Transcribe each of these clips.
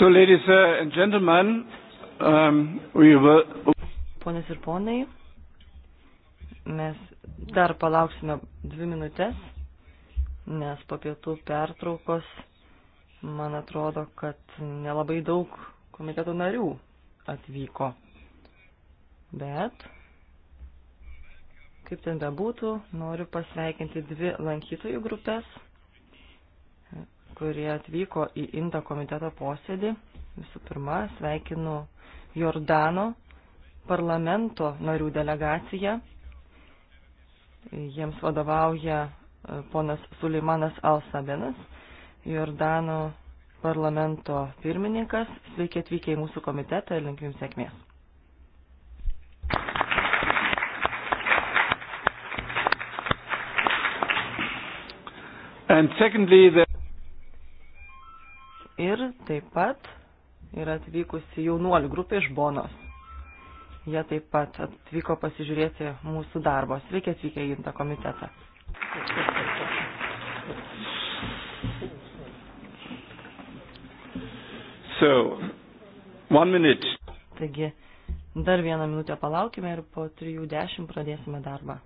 So, ladies uh, and gentlemen, um, we will... Ponas ir ponai, mes dar palauksime dvi minutės, nes po pietų pertraukos, man atrodo, kad nelabai daug komiteto narių atvyko. Bet, kaip ten bebūtų, noriu pasveikinti dvi lankytojų grupės kurie atvyko į Inta komiteto posėdį. Visų pirma, sveikinu Jordano parlamento narių delegaciją. Jiems vadovauja e, ponas Suleimanas Alsabenas, Jordano parlamento pirmininkas. Sveiki atvykę į mūsų komitetą ir linkiu Jums sėkmės. And secondly, the ir taip pat yra atvykusi jaunuolių grupė iš Bonos. Jie taip pat atvyko pasižiūrėti mūsų darbo. Sveiki atvykę į tą komitetą. So, one minute. Taigi, dar vieną minutę palaukime ir po 3.10 pradėsime darbą.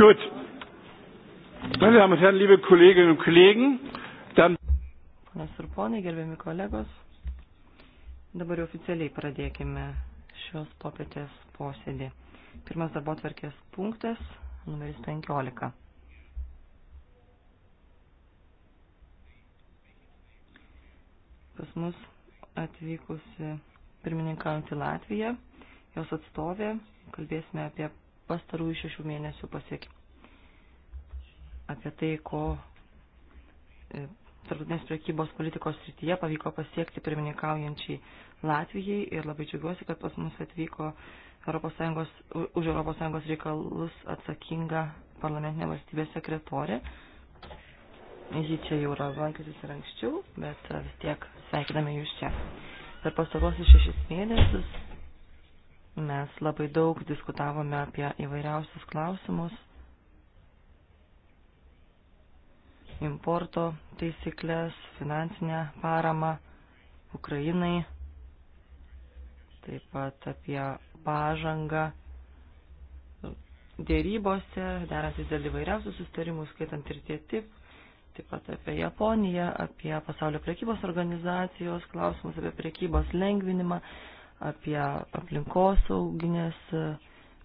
Gut. Meine Damen und Herren, liebe Kolleginnen und Kollegen, dann. Ponas ir ponai, gerbiami kolegos, dabar oficialiai pradėkime šios popietės posėdį. Pirmas darbo tvarkės punktas, numeris 15. Pas mus atvykusi pirmininkaujantį Latviją, jos atstovė, kalbėsime apie pastarųjų šešių mėnesių pasiekimų. Apie tai, ko e, tarptautinės priekybos politikos srityje pavyko pasiekti pirmininkaujančiai Latvijai ir labai džiaugiuosi, kad pas mus atvyko ES, už ES reikalus atsakinga parlamentinė valstybės sekretorė. Ji čia jau yra lankytis ir anksčiau, bet e, vis tiek sveikiname jūs čia. Per pastarosius šešis mėnesius Mes labai daug diskutavome apie įvairiausius klausimus, importo taisyklės, finansinę paramą Ukrainai, taip pat apie pažangą dėrybose, derantis dėl įvairiausių sustarimų, skaitant ir tie tip, taip pat apie Japoniją, apie pasaulio prekybos organizacijos klausimus, apie prekybos lengvinimą, apie aplinkosauginės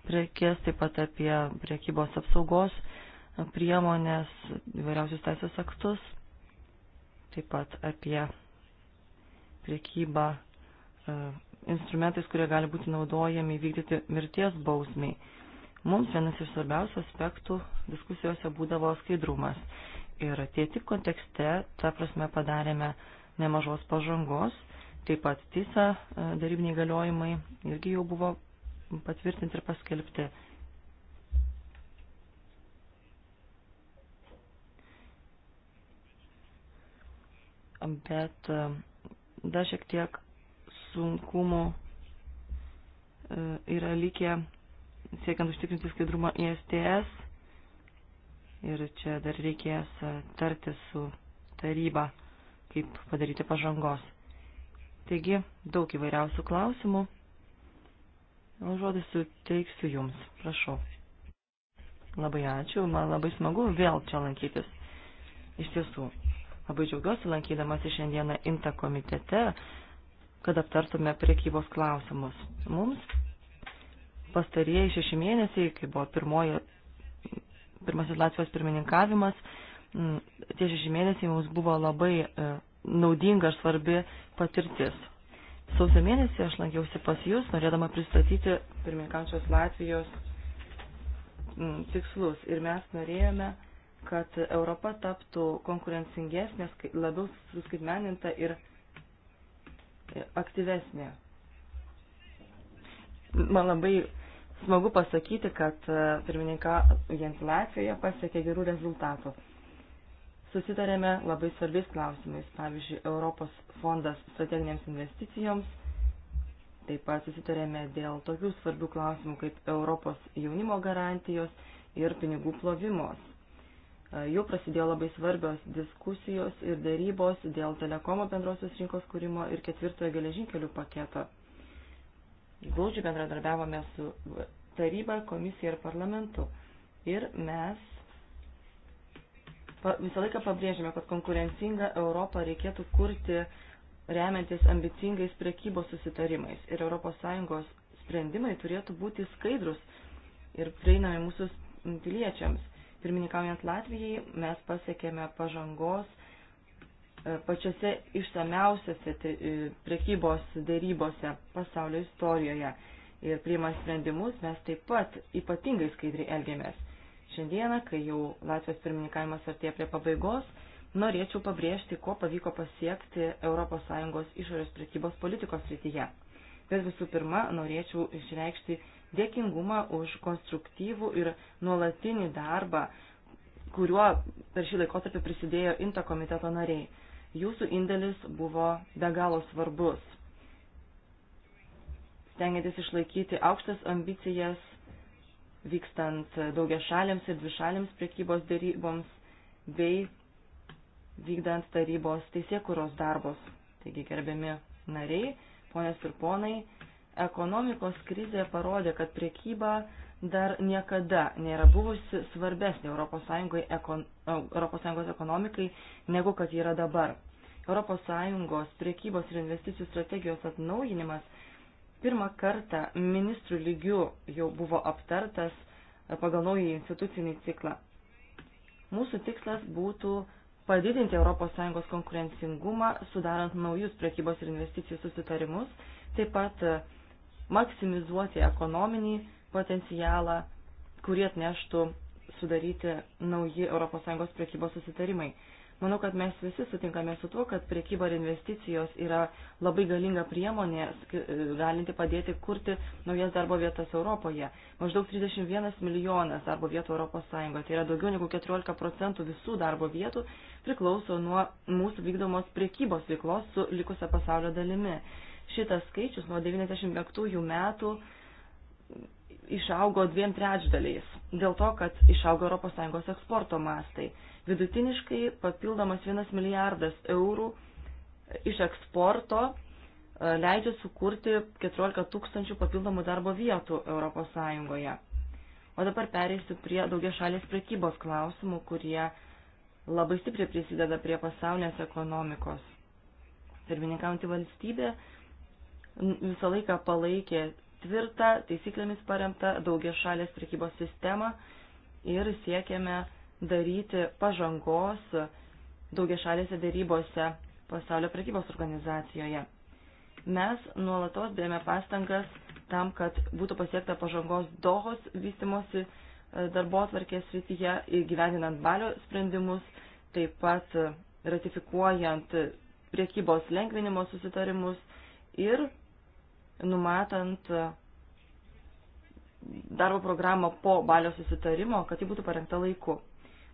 prekes, taip pat apie priekybos apsaugos priemonės, įvairiausius teisės aktus, taip pat apie priekybą e, instrumentais, kurie gali būti naudojami vykdyti mirties bausmiai. Mums vienas iš svarbiausių aspektų diskusijose būdavo skaidrumas. Ir tie tik kontekste, ta prasme, padarėme nemažos pažangos Taip pat TISA e, darybiniai galiojimai irgi jau buvo patvirtinti ir paskelbti. Bet e, dar šiek tiek sunkumų e, yra likę siekiant užtikrinti skaidrumą ISTS ir čia dar reikės tarti su taryba, kaip padaryti pažangos. Taigi, daug įvairiausių klausimų. O žodį suteiksiu Jums, prašau. Labai ačiū, man labai smagu vėl čia lankytis. Iš tiesų, labai džiaugiuosi lankydamasi šiandieną INTA komitete, kad aptartume priekybos klausimus. Mums pastarieji šeši mėnesiai, kai buvo pirmoji, pirmasis Latvijos pirmininkavimas, tie šeši mėnesiai mums buvo labai e, naudinga ir svarbi patirtis. Sausio mėnesį aš lankiausi pas Jūs, norėdama pristatyti pirmininkančios Latvijos mm, tikslus. Ir mes norėjome, kad Europa taptų konkurencingesnė, labiau suskaitmeninta ir aktyvesnė. Man labai smagu pasakyti, kad e, pirmininką Jens Latvijoje pasiekė gerų rezultatų susitarėme labai svarbiais klausimais, pavyzdžiui, Europos fondas strateginėms investicijoms, taip pat susitarėme dėl tokių svarbių klausimų kaip Europos jaunimo garantijos ir pinigų plovimos. E, jau prasidėjo labai svarbios diskusijos ir darybos dėl telekomo bendrosios rinkos kūrimo ir ketvirtojo geležinkelių paketo. Glaudžiai bendradarbiavome su taryba, komisija ir parlamentu. Ir mes visą laiką pabrėžiame, kad konkurencingą Europą reikėtų kurti remiantis ambicingais prekybos susitarimais ir ES sprendimai turėtų būti skaidrus ir prieinami mūsų piliečiams. Pirmininkaujant Latvijai mes pasiekėme pažangos e, pačiose išsameusiose e, prekybos dėrybose pasaulio istorijoje ir priimant sprendimus mes taip pat ypatingai skaidriai elgėmės. Šiandieną, kai jau Latvijos pirmininkavimas artėja prie pabaigos, norėčiau pabrėžti, ko pavyko pasiekti ES išorės prekybos politikos srityje. Bet visų pirma, norėčiau išreikšti dėkingumą už konstruktyvų ir nuolatinį darbą, kuriuo per šį laikotarpį prisidėjo INTA komiteto nariai. Jūsų indėlis buvo be galo svarbus. Stengiantis išlaikyti aukštas ambicijas vykstant daugia šalėms ir dvišalėms prekybos dėryboms bei vykdant tarybos teisėkuros darbus. Taigi, gerbiami nariai, ponės ir ponai, ekonomikos krizė parodė, kad prekyba dar niekada nėra buvusi svarbesnė ES, ekon, ES ekonomikai negu kad yra dabar. ES priekybos ir investicijų strategijos atnaujinimas pirmą kartą ministrų lygių jau buvo aptartas e, pagal naują institucinį ciklą. Mūsų tikslas būtų padidinti ES konkurencingumą, sudarant naujus prekybos ir investicijų susitarimus, taip pat e, maksimizuoti ekonominį potencialą, kurį atneštų sudaryti nauji ES prekybos susitarimai. Manau, kad mes visi sutinkame su tuo, kad priekyba ir investicijos yra labai galinga priemonė, galinti padėti kurti naujas darbo vietas Europoje. Maždaug 31 milijonas darbo vietų ES, tai yra daugiau negu 14 procentų visų darbo vietų, priklauso nuo mūsų vykdomos priekybos veiklos su likusia pasaulio dalimi. Šitas skaičius nuo 95 metų išaugo dviem trečdaliais, dėl to, kad išaugo ES eksporto mastai. Vidutiniškai papildomas 1 milijardas eurų iš eksporto e, leidžia sukurti 14 tūkstančių papildomų darbo vietų ES. O dabar pereisiu prie daugia šalės prekybos klausimų, kurie labai stipriai prisideda prie pasaulinės ekonomikos. Pirmininkaujantį valstybę visą laiką palaikė tvirtą, taisyklėmis paremtą daugia šalės prekybos sistemą ir siekėme daryti pažangos daugia šalėse dėrybose pasaulio prekybos organizacijoje. Mes nuolatos dėjome pastangas tam, kad būtų pasiekta pažangos dohos vystimosi e, darbo atvarkės srityje, įgyvendinant balio sprendimus, taip pat ratifikuojant priekybos lengvinimo susitarimus ir numatant darbo programą po balio susitarimo, kad ji būtų parengta laiku.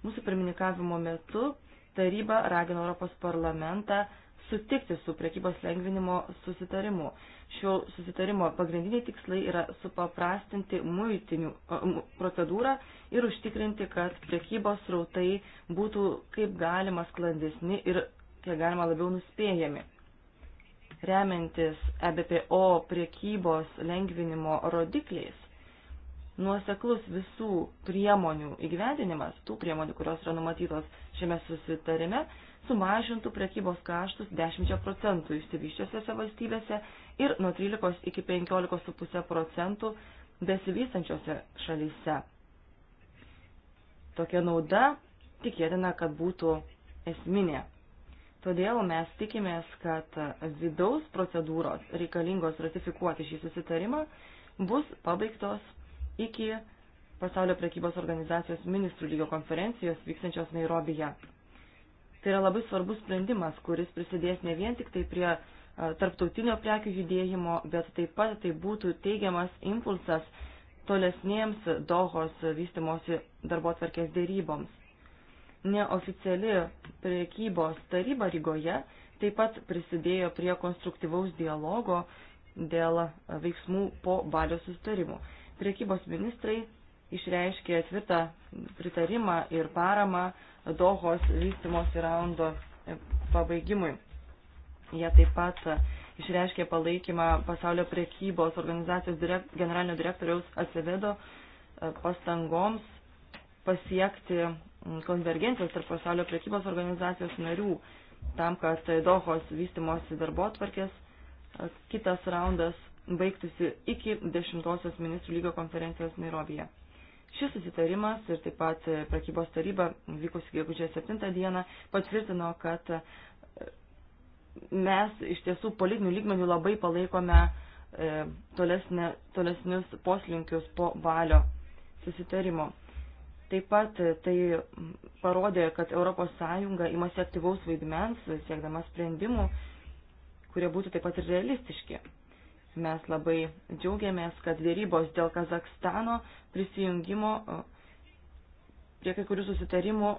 Mūsų pirmininkavimo metu taryba ragino Europos parlamentą sutikti su priekybos lengvinimo susitarimu. Šio susitarimo pagrindiniai tikslai yra supaprastinti muitinių procedūrą ir užtikrinti, kad priekybos rautai būtų kaip galima sklandesni ir kiek galima labiau nuspėjami. Remiantis EBPO priekybos lengvinimo rodikliais, nuoseklus visų priemonių įgyvendinimas, tų priemonių, kurios yra numatytos šiame susitarime, sumažintų prekybos kaštus 10 procentų išsivyščiosiose valstybėse ir nuo 13 iki 15,5 procentų besivystančiose šalyse. Tokia nauda tikėtina, kad būtų esminė. Todėl mes tikimės, kad vidaus procedūros reikalingos ratifikuoti šį susitarimą bus pabaigtos iki pasaulio prekybos organizacijos ministrų lygio konferencijos vykstančios Nairobija. Tai yra labai svarbus sprendimas, kuris prisidės ne vien tik tai prie tarptautinio prekių judėjimo, bet taip pat tai būtų teigiamas impulsas tolesnėms Dohos vystimosi darbo tvarkės dėryboms. Neoficiali priekybos taryba Rygoje taip pat prisidėjo prie konstruktyvaus dialogo dėl veiksmų po balio sustarimų. Priekybos ministrai išreiškė tvirtą pritarimą ir paramą Dohos vystimosi raundo e, pabaigimui. Jie taip pat išreiškė palaikymą pasaulio priekybos organizacijos direkt, generalinio direktoriaus Acevedo e, pastangoms pasiekti konvergencijos tarp pasaulio priekybos organizacijos narių tam, kad Dohos vystimosi darbo atvarkės e, kitas raundas baigtųsi iki 10-osios ministrų lygio konferencijos Nairobije. Šis susitarimas ir taip pat prekybos taryba vykusi gegužės 7 dieną patvirtino, kad mes iš tiesų politinių lygmenių labai palaikome e, tolesnė, tolesnius poslinkius po valio susitarimo. Taip pat tai parodė, kad ES imasi aktyvaus vaidmens, siekdama sprendimų, kurie būtų taip pat ir realistiški. Mes labai džiaugiamės, kad dėrybos dėl Kazakstano prisijungimo prie kai kurių susitarimų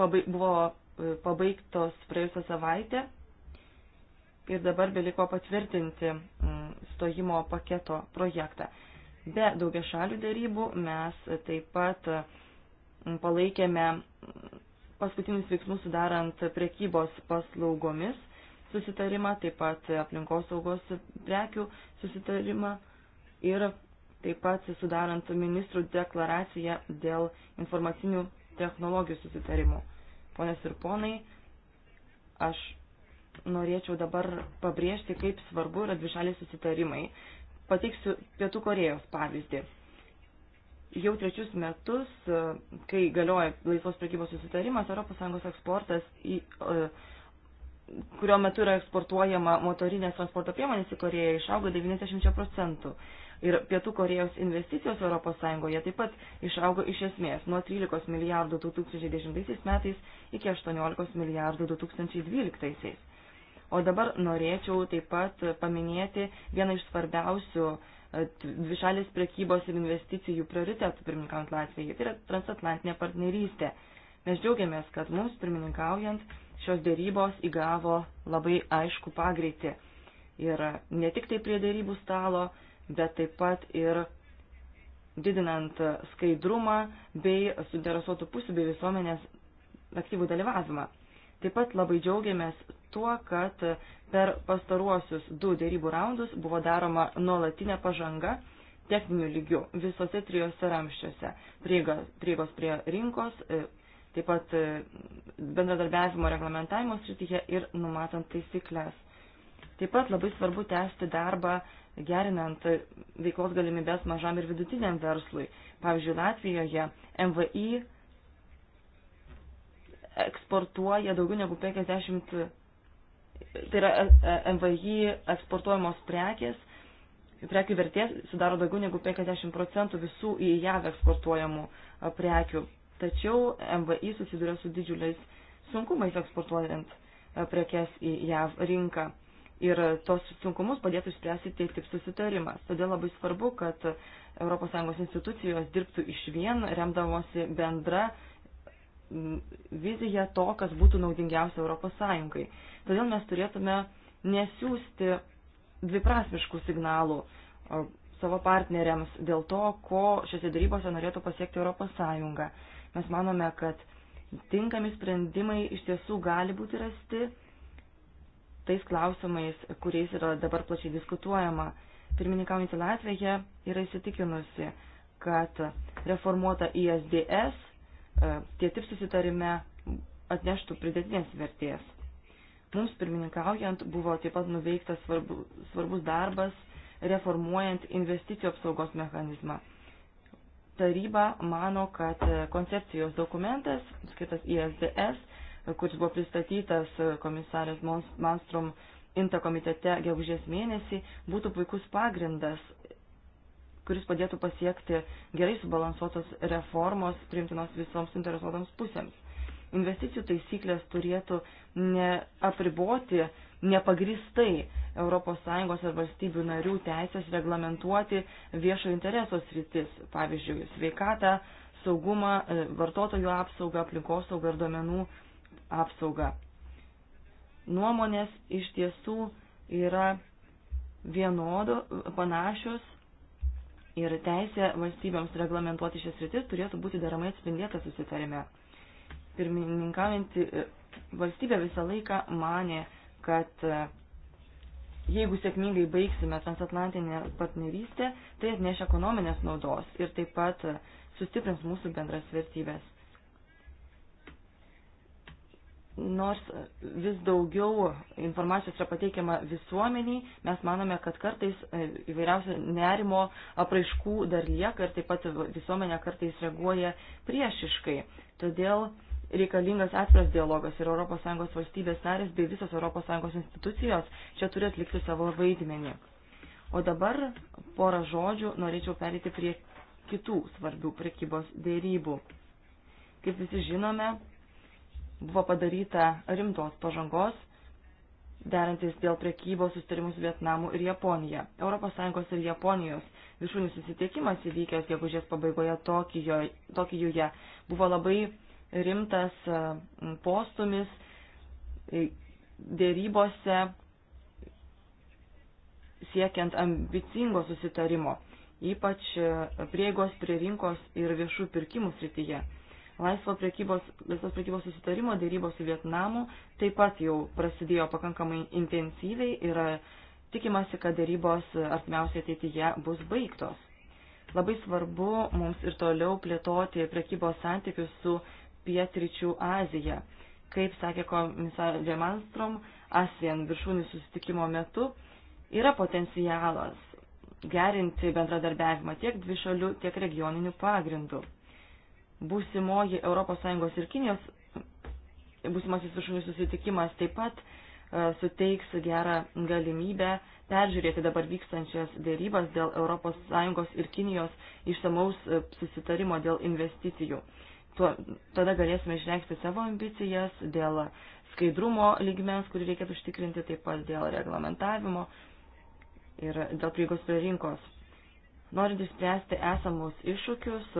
pabaig, buvo e, pabaigtos praėjusią savaitę ir dabar beliko patvirtinti stojimo paketo projektą. Be daugia šalių dėrybų mes taip pat palaikėme paskutinius veiksmus sudarant prekybos paslaugomis susitarimą, taip pat aplinkosaugos prekių susitarimą ir taip pat sudarant ministrų deklaraciją dėl informacinių technologijų susitarimų. Ponės ir ponai, aš norėčiau dabar pabrėžti, kaip svarbu yra dvišaliai susitarimai. Pateiksiu Pietų Korejos pavyzdį. Jau trečius metus, kai galioja laisvos prekybos susitarimas, ES eksportas į uh, kurio metu yra eksportuojama motorinės transporto priemonės į Koreją, išaugo 90 procentų. Ir Pietų Korejos investicijos ES taip pat išaugo iš esmės nuo 13 milijardų 2010 metais iki 18 milijardų 2012. O dabar norėčiau taip pat paminėti vieną iš svarbiausių e, dvišalės prekybos ir investicijų prioritetų pirmininkant Latvijai. Tai yra transatlantinė partnerystė. Mes džiaugiamės, kad mums pirmininkaujant šios dėrybos įgavo labai aišku pagreitį. Ir ne tik tai prie dėrybų stalo, bet taip pat ir didinant skaidrumą bei suinteresuotų pusių bei visuomenės aktyvų dalyvavimą. Taip pat labai džiaugiamės tuo, kad per pastaruosius du dėrybų raundus buvo daroma nuolatinė pažanga techninių lygių visose trijose ramščiuose - prieigos prie rinkos, taip pat e, bendradarbiavimo reglamentavimo srityje ir numatant taisyklės. Taip pat labai svarbu tęsti darbą gerinant veiklos galimybės mažam ir vidutiniam verslui. Pavyzdžiui, Latvijoje MVI eksportuoja daugiau negu 50, tai yra e, e, MVI eksportuojamos prekės, prekių vertės sudaro daugiau negu 50 procentų visų į JAV eksportuojamų prekių. Tačiau MVI susiduria su didžiuliais sunkumais eksportuojant e, prekes į JAV rinką. Ir tos sunkumus padėtų išspręsti tik tik susitarimas. Todėl labai svarbu, kad ES institucijos dirbtų iš vien, remdamosi bendra vizija to, kas būtų naudingiausia ES. Todėl mes turėtume nesiųsti dviprasmiškų signalų e, savo partneriams dėl to, ko šiose darybose norėtų pasiekti ES. Mes manome, kad tinkami sprendimai iš tiesų gali būti rasti tais klausimais, kuriais yra dabar plačiai diskutuojama. Pirmininkaujantį Latviją yra įsitikinusi, kad reformuota ISDS e, tie tip susitarime atneštų pridėtinės vertės. Mums pirmininkaujant buvo taip pat nuveiktas svarbu, svarbus darbas reformuojant investicijų apsaugos mechanizmą taryba mano, kad koncepcijos dokumentas, skirtas ISDS, kuris buvo pristatytas komisarės Manstrom Inta komitete gegužės mėnesį, būtų puikus pagrindas, kuris padėtų pasiekti gerai subalansuotos reformos priimtinos visoms interesuotoms pusėms. Investicijų taisyklės turėtų neapriboti nepagristai ES ir valstybių narių teisės reglamentuoti viešo intereso sritis, pavyzdžiui, sveikatą, saugumą, e, vartotojų apsaugą, aplinkosaugą ir duomenų apsaugą. Nuomonės iš tiesų yra vienodo, panašios ir teisė valstybėms reglamentuoti šias rytis turėtų būti deramai atspindėta susitarime. Pirmininkaujantį e, valstybė visą laiką mane, kad e, jeigu sėkmingai baigsime transatlantinę partnerystę, tai atneš ekonominės naudos ir taip pat e, sustiprins mūsų bendras vertybės. Nors vis daugiau informacijos yra pateikiama visuomeniai, mes manome, kad kartais e, įvairiausio nerimo apraiškų dar lieka ir taip pat visuomenė kartais reaguoja priešiškai. Todėl reikalingas atviras dialogas ir ES valstybės narės bei visos ES institucijos čia turi atlikti savo vaidmenį. O dabar porą žodžių norėčiau perėti prie kitų svarbių prekybos dėrybų. Kaip visi žinome, buvo padaryta rimtos pažangos derantis dėl prekybos sustarimų su Vietnamu ir Japonija. ES ir Japonijos viršūnių susitikimas įvykęs gegužės pabaigoje Tokijuje buvo labai rimtas postumis dėrybose siekiant ambicingo susitarimo, ypač prieigos prie rinkos ir viešų pirkimų srityje. Laisvo priekybos, laisvos priekybos susitarimo dėrybos su Vietnamu taip pat jau prasidėjo pakankamai intensyviai ir tikimasi, kad dėrybos artimiausiai ateityje bus baigtos. Labai svarbu mums ir toliau plėtoti priekybos santykius su Pietričių Aziją. Kaip sakė komisarė Manstrom, ASEAN viršūnių susitikimo metu yra potencialas gerinti bendradarbiavimą tiek dvišalių, tiek regioninių pagrindų. Būsimoji ES ir Kinijos būsimasis viršūnių susitikimas taip pat e, suteiks gerą galimybę peržiūrėti dabar vykstančias dėrybas dėl ES ir Kinijos išsamaus e, susitarimo dėl investicijų tuo, tada galėsime išreikšti savo ambicijas dėl skaidrumo lygmens, kurį reikėtų užtikrinti, taip pat dėl reglamentavimo ir dėl prieigos prie rinkos. Norint išspręsti esamus iššūkius,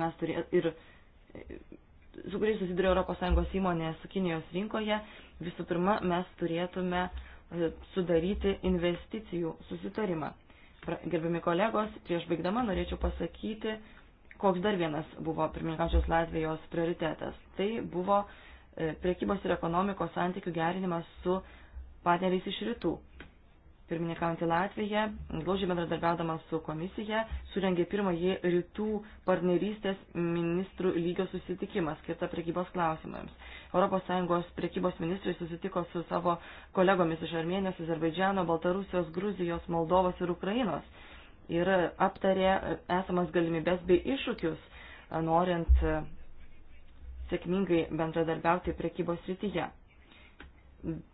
mes turė, ir su kuriais susiduria ES įmonės Kinijos rinkoje, visų pirma, mes turėtume e, sudaryti investicijų susitarimą. Gerbiami kolegos, prieš baigdama norėčiau pasakyti, Koks dar vienas buvo pirmininkančios Latvijos prioritetas? Tai buvo e, priekybos ir ekonomikos santykių gerinimas su partneriais iš rytų. Pirmininkaujantį Latviją, glaužiai bendradarbiaudama su komisija, surengė pirmąjį rytų partnerystės ministrų lygio susitikimą skirtą prekybos klausimams. ES prekybos ministrai susitiko su savo kolegomis iš Armėnijos, Azerbaidžiano, Baltarusijos, Gruzijos, Moldovos ir Ukrainos ir aptarė esamas galimybės bei iššūkius, norint sėkmingai bendradarbiauti priekybos rytyje.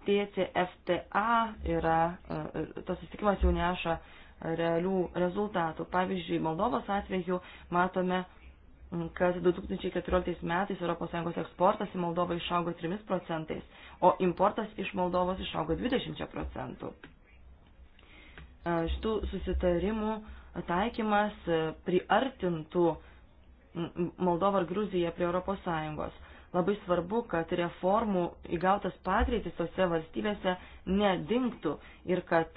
DCFTA yra, tas susitikimas jau neša realių rezultatų. Pavyzdžiui, Moldovos atveju matome, kad 2014 metais ES eksportas į Moldovą išaugo 3 procentais, o importas iš Moldovos išaugo 20 procentų šitų susitarimų taikymas priartintų Moldovą ir Gruziją prie ES. Labai svarbu, kad reformų įgautas pagreitis tose valstybėse nedingtų ir kad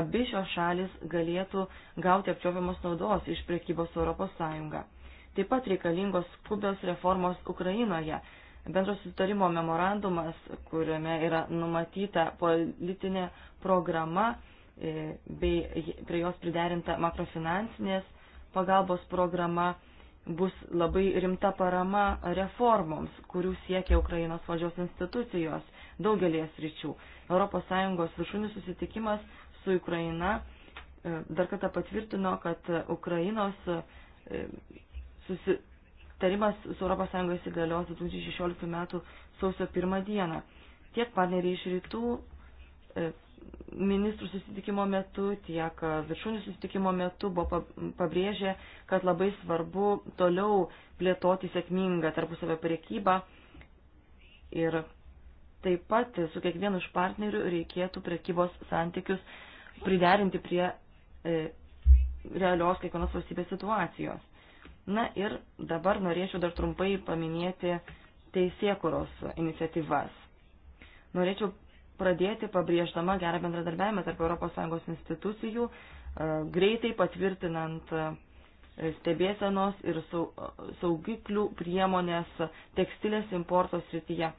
abi šios šalis galėtų gauti apčiopiamos naudos iš priekybos Europos Sąjunga. Taip pat reikalingos skubios reformos Ukrainoje. Bendros sutarimo memorandumas, kuriame yra numatyta politinė programa, E, bei prie jos priderinta makrofinansinės pagalbos programa bus labai rimta parama reformoms, kurių siekia Ukrainos valdžios institucijos daugelie sričių. ES viršūnių susitikimas su Ukraina e, dar kartą patvirtino, kad Ukrainos e, susitarimas su ES įgalios 2016 m. sausio 1 dieną. Tiek partneriai iš rytų ministrų susitikimo metu, tiek e, viršūnių susitikimo metu buvo pabrėžę, kad labai svarbu toliau plėtoti sėkmingą tarpusavę priekybą ir taip pat su kiekvienu iš partnerių reikėtų priekybos santykius priderinti prie e, realios kiekvienos valstybės situacijos. Na ir dabar norėčiau dar trumpai paminėti teisėkuros iniciatyvas. Norėčiau pradėti pabrėždama gerą bendradarbiavimą tarp ES institucijų, e, greitai patvirtinant e, stebėsenos ir e, saugiklių priemonės tekstilės importo srityje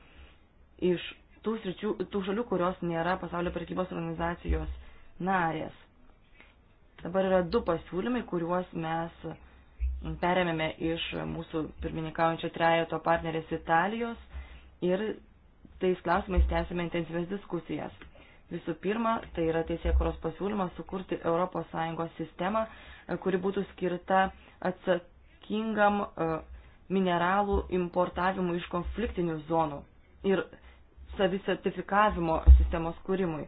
iš tų, sričių, tų šalių, kurios nėra pasaulio prekybos organizacijos narės. Dabar yra du pasiūlymai, kuriuos mes perėmėme iš mūsų pirmininkaujančio trejato partnerės Italijos ir tais klausimais tęsime intensyves diskusijas. Visų pirma, tai yra teisėkuros pasiūlymas sukurti ES sistemą, e, kuri būtų skirta atsakingam e, mineralų importavimui iš konfliktinių zonų ir savisertifikavimo sistemos kūrimui.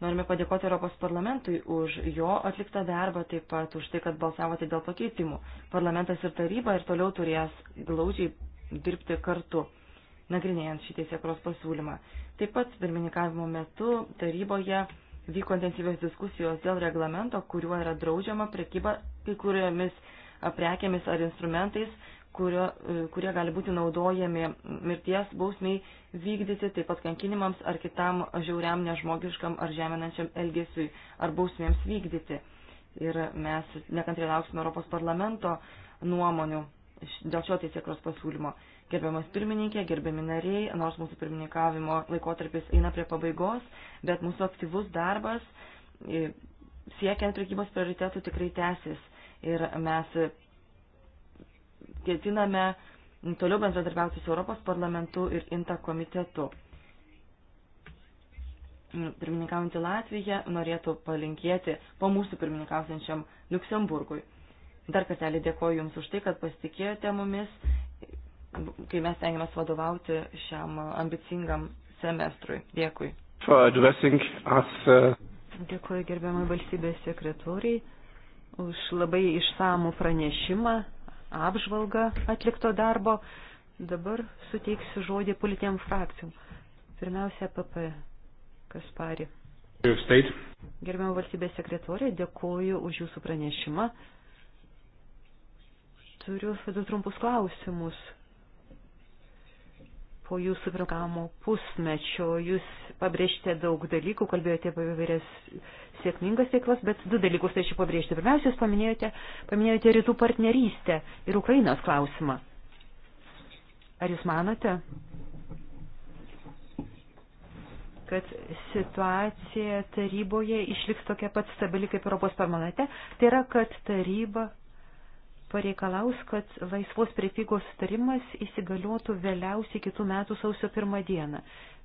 Norime padėkoti Europos parlamentui už jo atliktą darbą, taip pat už tai, kad balsavote dėl pakeitimų. Parlamentas ir taryba ir toliau turės glaudžiai dirbti kartu nagrinėjant šį teisėkros pasiūlymą. Taip pat pirmininkavimo metu taryboje vyko intensyvios diskusijos dėl reglamento, kuriuo yra draudžiama prekyba kai kuriomis prekėmis ar instrumentais, kurio, e, kurie gali būti naudojami mirties bausmiai vykdyti, taip pat kankinimams ar kitam žiauriam, nežmogiškam ar žeminančiam elgesiui ar bausmėms vykdyti. Ir mes nekantriai lauksime Europos parlamento nuomonių dėl šio teisėkros pasiūlymo. Gerbiamas pirmininkė, gerbiami nariai, nors mūsų pirmininkavimo laikotarpis eina prie pabaigos, bet mūsų aktyvus darbas e, siekiant prekybos prioritetų tikrai tęsis. Ir mes ketiname toliau bendradarbiauti su Europos parlamentu ir INTA komitetu. Pirmininkaujantį Latviją norėtų palinkėti po mūsų pirmininkausiančiam Luksemburgui. Dar kartelį dėkoju Jums už tai, kad pasitikėjote mumis kai mes tengiamės vadovauti šiam ambicingam semestrui. Dėkui. Uh, dėkuoju gerbiamai valstybės sekretoriai už labai išsamų pranešimą, apžvalgą atlikto darbo. Dabar suteiksiu žodį politiniam frakcijom. Pirmiausia, PP Kaspari. Gerbiamą valstybės sekretorė, dėkuoju už jūsų pranešimą. Turiu du trumpus klausimus po jūsų pirmkamo pusmečio. Jūs pabrėžtė daug dalykų, kalbėjote apie įvairias sėkmingas veiklas, bet du dalykus tai čia pabrėžti. Pirmiausia, jūs paminėjote, paminėjote rytų partnerystę ir Ukrainos klausimą. Ar jūs manote, kad situacija taryboje išliks tokia pat stabili kaip Europos parlamente? Tai yra, kad taryba pareikalaus, kad laisvos priekybos sutarimas įsigaliotų vėliausiai kitų metų sausio pirmą dieną,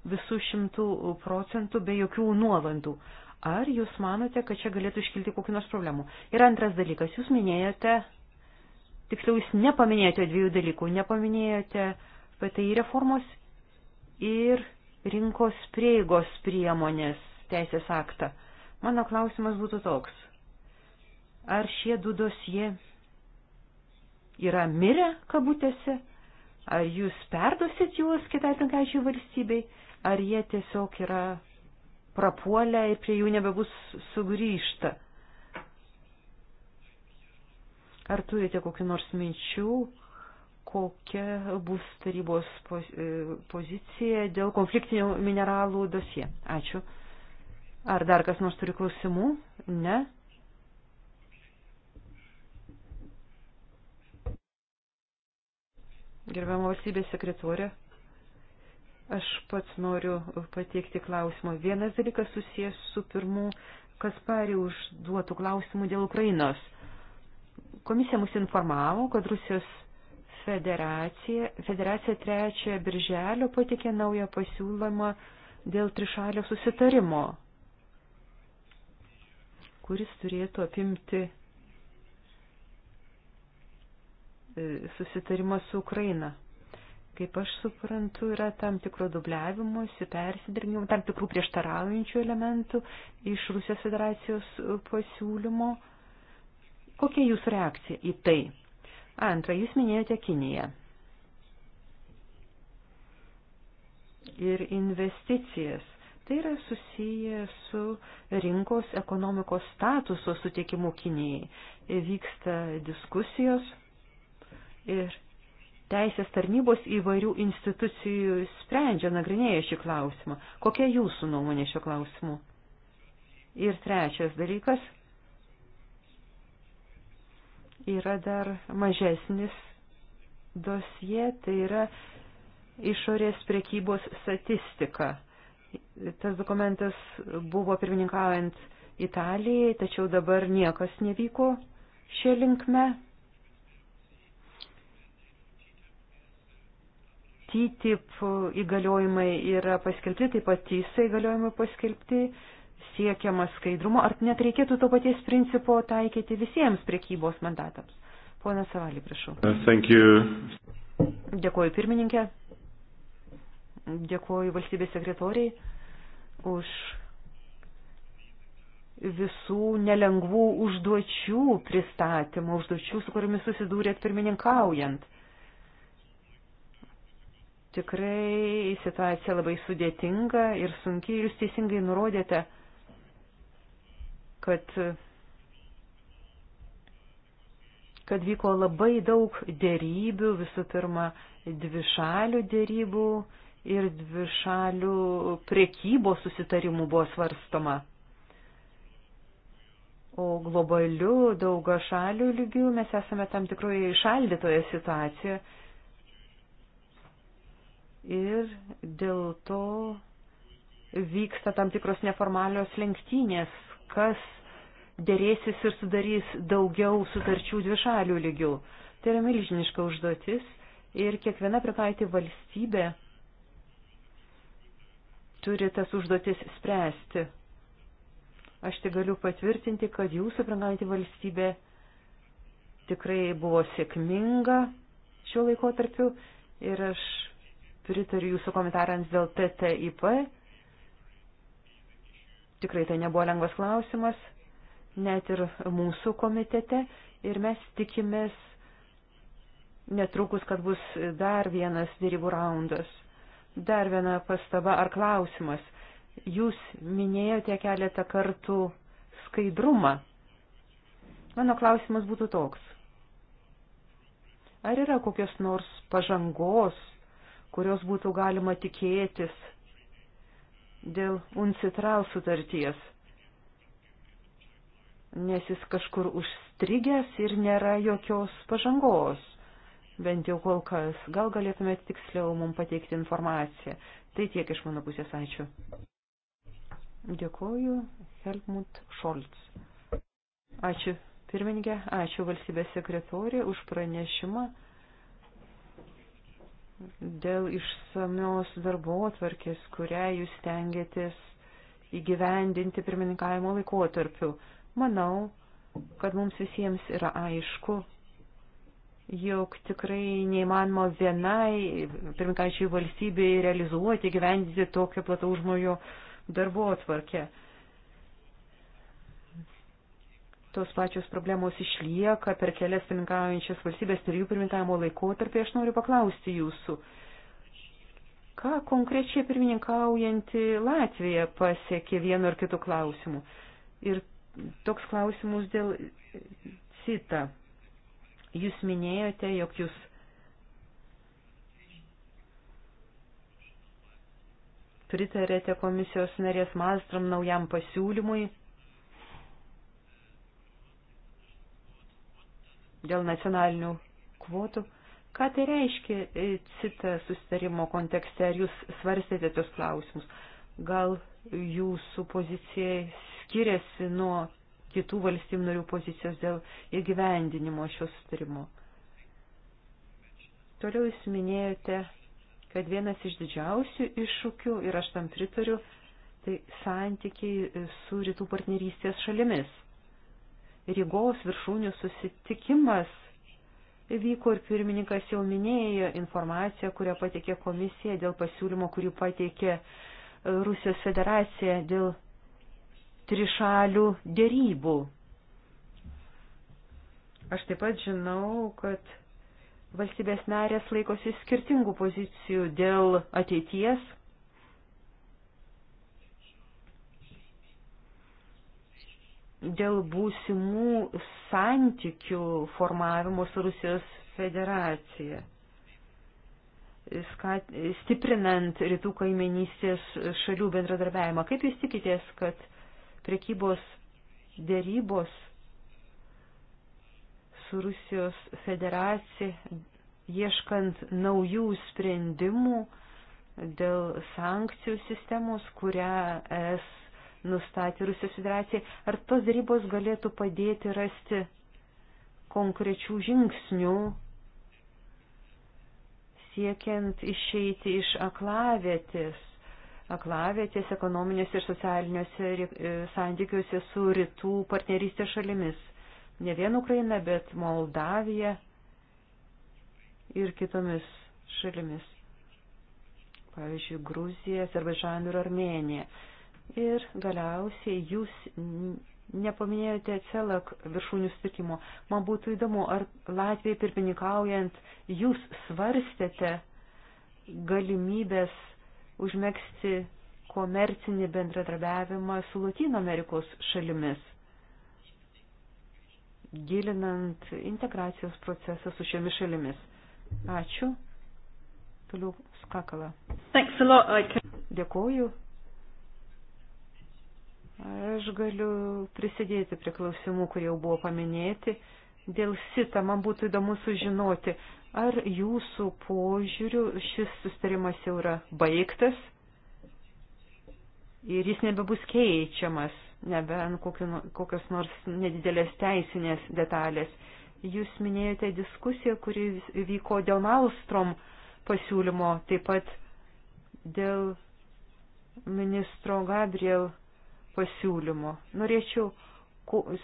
visų šimtų procentų be jokių nuolandų. Ar jūs manote, kad čia galėtų iškilti kokių nors problemų? Ir antras dalykas, jūs minėjote, tiksliau jūs nepaminėjote dviejų dalykų, nepaminėjote PTI reformos ir rinkos prieigos priemonės teisės aktą. Mano klausimas būtų toks. Ar šie du dosie yra mirę kabutėse, ar jūs perduosit juos kitai tenkaičiai valstybei, ar jie tiesiog yra prapuolę ir prie jų nebebus sugrįžta. Ar turite kokiu nors minčių, kokia bus tarybos e, pozicija dėl konfliktinių mineralų dosie? Ačiū. Ar dar kas nors turi klausimų? Ne? Gerbiamo valstybės sekretorė, aš pats noriu pateikti klausimą. Vienas dalykas susijęs su pirmu Kasparį užduotų klausimų dėl Ukrainos. Komisija mus informavo, kad Rusijos federacija, federacija 3 birželio patikė naują pasiūlymą dėl trišalio susitarimo, kuris turėtų apimti E, susitarimo su Ukraina. Kaip aš suprantu, yra tam tikro dubliavimuose, persidirbimo, tam tikrų prieštaraujančių elementų iš Rusijos federacijos e, pasiūlymo. Kokia jūsų reakcija į tai? Antra, jūs minėjote Kiniją. Ir investicijas. Tai yra susiję su rinkos ekonomikos statuso suteikimu Kinijai. Vyksta diskusijos ir teisės tarnybos įvairių institucijų sprendžia, nagrinėja šį klausimą. Kokia jūsų nuomonė šio klausimu? Ir trečias dalykas yra dar mažesnis dosie, tai yra išorės prekybos statistika. Tas dokumentas buvo pirmininkaujant Italijai, tačiau dabar niekas nevyko šia linkme. TTIP įgaliojimai yra paskelbti, taip pat TISA įgaliojimai paskelbti, siekiama skaidrumo, ar net reikėtų to paties principo taikyti visiems priekybos mandatams? Pone Savalį, prašau. Uh, thank you. Dėkuoju pirmininkė, dėkuoju valstybės sekretoriai už visų nelengvų užduočių pristatymą, užduočių, su kuriomis susidūrėt pirmininkaujant. Tikrai situacija labai sudėtinga ir sunkiai jūs teisingai nurodėte, kad, kad vyko labai daug dėrybių, visų pirma, dvišalių dėrybų ir dvišalių priekybos susitarimų buvo svarstoma. O globalių daugo šalių lygių mes esame tam tikroje išaldytoje situacijoje ir dėl to vyksta tam tikros neformalios lenktynės, kas dėrėsis ir sudarys daugiau sutarčių dvišalių lygių. Tai yra milžiniška užduotis ir kiekviena pritaikyti valstybė turi tas užduotis spręsti. Aš tik galiu patvirtinti, kad jūsų pringaitį valstybė tikrai buvo sėkminga šiuo laikotarpiu ir aš pritariu jūsų komentarams dėl TTIP. Tikrai tai nebuvo lengvas klausimas, net ir mūsų komitete. Ir mes tikimės netrukus, kad bus dar vienas dėrybų raundas. Dar viena pastaba ar klausimas. Jūs minėjote keletą kartų skaidrumą. Mano klausimas būtų toks. Ar yra kokios nors pažangos kurios būtų galima tikėtis dėl UNCITRAL sutarties, nes jis kažkur užstrigęs ir nėra jokios pažangos, bent jau kol kas. Gal galėtumėte tiksliau mums pateikti informaciją. Tai tiek iš mano pusės, ačiū. Dėkuoju, Helmut Scholz. Ačiū pirmininkė, ačiū valstybės sekretorė už pranešimą dėl išsamios darbo atvarkės, kurią jūs tengiatės įgyvendinti pirmininkavimo laikotarpiu. Manau, kad mums visiems yra aišku, jog tikrai neįmanoma vienai pirmininkaičiai valstybei realizuoti, gyvendyti tokią plataus žmonių darbo atvarkę tos pačios problemos išlieka per kelias pirmininkaujančias valstybės ir jų pirmininkavimo laikotarpį, aš noriu paklausti jūsų, ką konkrečiai pirmininkaujanti Latvija pasiekė vienu ar kitu klausimu. Ir toks klausimus dėl cita. Jūs minėjote, jog jūs pritarėte komisijos narės Malstrom naujam pasiūlymui dėl nacionalinių kvotų. Ką tai reiškia e, CITA susitarimo kontekste? Ar jūs svarstėte tos klausimus? Gal jūsų pozicija skiriasi nuo kitų valstybių narių pozicijos dėl įgyvendinimo šio sutarimo? Toliau jūs minėjote, kad vienas iš didžiausių iššūkių, ir aš tam pritariu, tai santykiai su rytų partnerystės šalimis. Rygos viršūnių susitikimas vyko ir pirmininkas jau minėjo informaciją, kurią pateikė komisija dėl pasiūlymo, kurį pateikė Rusijos federacija dėl trišalių dėrybų. Aš taip pat žinau, kad valstybės narės laikosi skirtingų pozicijų dėl ateities, dėl būsimų santykių formavimo su Rusijos federacija, stiprinant rytų kaiminystės šalių bendradarbiavimą. Kaip jūs tikitės, kad prekybos dėrybos su Rusijos federacija, ieškant naujų sprendimų dėl sankcijų sistemos, kurią es nustatė Rusijos federacija, ar tos darybos galėtų padėti rasti konkrečių žingsnių siekiant išeiti iš aklavėtės, aklavėtės ekonominės ir socialiniuose e, santykiuose su rytų partnerystės šalimis. Ne vien Ukraina, bet Moldavija ir kitomis šalimis. Pavyzdžiui, Gruzija, Azerbaidžanu ir Armenija. Ir galiausiai jūs nepaminėjote CELAK viršūnių sutikimo. Man būtų įdomu, ar Latvijai pirmininkaujant jūs svarstėte galimybės užmėgsti komercinį bendradarbiavimą su Latino Amerikos šalimis, gilinant integracijos procesą su šiomis šalimis. Ačiū. Toliau skakala. Dėkuoju. Aš galiu prisidėti prie klausimų, kurie jau buvo paminėti. Dėl sita man būtų įdomu sužinoti, ar jūsų požiūriu šis sustarimas jau yra baigtas ir jis nebebus keičiamas, nebent nu, kokios nors nedidelės teisinės detalės. Jūs minėjote diskusiją, kuri vyko dėl Malstrom pasiūlymo, taip pat dėl ministro Gabriel pasiūlymo. Norėčiau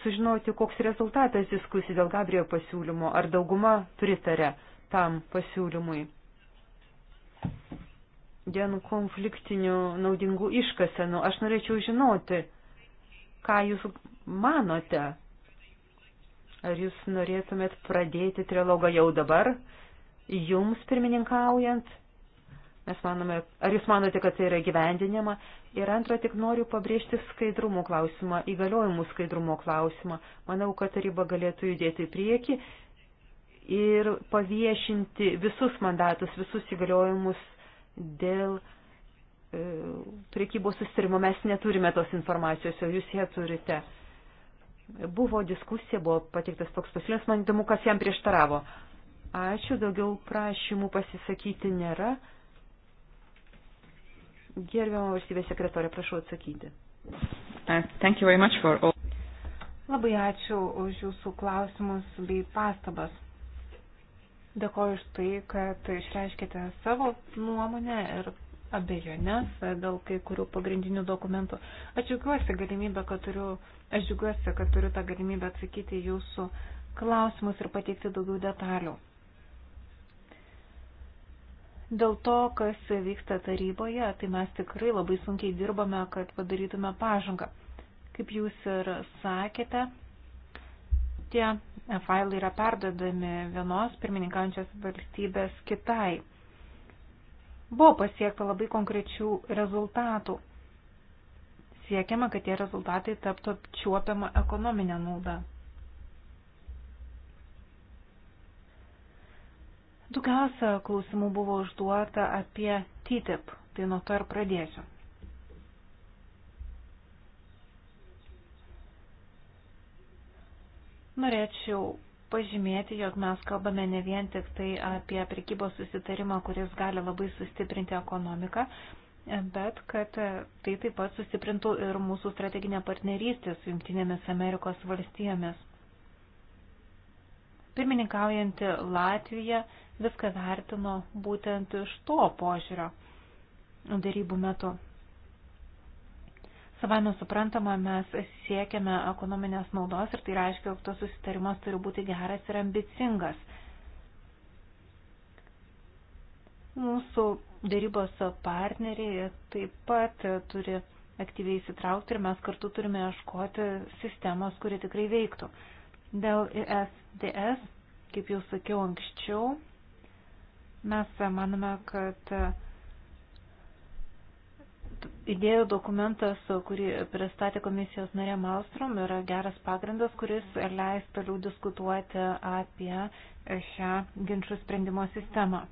sužinoti, koks rezultatas diskusijų dėl Gabrielio pasiūlymo, ar dauguma pritarė tam pasiūlymui. Dėl konfliktinių naudingų iškasenų aš norėčiau žinoti, ką jūs manote. Ar jūs norėtumėt pradėti trilogą jau dabar, jums pirmininkaujant, Mes manome, ar jūs manote, kad tai yra gyvendinima? Ir antra, tik noriu pabrėžti skaidrumo klausimą, įgaliojimų skaidrumo klausimą. Manau, kad taryba galėtų judėti į priekį ir paviešinti visus mandatus, visus įgaliojimus dėl e, priekybos sustarimo. Mes neturime tos informacijos, o jūs ją turite. Buvo diskusija, buvo pateiktas toks pasiūlymas, man įdomu, kas jam prieštaravo. Ačiū, daugiau prašymų pasisakyti nėra. Gerbiamo valstybės sekretorė, prašau atsakyti. Uh, all... Labai ačiū už jūsų klausimus bei pastabas. Dėkoju už tai, kad išreiškite savo nuomonę ir abejonės dėl kai kurių pagrindinių dokumentų. Aš džiaugiuosi galimybę, kad turiu, aš džiaugiuosi, kad turiu tą galimybę atsakyti jūsų klausimus ir pateikti daugiau detalių. Dėl to, kas vyksta taryboje, tai mes tikrai labai sunkiai dirbame, kad padarytume pažangą. Kaip jūs ir sakėte, tie failai yra perdodami vienos pirmininkančios valstybės kitai. Buvo pasiekta labai konkrečių rezultatų. Siekiama, kad tie rezultatai taptų apčiuopiamą ekonominę naudą. Daugiausia klausimų buvo užduota apie TTIP, tai nuo to ir pradėsiu. Norėčiau pažymėti, jog mes kalbame ne vien tik tai apie prekybos susitarimą, kuris gali labai sustiprinti ekonomiką, bet kad tai taip pat sustiprintų ir mūsų strateginę partnerystę su Junktinėmis Amerikos valstijomis. Pirmininkaujanti Latvija viską vertino būtent iš to požiūrio darybų metu. Savame suprantama, mes siekiame ekonominės naudos ir tai reiškia, jog tas susitarimas turi būti geras ir ambicingas. Mūsų darybos partneriai taip pat turi aktyviai įsitraukti ir mes kartu turime ieškoti sistemos, kuri tikrai veiktų. Dėl ISDS, kaip jau sakiau anksčiau, Mes manome, kad idėjų dokumentas, kurį pristatė komisijos narė Malstrom, yra geras pagrindas, kuris leis toliau diskutuoti apie šią ginčių sprendimo sistemą.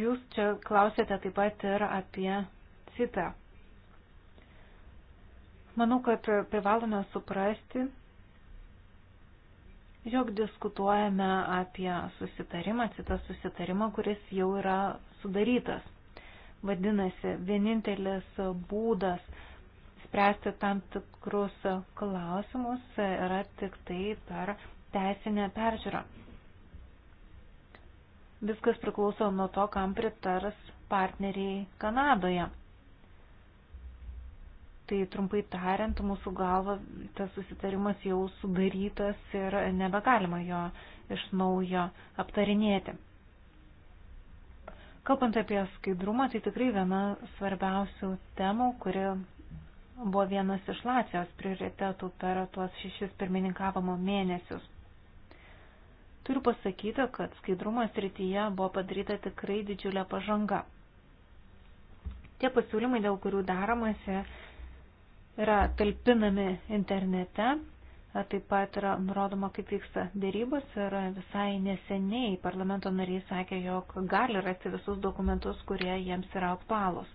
Jūs čia klausėte taip pat ir apie citą. Manau, kad privalome suprasti, jog diskutuojame apie susitarimą, citą susitarimą, kuris jau yra sudarytas. Vadinasi, vienintelis būdas spręsti tam tikrus klausimus yra tik tai per teisinę peržiūrą. Viskas priklauso nuo to, kam pritars partneriai Kanadoje. Tai trumpai tariant, mūsų galva tas susitarimas jau sudarytas ir nebegalima jo iš naujo aptarinėti. Kalbant apie skaidrumą, tai tikrai viena svarbiausių temų, kuri buvo vienas iš Latvijos prioritetų per tuos šešis pirmininkavimo mėnesius. Turiu pasakyti, kad skaidrumas rytyje buvo padaryta tikrai didžiulė pažanga. Tie pasiūlymai, dėl kurių daromasi, yra talpinami internete, taip pat yra nurodoma, kaip vyksta dėrybos ir visai neseniai parlamento nariai sakė, jog gali rasti visus dokumentus, kurie jiems yra aktualūs.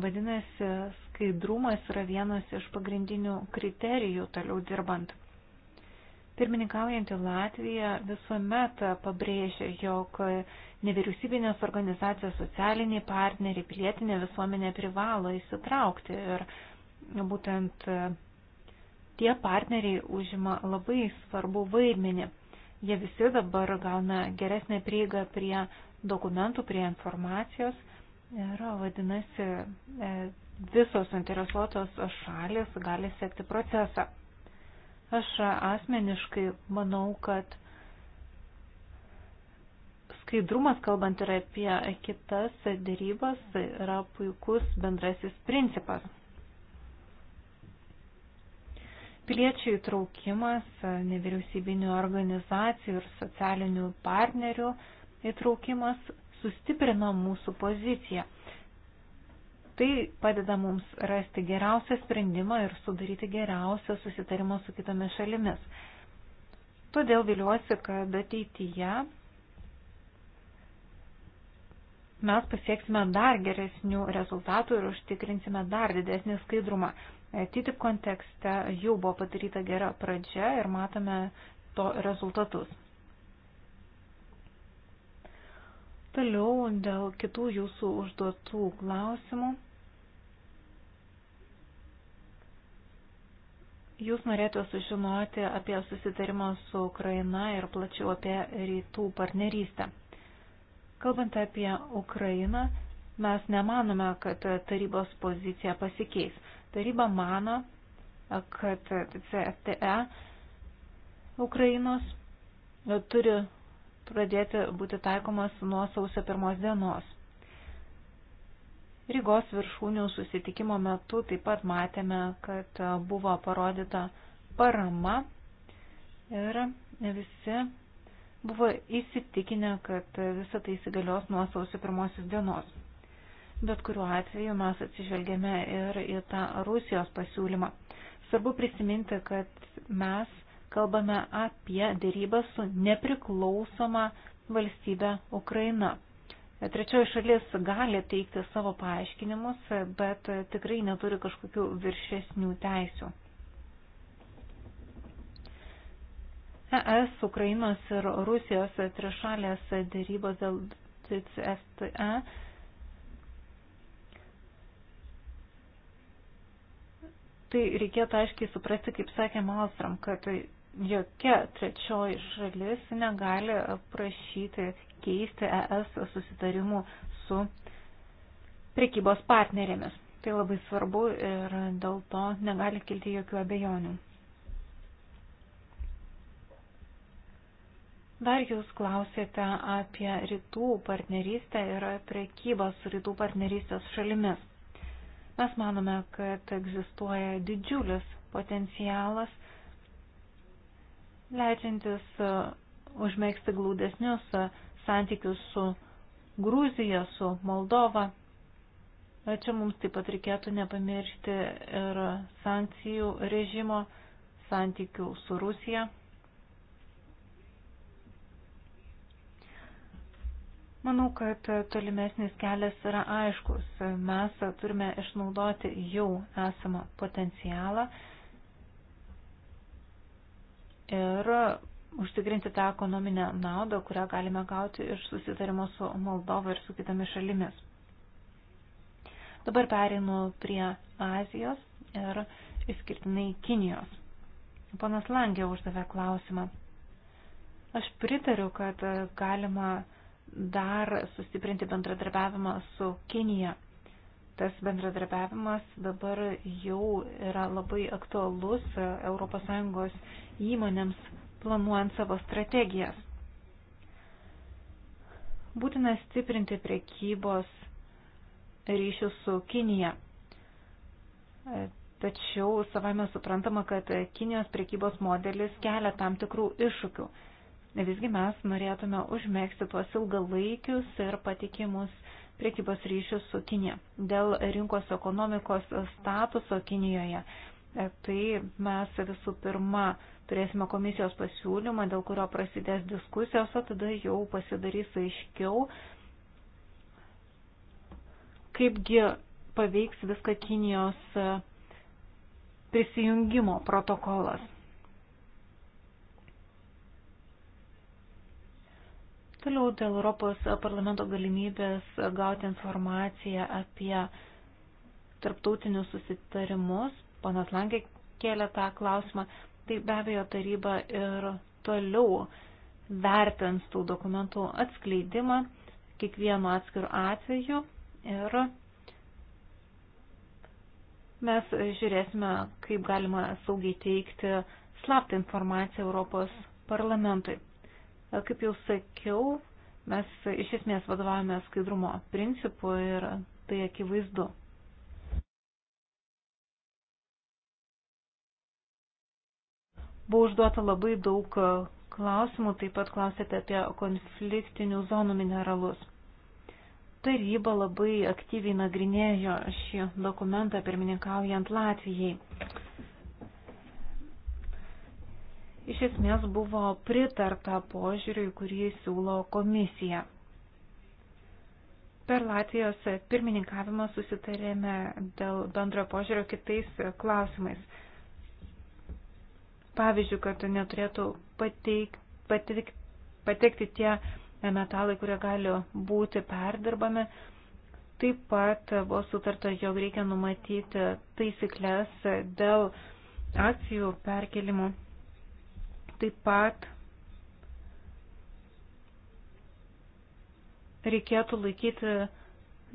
Vadinasi, skaidrumas yra vienas iš pagrindinių kriterijų toliau dirbant. Pirmininkaujantį Latviją visuomet pabrėžia, jog nevyriausybinės organizacijos socialiniai partneriai, pilietinė visuomenė privalo įsitraukti ir būtent e, tie partneriai užima labai svarbu vaidmenį. Jie visi dabar gauna geresnę prieigą prie dokumentų, prie informacijos ir vadinasi e, visos interesuotos šalis gali sekti procesą. Aš asmeniškai manau, kad skaidrumas, kalbant ir apie kitas dėrybas, yra puikus bendrasis principas. Piliečių įtraukimas, e, nevyriausybinių organizacijų ir socialinių partnerių įtraukimas sustiprina mūsų poziciją. Tai padeda mums rasti geriausią sprendimą ir sudaryti geriausią susitarimą su kitomis šalimis. Todėl viliuosi, kad ateityje mes pasieksime dar geresnių rezultatų ir užtikrinsime dar didesnį skaidrumą. E, TTIP kontekste jau buvo padaryta gera pradžia ir matome to rezultatus. Toliau dėl kitų jūsų užduotų klausimų. Jūs norėtų sužinoti apie susitarimą su Ukraina ir plačiau apie rytų partnerystę. Kalbant apie Ukrainą, mes nemanome, kad tarybos pozicija pasikeis. Taryba mano, kad CFTE Ukrainos turi pradėti būti taikomas nuo sausio pirmos dienos. Rygos viršūnių susitikimo metu taip pat matėme, kad buvo parodyta parama ir visi buvo įsitikinę, kad visą tai įsigalios nuo sausio pirmosios dienos. Bet kuriuo atveju mes atsižvelgėme ir į tą Rusijos pasiūlymą. Svarbu prisiminti, kad mes kalbame apie dėrybą su nepriklausoma valstybė Ukraina. Trečioji šalis gali teikti savo paaiškinimus, bet tikrai neturi kažkokių viršesnių teisių. ES, Ukrainos ir Rusijos trišalės dėrybos dėl CSTE tai reikėtų aiškiai suprasti, kaip sakė Malstrom, kad jokia trečioji šalis negali prašyti keisti ES susitarimų su prekybos partnerėmis. Tai labai svarbu ir dėl to negali kilti jokių abejonių. Dar jūs klausėte apie rytų partnerystę ir prekybą su rytų partnerystės šalimis. Mes manome, kad egzistuoja didžiulis potencialas leidžiantis e, užmėgsti glaudesnius e, santykius su Gruzija, su Moldova. Čia mums taip pat reikėtų nepamiršti ir sankcijų režimo, santykių su Rusija. Manau, kad tolimesnis kelias yra aiškus. Mes turime išnaudoti jau esamą potencialą ir užtikrinti tą ekonominę naudą, kurią galime gauti iš susitarimo su Moldova ir su kitomis šalimis. Dabar pereinu prie Azijos ir išskirtinai Kinijos. Ponas Langė uždavė klausimą. Aš pritariu, kad galima dar sustiprinti bendradarbiavimą su Kinija. Tas bendradarbiavimas dabar jau yra labai aktualus ES įmonėms planuojant savo strategijas. Būtina stiprinti prekybos ryšius su Kinija. Tačiau savame suprantama, kad Kinijos prekybos modelis kelia tam tikrų iššūkių. Visgi mes norėtume užmėgsti tuos ilgalaikius ir patikimus priekybos ryšius su Kinė. Dėl rinkos ekonomikos statuso Kinijoje, e, tai mes visų pirma turėsime komisijos pasiūlymą, dėl kurio prasidės diskusijos, o tada jau pasidarys aiškiau, kaipgi paveiks viską Kinijos e, prisijungimo protokolas. Toliau dėl Europos parlamento galimybės gauti informaciją apie tarptautinius susitarimus. Panas Langė kėlė tą klausimą. Tai be abejo taryba ir toliau vertins tų dokumentų atskleidimą kiekvienu atskiru atveju ir mes žiūrėsime, kaip galima saugiai teikti slaptą informaciją Europos parlamentui. E, kaip jau sakiau, mes iš esmės vadovavome skaidrumo principu ir tai akivaizdu. Buvo užduota labai daug klausimų, taip pat klausėte apie konfliktinių zonų mineralus. Taryba labai aktyviai nagrinėjo šį dokumentą pirmininkaujant Latvijai iš esmės buvo pritarta požiūriui, kurį siūlo komisija. Per Latvijos pirmininkavimą susitarėme dėl bendro požiūrio kitais klausimais. Pavyzdžiui, kad neturėtų pateik, pateik, patekti tie metalai, kurie gali būti perdirbami. Taip pat buvo sutarta, jog reikia numatyti taisyklės dėl akcijų perkelimų Taip pat reikėtų laikyti,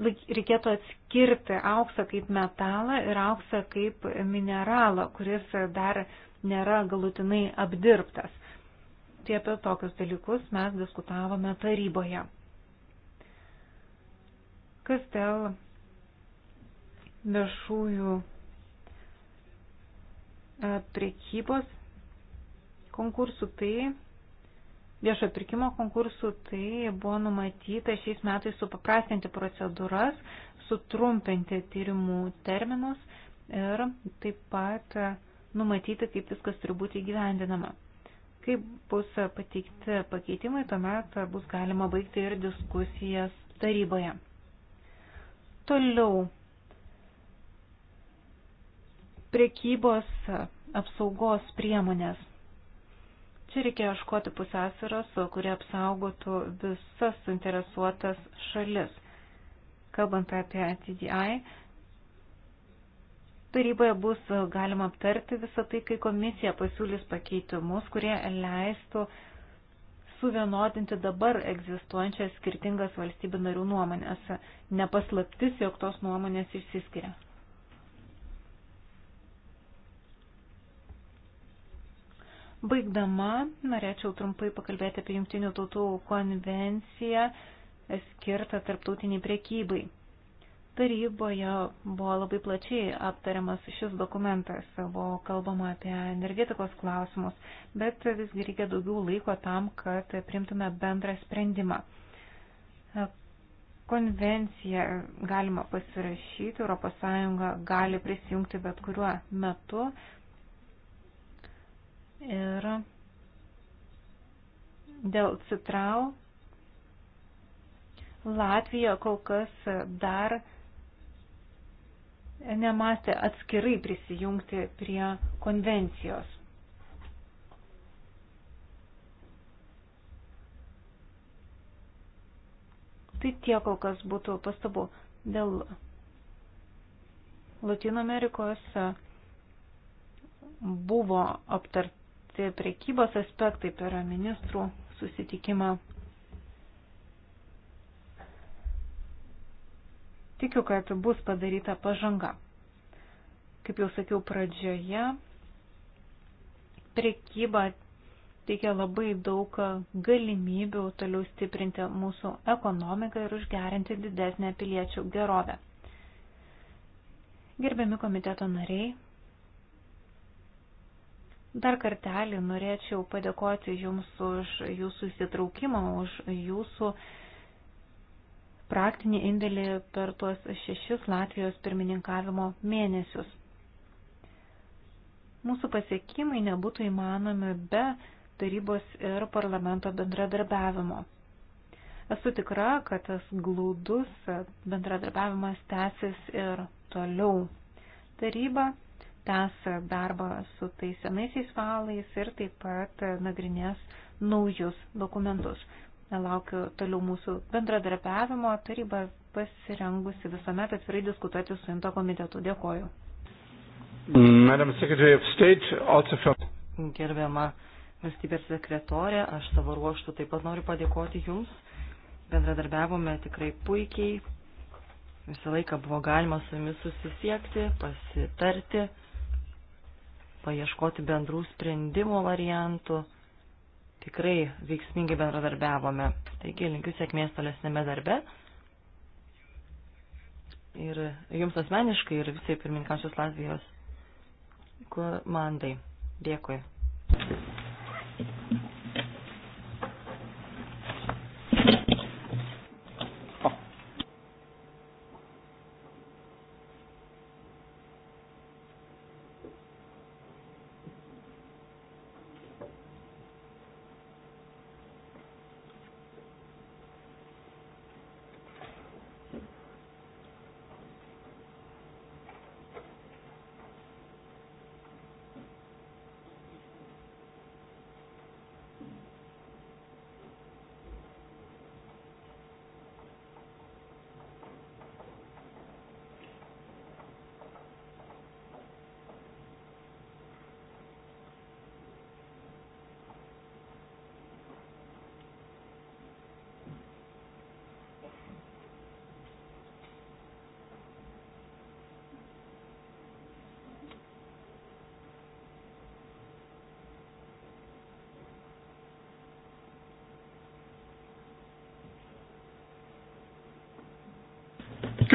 laik, reikėtų atskirti auksą kaip metalą ir auksą kaip mineralą, kuris dar nėra galutinai apdirbtas. Tai apie tokius dalykus mes diskutavome taryboje. Kas dėl viešųjų e, prekybos konkursų, tai viešo pirkimo konkursų, tai buvo numatyta šiais metais supaprastinti procedūras, sutrumpinti tyrimų terminus ir taip pat numatyti, kaip viskas turi būti įgyvendinama. Kai bus pateikti pakeitimai, tuomet bus galima baigti ir diskusijas taryboje. Toliau. Prekybos apsaugos priemonės. Čia reikia ieškoti pusiausvėros, kurie apsaugotų visas suinteresuotas šalis. Kalbant apie TDI, taryboje bus galima aptarti visą tai, kai komisija pasiūlys pakeitimus, kurie leistų suvienodinti dabar egzistuojančias skirtingas valstybių narių nuomonės. Nepaslaptis, jog tos nuomonės išsiskiria. Baigdama, norėčiau trumpai pakalbėti apie Junktinių tautų konvenciją skirtą tarptautiniai priekybai. Taryboje buvo labai plačiai aptariamas šis dokumentas, buvo kalbama apie energetikos klausimus, bet visgi reikia daugiau laiko tam, kad primtume bendrą sprendimą. Konvenciją galima pasirašyti, ES gali prisijungti bet kuriuo metu, Ir dėl citrau Latvija kol kas dar nemastė atskirai prisijungti prie konvencijos. Tai tiek kol kas būtų pastabu dėl Latino Amerikos buvo aptart aptarti prekybos aspektai per ministrų susitikimą. Tikiu, kad bus padaryta pažanga. Kaip jau sakiau pradžioje, prekyba teikia labai daug galimybių toliau stiprinti mūsų ekonomiką ir užgerinti didesnę piliečių gerovę. Gerbiami komiteto nariai, Dar kartelį norėčiau padėkoti Jums už Jūsų įsitraukimą, už Jūsų praktinį indėlį per tuos šešis Latvijos pirmininkavimo mėnesius. Mūsų pasiekimai nebūtų įmanomi be tarybos ir parlamento bendradarbiavimo. Esu tikra, kad tas glaudus bendradarbiavimas tęsis ir toliau. Taryba tęs darbą su tais senaisiais valais ir taip pat nagrinės naujus dokumentus. Laukiu toliau mūsų bendradarbiavimo. Taryba pasirengusi visuomet atvirai diskutuoti su Into komitetu. Dėkoju. Madam Secretary of State, also from... Gerbiama valstybės sekretorė, aš savo ruoštų taip pat noriu padėkoti Jums. Bendradarbiavome tikrai puikiai. Visą laiką buvo galima su Jumis susisiekti, pasitarti paieškoti bendrų sprendimų variantų. Tikrai veiksmingai bendradarbiavome. Taigi linkiu sėkmės tolesnėme darbe. Ir jums asmeniškai ir visai pirmininkančios Latvijos komandai. Dėkui.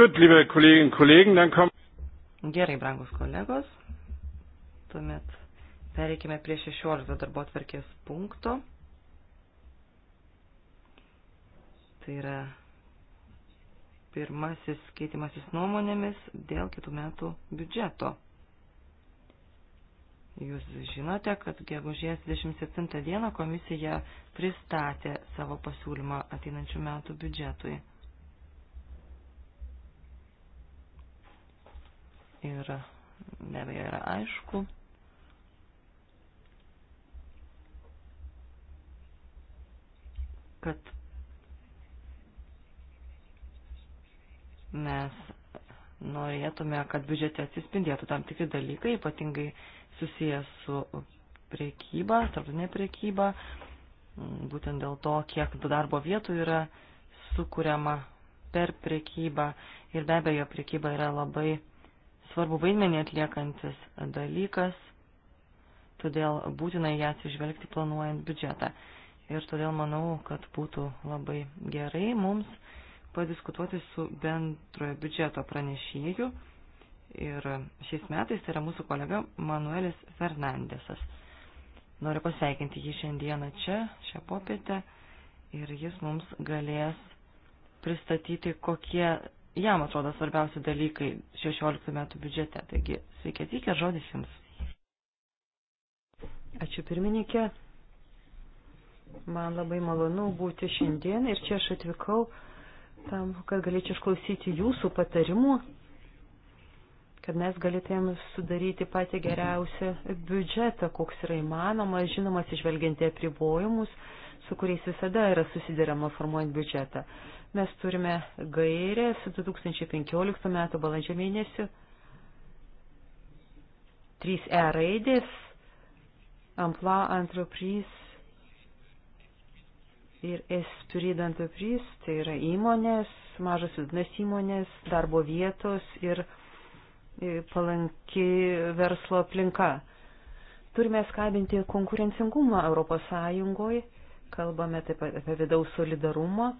Gut, liebe Kolleginnen und Kollegen, dann kommen. Gerai, brangus kolegos. Tuomet pereikime prie 16 darbo atverkės punkto. Tai yra pirmasis keitimasis nuomonėmis dėl kitų metų biudžeto. Jūs žinote, kad gegužės 27 dieną komisija pristatė savo pasiūlymą ateinančių metų biudžetui. ir be abejo yra aišku. kad mes norėtume, kad biudžete atsispindėtų tam tikri dalykai, ypatingai susijęs su priekyba, tarptautinė priekyba, būtent dėl to, kiek darbo vietų yra sukūriama per priekybą ir be abejo priekyba yra labai svarbu vaidmenį atliekantis dalykas, todėl būtina ją atsižvelgti planuojant biudžetą. Ir todėl manau, kad būtų labai gerai mums padiskutuoti su bendrojo biudžeto pranešėju. Ir šiais metais tai yra mūsų kolega Manuelis Fernandesas. Noriu pasveikinti jį šiandieną čia, šią popietę. Ir jis mums galės pristatyti, kokie jam atrodo svarbiausi dalykai 16 metų biudžete. Taigi, sveiki atvykę, žodis jums. Ačiū pirmininkė. Man labai malonu būti šiandien ir čia aš atvykau tam, kad galėčiau išklausyti jūsų patarimų, kad mes galėtumėm sudaryti patį geriausią biudžetą, koks yra įmanomas, žinomas, išvelgiant į apribojimus su kuriais visada yra susidėrama formuojant biudžetą. Mes turime gairės 2015 m. balandžio mėnesį. 3E raidės, Ampla Entreprise ir Esprit Entreprise, tai yra įmonės, mažos vidinės įmonės, darbo vietos ir e, palanki verslo aplinka. Turime skabinti konkurencingumą Europos Sąjungoje, kalbame taip pat apie vidaus solidarumą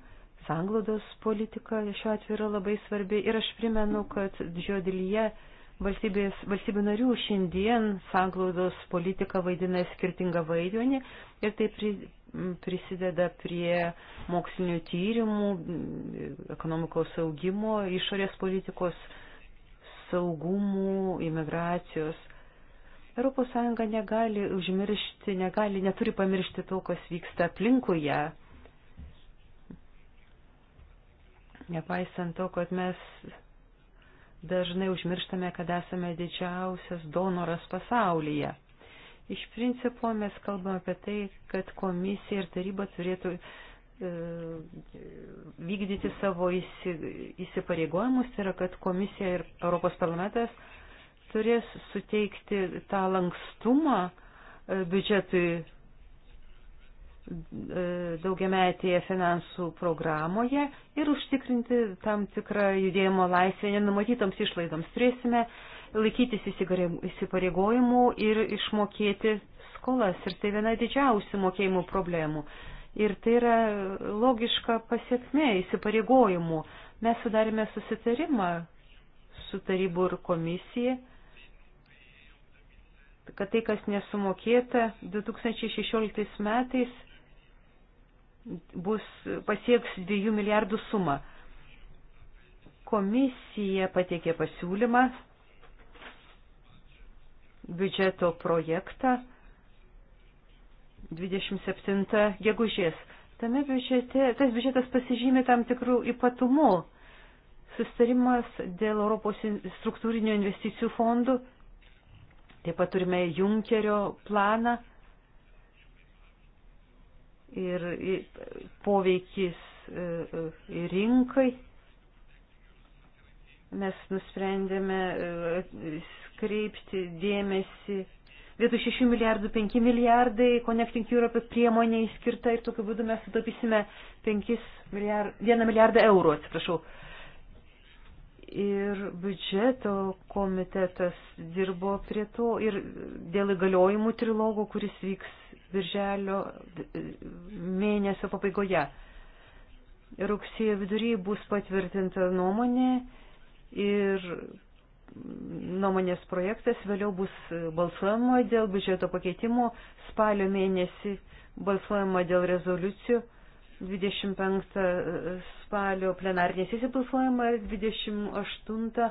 Sanglodos politika šiuo atveju yra labai svarbi ir aš primenu, kad didžioji dalyje valstybių narių šiandien sanglaudos politika vaidina skirtingą vaidmenį ir tai pri, prisideda prie mokslinių tyrimų, ekonomikos augimo, išorės politikos saugumų, imigracijos. ES negali užmiršti, negali, neturi pamiršti to, kas vyksta aplinkui ją. Nepaisant to, kad mes dažnai užmirštame, kad esame didžiausias donoras pasaulyje. Iš principo mes kalbame apie tai, kad komisija ir taryba turėtų e, vykdyti savo įsipareigojimus, tai yra, kad komisija ir Europos parlamentas turės suteikti tą lankstumą e, biudžetui daugiametėje finansų programoje ir užtikrinti tam tikrą judėjimo laisvę nenumatytoms išlaidoms. Turėsime laikytis įsipareigojimų ir išmokėti skolas. Ir tai viena didžiausių mokėjimų problemų. Ir tai yra logiška pasiekmė įsipareigojimų. Mes sudarėme susitarimą su tarybu ir komisija kad tai, kas nesumokėta 2016 metais, bus pasieks 2 milijardų sumą. Komisija pateikė pasiūlymą, biudžeto projektą 27 gegužės. Tame biudžete, tas biudžetas pasižymė tam tikrų ypatumų. Sustarimas dėl Europos struktūrinio investicijų fondų. Taip pat turime Junkerio planą ir poveikis e, e, rinkai. Mes nusprendėme e, kreipti dėmesį vietoj 6 milijardų 5 milijardai Connecting Europe priemoniai skirta ir tokiu būdu mes sutaupysime 5 milijard, 1 milijardą eurų, atsiprašau. Ir biudžeto komitetas dirbo prie to ir dėl įgaliojimų trilogų, kuris vyks birželio mėnesio pabaigoje. Rugsėjo viduryje bus patvirtinta nuomonė ir nuomonės projektas vėliau bus balsuojama dėl biudžeto pakeitimo, spalio mėnesį balsuojama dėl rezoliucijų, 25 spalio plenarinė sesija balsuojama ir 28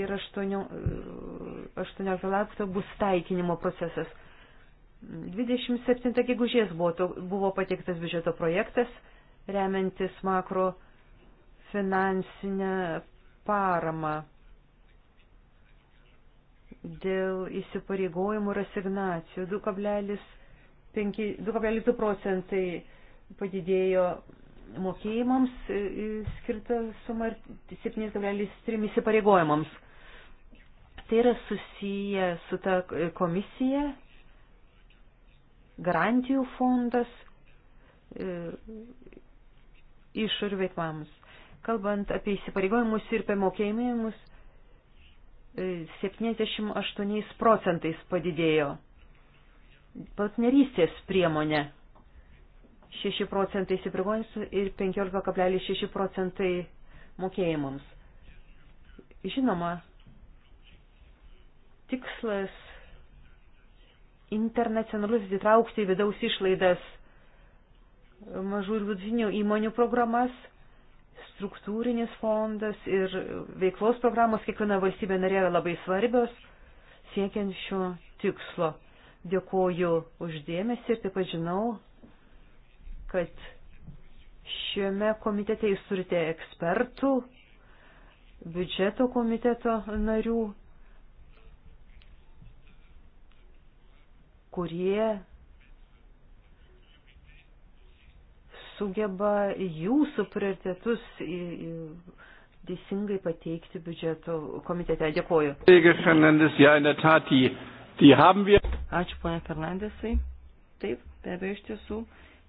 ir 18 lapkričio bus taikinimo procesas. 27 gegužės buvo, buvo pateiktas biudžeto projektas, remiantis makro finansinę paramą dėl įsipareigojimų ir asignacijų 2,2 procentai padidėjo mokėjimams e, e, skirta suma 7,3 įsipareigojimams. Tai yra susiję su ta e, komisija garantijų fondas e, išorių veiklams. Kalbant apie įsipareigojimus ir pamokėjimus, 78 e, procentais padidėjo partnerystės priemonė 6 procentai įsipareigojimams ir 15,6 procentai mokėjimams. Žinoma, tikslas internacionalius įtraukti į vidaus išlaidas mažų ir vidutinių įmonių programas, struktūrinis fondas ir veiklos programos kiekviena valstybė narė yra labai svarbios siekiant šio tikslo. Dėkuoju uždėmesi ir taip pat žinau, kad šiame komitete jūs turite ekspertų, biudžeto komiteto narių kurie sugeba jūsų prioritetus į, į, teisingai pateikti biudžeto komitete. Dėkuoju. Ačiū, ponia Fernandesai. Taip, be abejo, iš tiesų,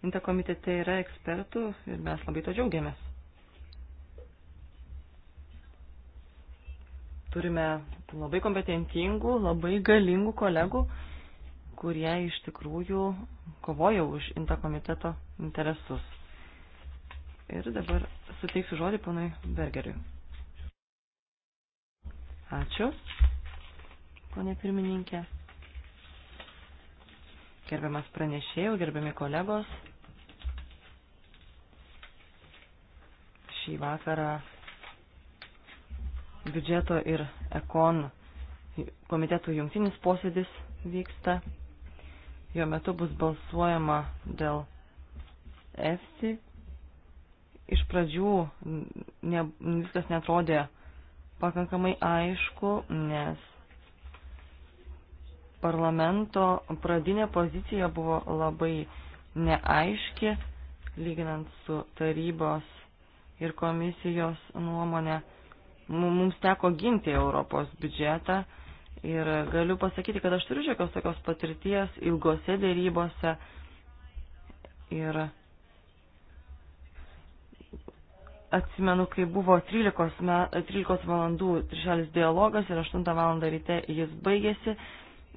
Inta komitete yra ekspertų ir mes labai to džiaugiamės. Turime labai kompetentingų, labai galingų kolegų kurie iš tikrųjų kovoja už INTA komiteto interesus. Ir dabar suteiksiu žodį ponui Bergeriui. Ačiū, ponė pirmininkė. Gerbiamas pranešėjų, gerbiami kolegos. Šį vakarą biudžeto ir ekon komitetų jungtinis posėdis vyksta jo metu bus balsuojama dėl EFSI. Iš pradžių ne, viskas netrodė pakankamai aišku, nes parlamento pradinė pozicija buvo labai neaiški, lyginant su tarybos ir komisijos nuomonė. Mums teko ginti Europos biudžetą Ir galiu pasakyti, kad aš turiu šiokios tokios patirties ilgose dėrybose. Ir atsimenu, kai buvo 13, me, 13 valandų trišalis dialogas ir 8 valandą ryte jis baigėsi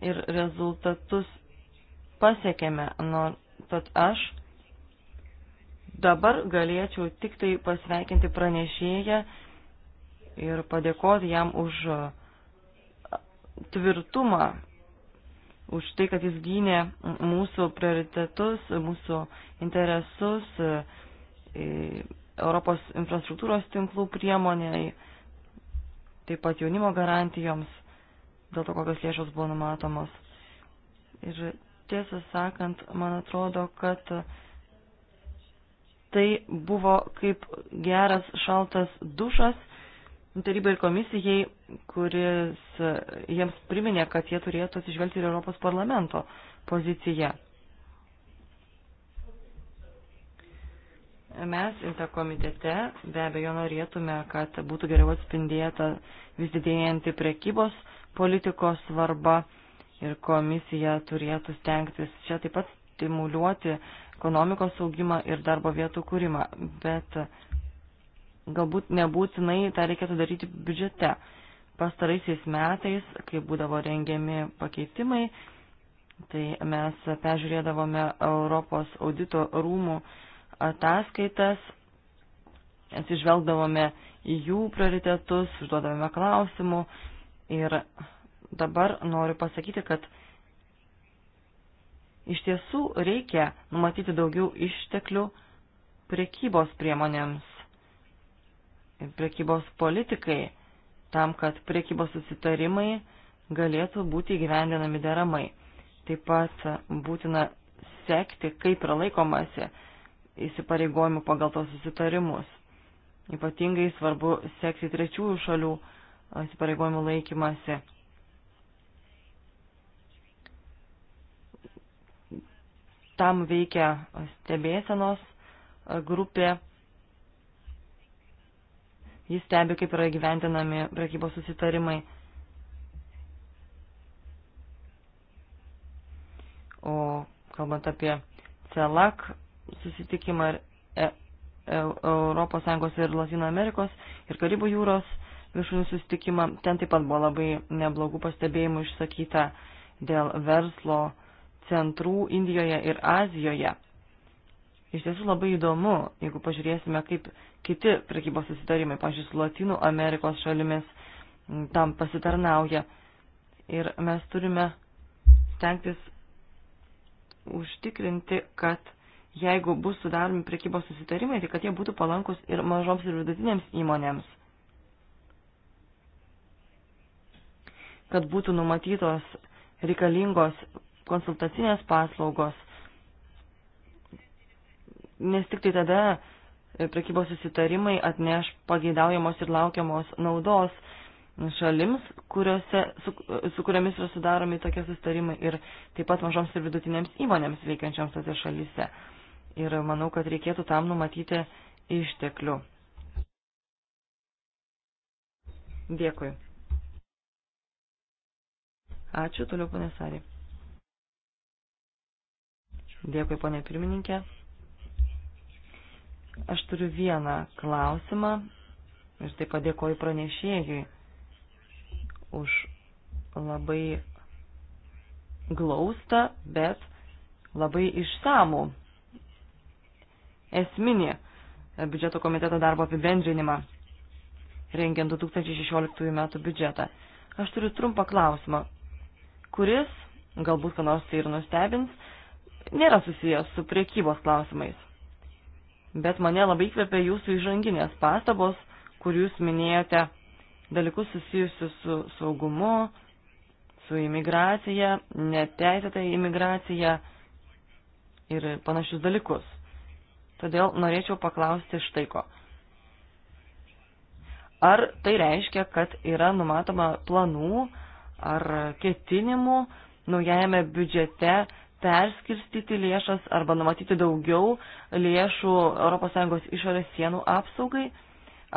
ir rezultatus pasiekėme. Nu, tad aš dabar galėčiau tik tai pasveikinti pranešėją ir padėkoti jam už uh, tvirtumą, už tai, kad jis gynė mūsų prioritetus, mūsų interesus, e, Europos infrastruktūros tinklų priemoniai, taip pat jaunimo garantijoms, dėl to kokios lėšos buvo numatomos. Ir tiesą sakant, man atrodo, kad tai buvo kaip geras šaltas dušas tarybai ir komisijai, kuris e, jiems priminė, kad jie turėtų atsižvelgti ir Europos parlamento poziciją. Mes ir tą komitete be abejo norėtume, kad būtų geriau atspindėta vis didėjanti prekybos politikos svarba ir komisija turėtų stengtis čia taip pat stimuliuoti ekonomikos augimą ir darbo vietų kūrimą. Bet galbūt nebūtinai tą reikėtų daryti biudžete. Pastaraisiais metais, kai būdavo rengiami pakeitimai, tai mes peržiūrėdavome Europos audito rūmų ataskaitas, atsižvelgdavome į jų prioritetus, užduodavome klausimų ir dabar noriu pasakyti, kad iš tiesų reikia numatyti daugiau išteklių priekybos priemonėms prekybos politikai, tam, kad prekybos susitarimai galėtų būti įgyvendinami deramai. Taip pat būtina sekti, kaip yra laikomasi įsipareigojimų pagal tos susitarimus. Ypatingai svarbu sekti trečiųjų šalių įsipareigojimų laikymasi. Tam veikia stebėsenos grupė Jis stebi, kaip yra gyventinami prekybos susitarimai. O kalbant apie CELAC susitikimą ir e, e, Europos Sąjungos ir Latino Amerikos ir Karibų jūros viršūnių susitikimą. Ten taip pat buvo labai neblogų pastebėjimų išsakyta dėl verslo centrų Indijoje ir Azijoje. Iš tiesų labai įdomu, jeigu pažiūrėsime, kaip kiti prekybos susitarimai, pažiūrėjus, Latinų Amerikos šalimis tam pasitarnauja. Ir mes turime stengtis užtikrinti, kad jeigu bus sudaromi prekybos susitarimai, tai kad jie būtų palankus ir mažoms ir vidutinėms įmonėms. Kad būtų numatytos reikalingos konsultacinės paslaugos nes tik tai tada e, prekybos susitarimai atneš pageidaujamos ir laukiamos naudos šalims, kuriuose, su, e, su kuriamis yra sudaromi tokie susitarimai ir taip pat mažoms ir vidutinėms įmonėms veikiančioms tose šalyse. Ir manau, kad reikėtų tam numatyti išteklių. Dėkui. Ačiū, toliau ponė Sari. Dėkui, ponė pirmininkė. Aš turiu vieną klausimą ir taip padėkoju pranešėjui už labai glaustą, bet labai išsamų esminį biudžeto komiteto darbo apibendrinimą, rengiant 2016 m. biudžetą. Aš turiu trumpą klausimą, kuris, galbūt kanos tai ir nustebins, nėra susijęs su priekybos klausimais bet mane labai kvepia jūsų įžanginės pastabos, kur jūs minėjote dalykus susijusius su saugumu, su imigracija, neteisėtai imigracija ir panašius dalykus. Todėl norėčiau paklausti štai ko. Ar tai reiškia, kad yra numatoma planų ar ketinimų naujajame biudžete perskirstyti lėšas arba numatyti daugiau lėšų ES išorės sienų apsaugai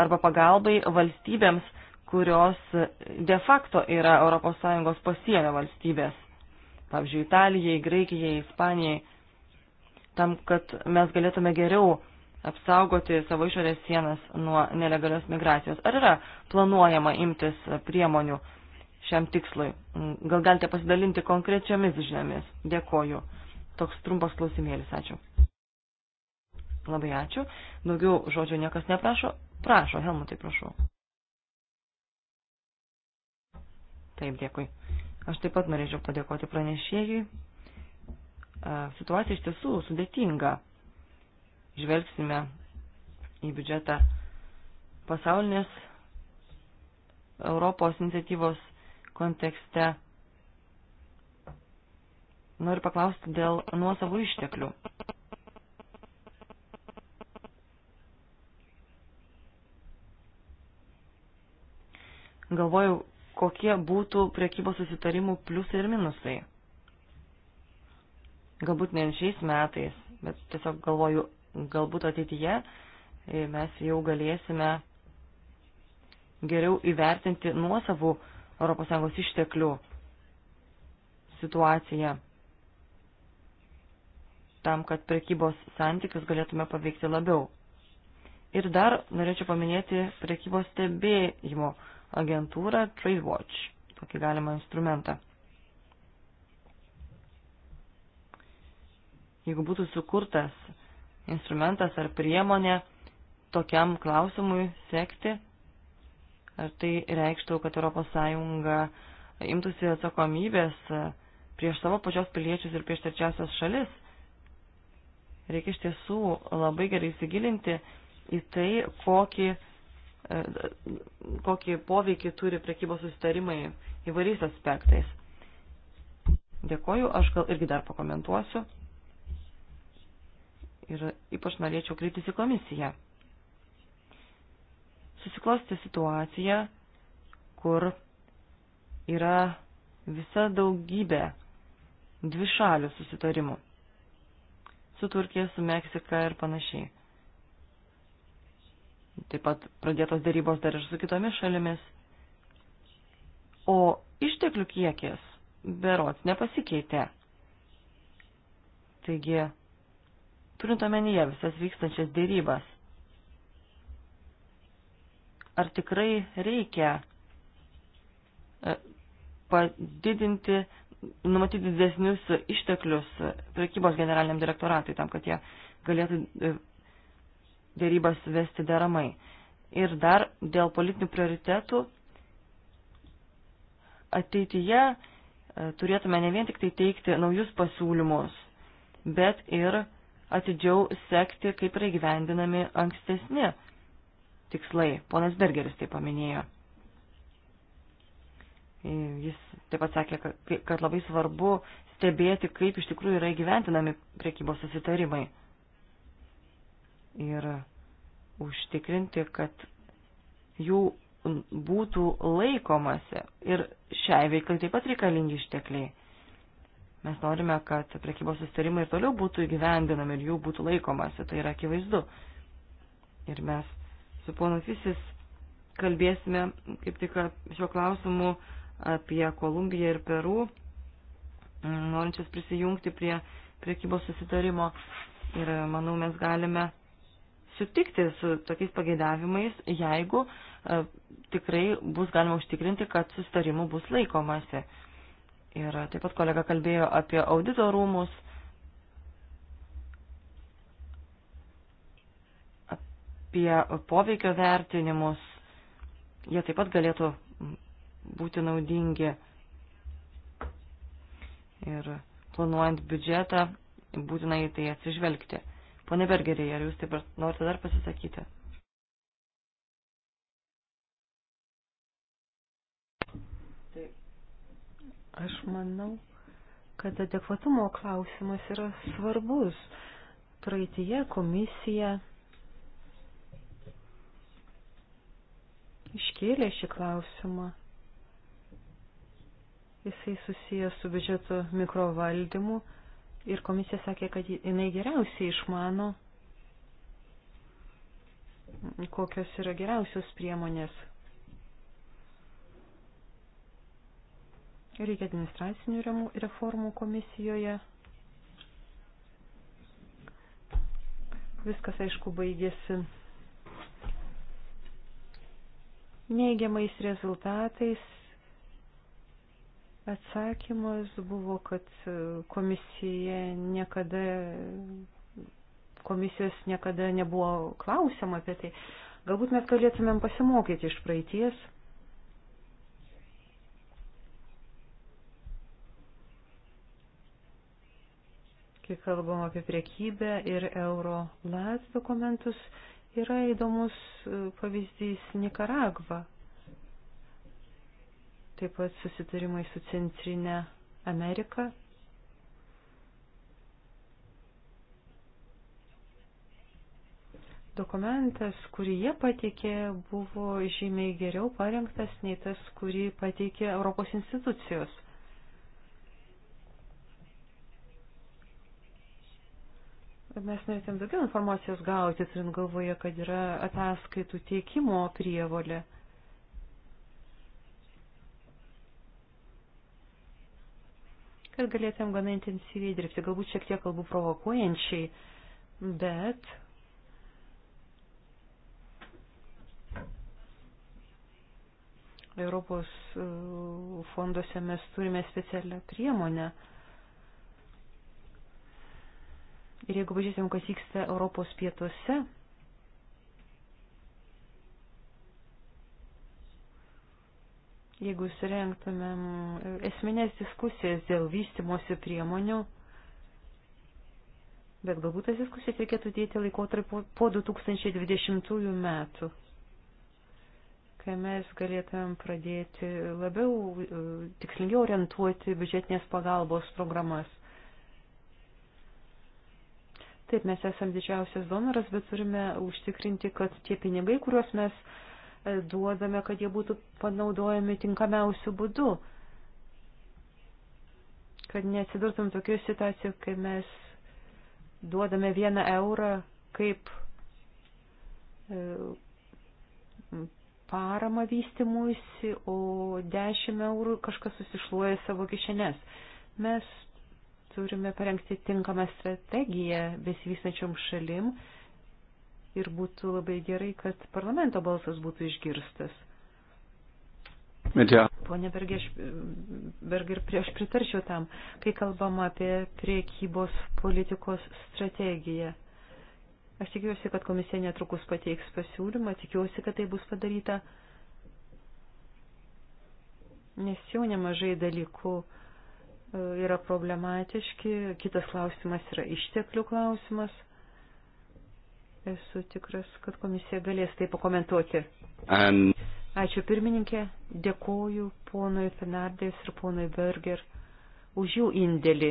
arba pagalbai valstybėms, kurios de facto yra ES pasienio valstybės. Pavyzdžiui, Italijai, Graikijai, Ispanijai. Tam, kad mes galėtume geriau apsaugoti savo išorės sienas nuo nelegalios migracijos. Ar yra planuojama imtis priemonių? šiam tikslui. Mm, gal galite pasidalinti konkrečiomis žiniomis. Dėkoju. Toks trumpas klausimėlis. Ačiū. Labai ačiū. Daugiau žodžio niekas neprašo. Prašo, Helmutai, prašau. Taip, dėkui. Aš taip pat norėčiau padėkoti pranešėjui. Situacija iš tiesų sudėtinga. Žvelgsime į biudžetą pasaulinės Europos iniciatyvos kontekste. Noriu paklausti dėl nuosavų išteklių. Galvojau, kokie būtų priekybos susitarimų pliusai ir minusai. Galbūt ne šiais metais, bet tiesiog galvoju, galbūt ateityje e, mes jau galėsime geriau įvertinti nuosavų ES išteklių situaciją tam, kad prekybos santykius galėtume paveikti labiau. Ir dar norėčiau paminėti prekybos stebėjimo agentūrą TradeWatch, tokį galimą instrumentą. Jeigu būtų sukurtas instrumentas ar priemonė tokiam klausimui sekti, Ar tai reikštų, kad ES imtųsi atsakomybės e, prieš savo pačios piliečius ir prieš trečiasias šalis? Reikia iš tiesų labai gerai įsigilinti į tai, kokį, e, kokį poveikį turi prekybos susitarimai įvairiais aspektais. Dėkoju, aš gal irgi dar pakomentuosiu. Ir ypač norėčiau kreiptis į komisiją susiklosti situacija, kur yra visa daugybė dvišalių susitarimų su Turkija, su Meksika ir panašiai. Taip pat pradėtos darybos dar ir su kitomis šalimis. O išteklių kiekis berots nepasikeitė. Taigi, turint omenyje visas vykstančias dėrybas, ar tikrai reikia e, padidinti, numatyti didesnius išteklius prekybos generaliniam direktoratui, tam, kad jie galėtų e, dėrybas vesti deramai. Ir dar dėl politinių prioritetų ateityje e, turėtume ne vien tik tai teikti naujus pasiūlymus, bet ir atidžiau sekti, kaip yra gyvendinami ankstesni tikslai. Ponas Bergeris tai paminėjo. E, jis taip pat sakė, kad labai svarbu stebėti, kaip iš tikrųjų yra įgyventinami priekybos susitarimai. Ir užtikrinti, kad jų būtų laikomasi. Ir šiai veiklai taip pat reikalingi ištekliai. Mes norime, kad priekybos sustarimai ir toliau būtų įgyvendinami ir jų būtų laikomasi, tai yra akivaizdu. Ir mes su ponas Visis kalbėsime kaip tik šiuo klausimu apie Kolumbiją ir Peru, mm, norinčias prisijungti prie priekybos susitarimo. Ir e, manau, mes galime sutikti su tokiais pageidavimais, jeigu e, tikrai bus galima užtikrinti, kad sustarimų bus laikomasi. Ir e, taip pat kolega kalbėjo apie audito rūmus apie poveikio vertinimus. Jie taip pat galėtų būti naudingi. Ir planuojant biudžetą, būtina į tai atsižvelgti. Pone Bergeriai, ar jūs taip pat norite dar pasisakyti? Aš manau, kad adekvatumo klausimas yra svarbus. Praeitie komisija iškėlė šį klausimą. Jisai susijęs su biudžeto mikrovaldymu ir komisija sakė, kad jinai geriausiai išmano, kokios yra geriausios priemonės. Reikia administracinių reformų komisijoje. Viskas, aišku, baigėsi neigiamais rezultatais. Atsakymas buvo, kad e, komisija niekada, komisijos niekada nebuvo klausima apie tai. Galbūt mes galėtumėm pasimokyti iš praeities. Kai kalbam apie priekybę ir euro lat dokumentus, yra įdomus e, pavyzdys Nikaragva taip pat susitarimai su Centrinė Amerika. Dokumentas, kurį jie pateikė, buvo žymiai geriau parengtas nei tas, kurį pateikė Europos institucijos. Mes norėtum daugiau informacijos gauti, turint galvoje, kad yra ataskaitų teikimo prievolė. kad galėtum gana intensyviai dirbti. Galbūt šiek tiek kalbu provokuojančiai, bet. Europos e, fonduose mes turime specialią priemonę. Ir jeigu pažiūrėsim, kas vyksta Europos pietuose, jeigu surenktumėm esminės diskusijas dėl vystimosi priemonių, bet galbūt tas diskusijas reikėtų dėti laikotarpį po 2020 metų, kai mes galėtumėm pradėti labiau e, tikslingiau orientuoti biudžetinės pagalbos programas. Taip, mes esame didžiausias donoras, bet turime užtikrinti, kad tie pinigai, kuriuos mes uh, duodame, kad jie būtų panaudojami tinkamiausių būdų. Kad neatsidurtum tokių situacijų, kai mes duodame vieną eurą kaip e, paramą vystimuisi, o 10 eurų kažkas susišluoja savo kišenes. Mes turime parengti tinkamą strategiją besivystančiom šalim, ir būtų labai gerai, kad parlamento balsas būtų išgirstas. Ja. Pone Berger, Berger, prieš pritarčiau tam, kai kalbama apie priekybos politikos strategiją. Aš tikiuosi, kad komisija netrukus pateiks pasiūlymą, tikiuosi, kad tai bus padaryta, nes jau nemažai dalykų e, yra problematiški. Kitas klausimas yra išteklių klausimas. Esu tikras, kad komisija galės tai pakomentuoti. Um. Ačiū pirmininkė, dėkoju ponui Fenardės ir ponui Berger už jų indėlį.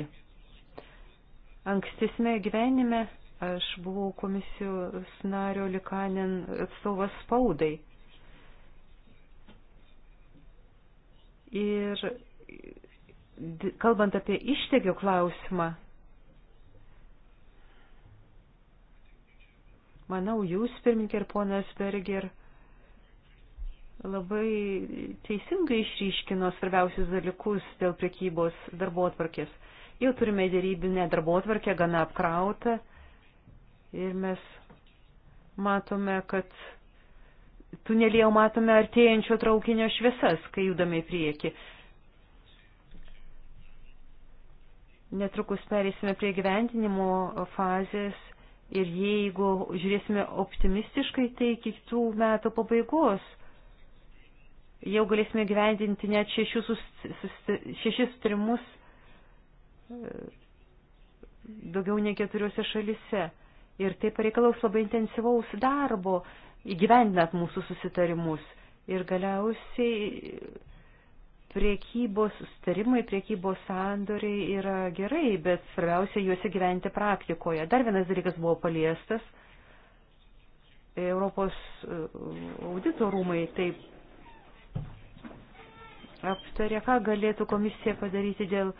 Ankstesnėme gyvenime aš buvau komisijos nario Likanen atstovas spaudai. Ir kalbant apie ištegių klausimą, Manau, jūs, pirmininkė ir ponas Berger, labai teisingai išryškino svarbiausius dalykus dėl prekybos darbo atvarkės. Jau turime dėrybinę darbo atvarkę gana apkrautą ir mes matome, kad tunelėje matome artėjančio traukinio šviesas, kai judame į priekį. Netrukus perėsime prie gyventinimo fazės Ir jeigu žiūrėsime optimistiškai, tai iki kitų metų pabaigos jau galėsime gyvendinti net šešius, šešis trimus e, daugiau nei keturiuose šalise. Ir tai pareikalaus labai intensyvaus darbo įgyvendinant mūsų susitarimus. Ir galiausiai priekybos sustarimai, priekybos sandoriai yra gerai, bet svarbiausia juose gyventi praktikoje. Dar vienas dalykas buvo paliestas. Europos uh, audito rūmai taip aptarė, ką galėtų komisija padaryti dėl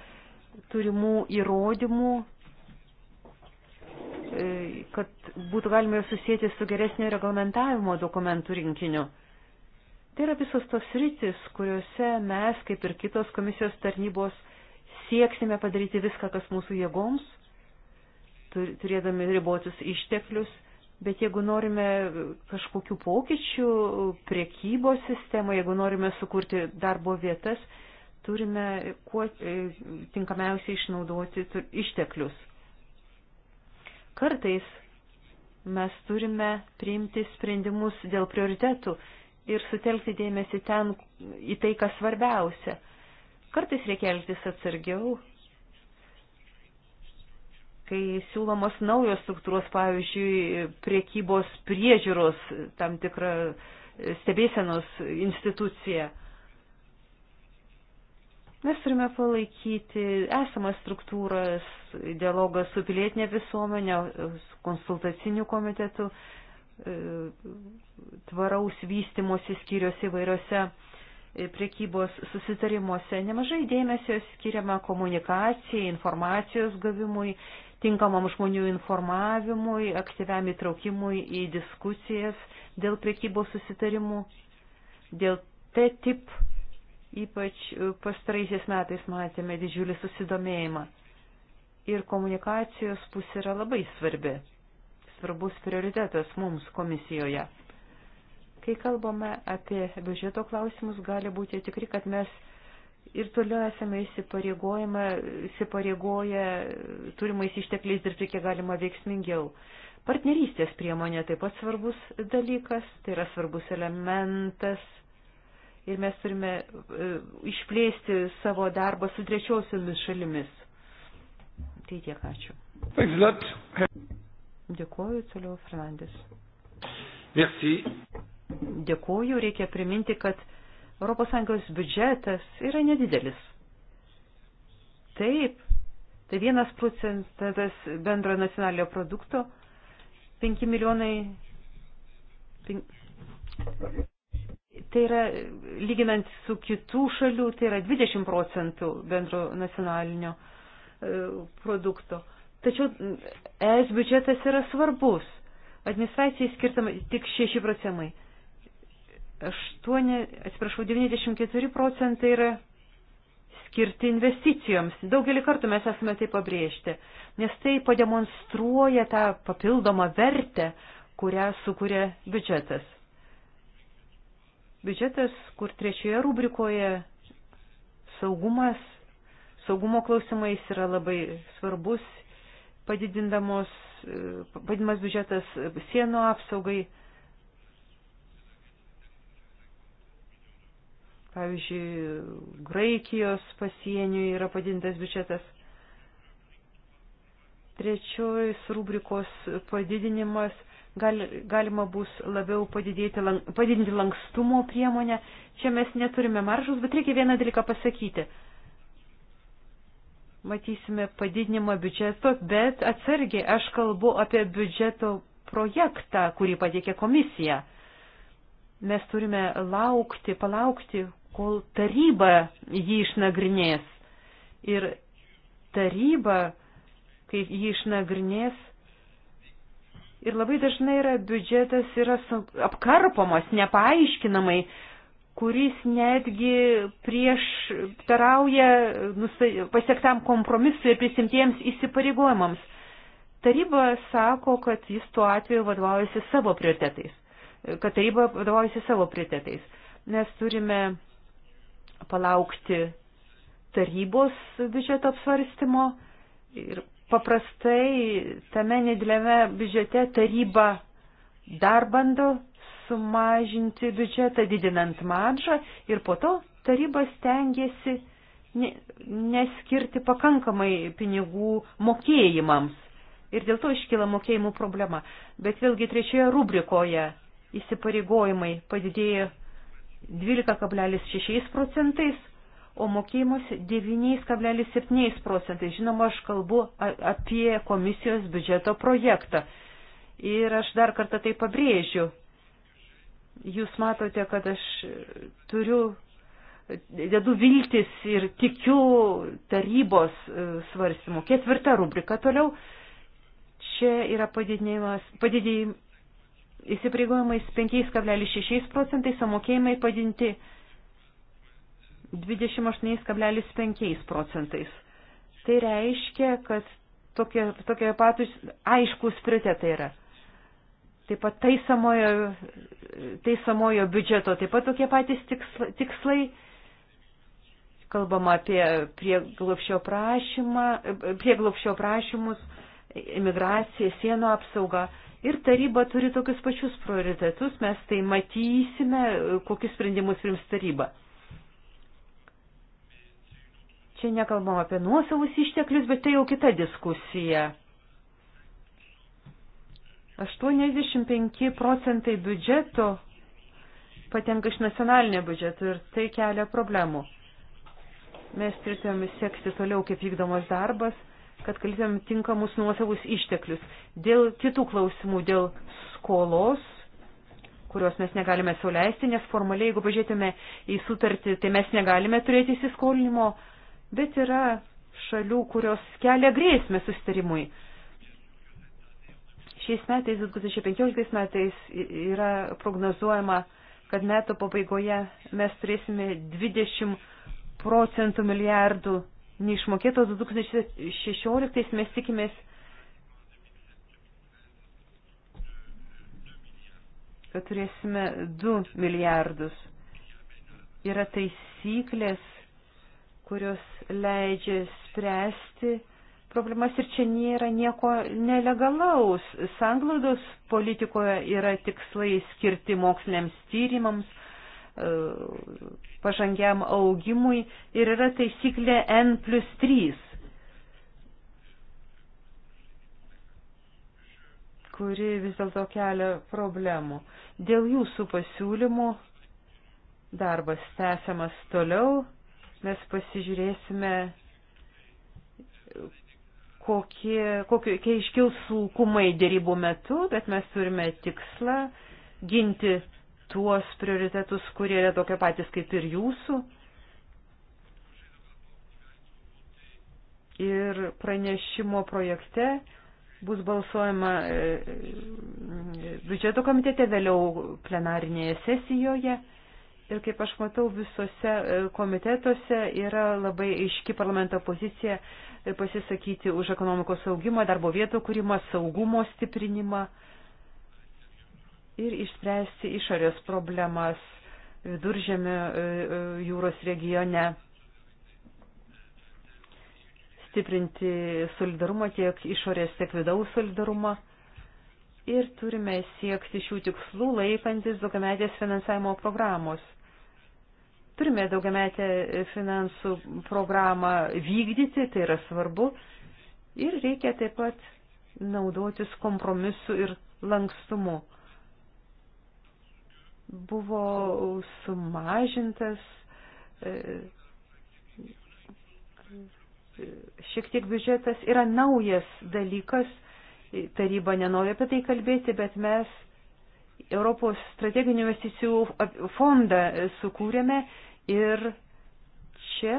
turimų įrodymų, uh, kad būtų galima susijęti su geresnio reglamentavimo dokumentų rinkiniu. Tai yra visos tos rytis, kuriuose mes, kaip ir kitos komisijos tarnybos, sieksime padaryti viską, kas mūsų jėgoms, turėdami ribotus išteklius, bet jeigu norime kažkokių pokyčių priekybos sistemoje, jeigu norime sukurti darbo vietas, turime kuo e, tinkamiausiai išnaudoti išteklius. Kartais mes turime priimti sprendimus dėl prioritetų ir sutelkti dėmesį ten į tai, kas svarbiausia. Kartais reikia elgtis atsargiau, kai siūlomos naujos struktūros, pavyzdžiui, priekybos priežiūros tam tikrą e, stebėsenos instituciją. Mes turime palaikyti esamas struktūras, dialogą su pilietinė visuomenė, konsultaciniu komitetu, E, tvaraus vystimosi skyrios įvairiose e, priekybos susitarimuose. Nemažai dėmesio skiriama komunikacijai, informacijos gavimui, tinkamam žmonių informavimui, aktyviam įtraukimui į diskusijas dėl priekybos susitarimų. Dėl T-tip ypač pastaraisiais metais matėme didžiulį susidomėjimą. Ir komunikacijos pusė yra labai svarbi svarbus prioritetas mums komisijoje. Kai kalbame apie biudžeto klausimus, gali būti tikri, kad mes ir toliau esame įsipareigoję turimais ištekliais dirbti kiek galima veiksmingiau. Partnerystės priemonė taip pat svarbus dalykas, tai yra svarbus elementas ir mes turime e, išplėsti savo darbą su trečiosiomis šalimis. Tai tiek ačiū. Dėkuoju, toliau Fernandės. Merci. Dėkuoju, reikia priminti, kad ES biudžetas yra nedidelis. Taip, tai vienas procentas bendro nacionalinio produkto, 5 milijonai. 5, tai yra, lyginant su kitų šalių, tai yra 20 procentų bendro nacionalinio e, produkto. Tačiau mm, ES biudžetas yra svarbus. Administracijai skirtama tik 6 procentai. 8, atsiprašau, 94 procentai yra skirti investicijoms. Daugelį kartų mes esame tai pabrėžti, nes tai pademonstruoja tą papildomą vertę, kurią sukuria biudžetas. Biudžetas, kur trečioje rubrikoje saugumas, saugumo klausimais yra labai svarbus padidindamos, e, padidinamas biudžetas sienų apsaugai. Pavyzdžiui, Graikijos pasieniui yra padidintas biudžetas. Trečiojus rubrikos padidinimas gal, galima bus labiau padidėti, lang, padidinti lankstumo priemonę. Čia mes neturime maržus, bet reikia vieną dalyką pasakyti matysime padidinimą biudžeto, bet atsargiai aš kalbu apie biudžeto projektą, kurį pateikė komisija. Mes turime laukti, palaukti, kol taryba jį išnagrinės. Ir taryba, kai jį išnagrinės, ir labai dažnai yra biudžetas yra apkarpomas, nepaaiškinamai, kuris netgi prieš tarauja pasiektam kompromisui ir prisimtiems įsipareigojimams. Taryba sako, kad jis tuo atveju vadovaujasi savo prioritetais, kad taryba vadovaujasi savo prioritetais. Mes turime palaukti tarybos biudžeto apsvarstymo ir paprastai tame nedėlėme biudžete taryba dar bando sumažinti biudžetą, didinant maržą ir po to taryba stengiasi neskirti pakankamai pinigų mokėjimams. Ir dėl to iškyla mokėjimų problema. Bet vėlgi trečioje rubrikoje įsipareigojimai padidėjo 12,6 procentais, o mokėjimus 9,7 procentais. Žinoma, aš kalbu apie komisijos biudžeto projektą. Ir aš dar kartą tai pabrėžiu. Jūs matote, kad aš turiu, dedu viltis ir tikiu tarybos e, svarstymu. Ketvirta rubrika toliau. Čia yra padidinimas, padidėjimas įsipareigojimais 5,6 procentais, o mokėjimai padinti 28,5 procentais. Tai reiškia, kad tokie, tokie patys aiškus prioritetai yra taip pat taisamojo, taisamojo biudžeto, taip pat tokie patys tikslai. Kalbama apie prieglopščio prie prašymus, imigraciją, sienų apsaugą. Ir taryba turi tokius pačius prioritetus, mes tai matysime, kokius sprendimus prims taryba. Čia nekalbam apie nuosavus išteklius, bet tai jau kita diskusija 85 procentai biudžeto patenka iš nacionalinio biudžeto ir tai kelia problemų. Mes turėtume sekti toliau, kaip vykdomas darbas, kad kalbėtume tinkamus nuosavus išteklius. Dėl kitų klausimų, dėl skolos, kurios mes negalime sauliaisti, nes formaliai, jeigu pažiūrėtume į sutartį, tai mes negalime turėti įsiskolinimo, bet yra šalių, kurios kelia grėsmę sustarimui. Šiais metais, 2015 metais yra prognozuojama, kad metų pabaigoje mes turėsime 20 procentų milijardų neišmokėtos 2016 mes tikimės, kad turėsime 2 milijardus. Yra taisyklės, kurios leidžia spręsti problemas ir čia nėra nieko nelegalaus. Sanglaudos politikoje yra tikslai skirti moksliniams tyrimams, e, pažangiam augimui ir yra taisyklė N plus 3, kuri vis dėlto kelia problemų. Dėl jūsų pasiūlymų darbas tęsiamas toliau, mes pasižiūrėsime kokie, kokie, kokie iškils sunkumai dėrybų metu, bet mes turime tikslą ginti tuos prioritetus, kurie yra tokie patys kaip ir jūsų. Ir pranešimo projekte bus balsuojama e, e, biudžeto komitete, vėliau plenarinėje sesijoje. Ir kaip aš matau, visose e, komitetuose yra labai aiški parlamento pozicija e, pasisakyti už ekonomikos saugimą, darbo vietų kūrimą, saugumo stiprinimą ir išspręsti išorės problemas viduržėmio e, jūros regione, stiprinti solidarumą tiek išorės, tiek vidaus solidarumą ir turime siekti šių tikslų laikantis daugiametės finansavimo programos turime daugiametę finansų programą vykdyti, tai yra svarbu. Ir reikia taip pat naudotis kompromisu ir lankstumu. Buvo sumažintas e, šiek tiek biudžetas, yra naujas dalykas, taryba nenori apie tai kalbėti, bet mes Europos strateginių investicijų fondą sukūrėme Ir čia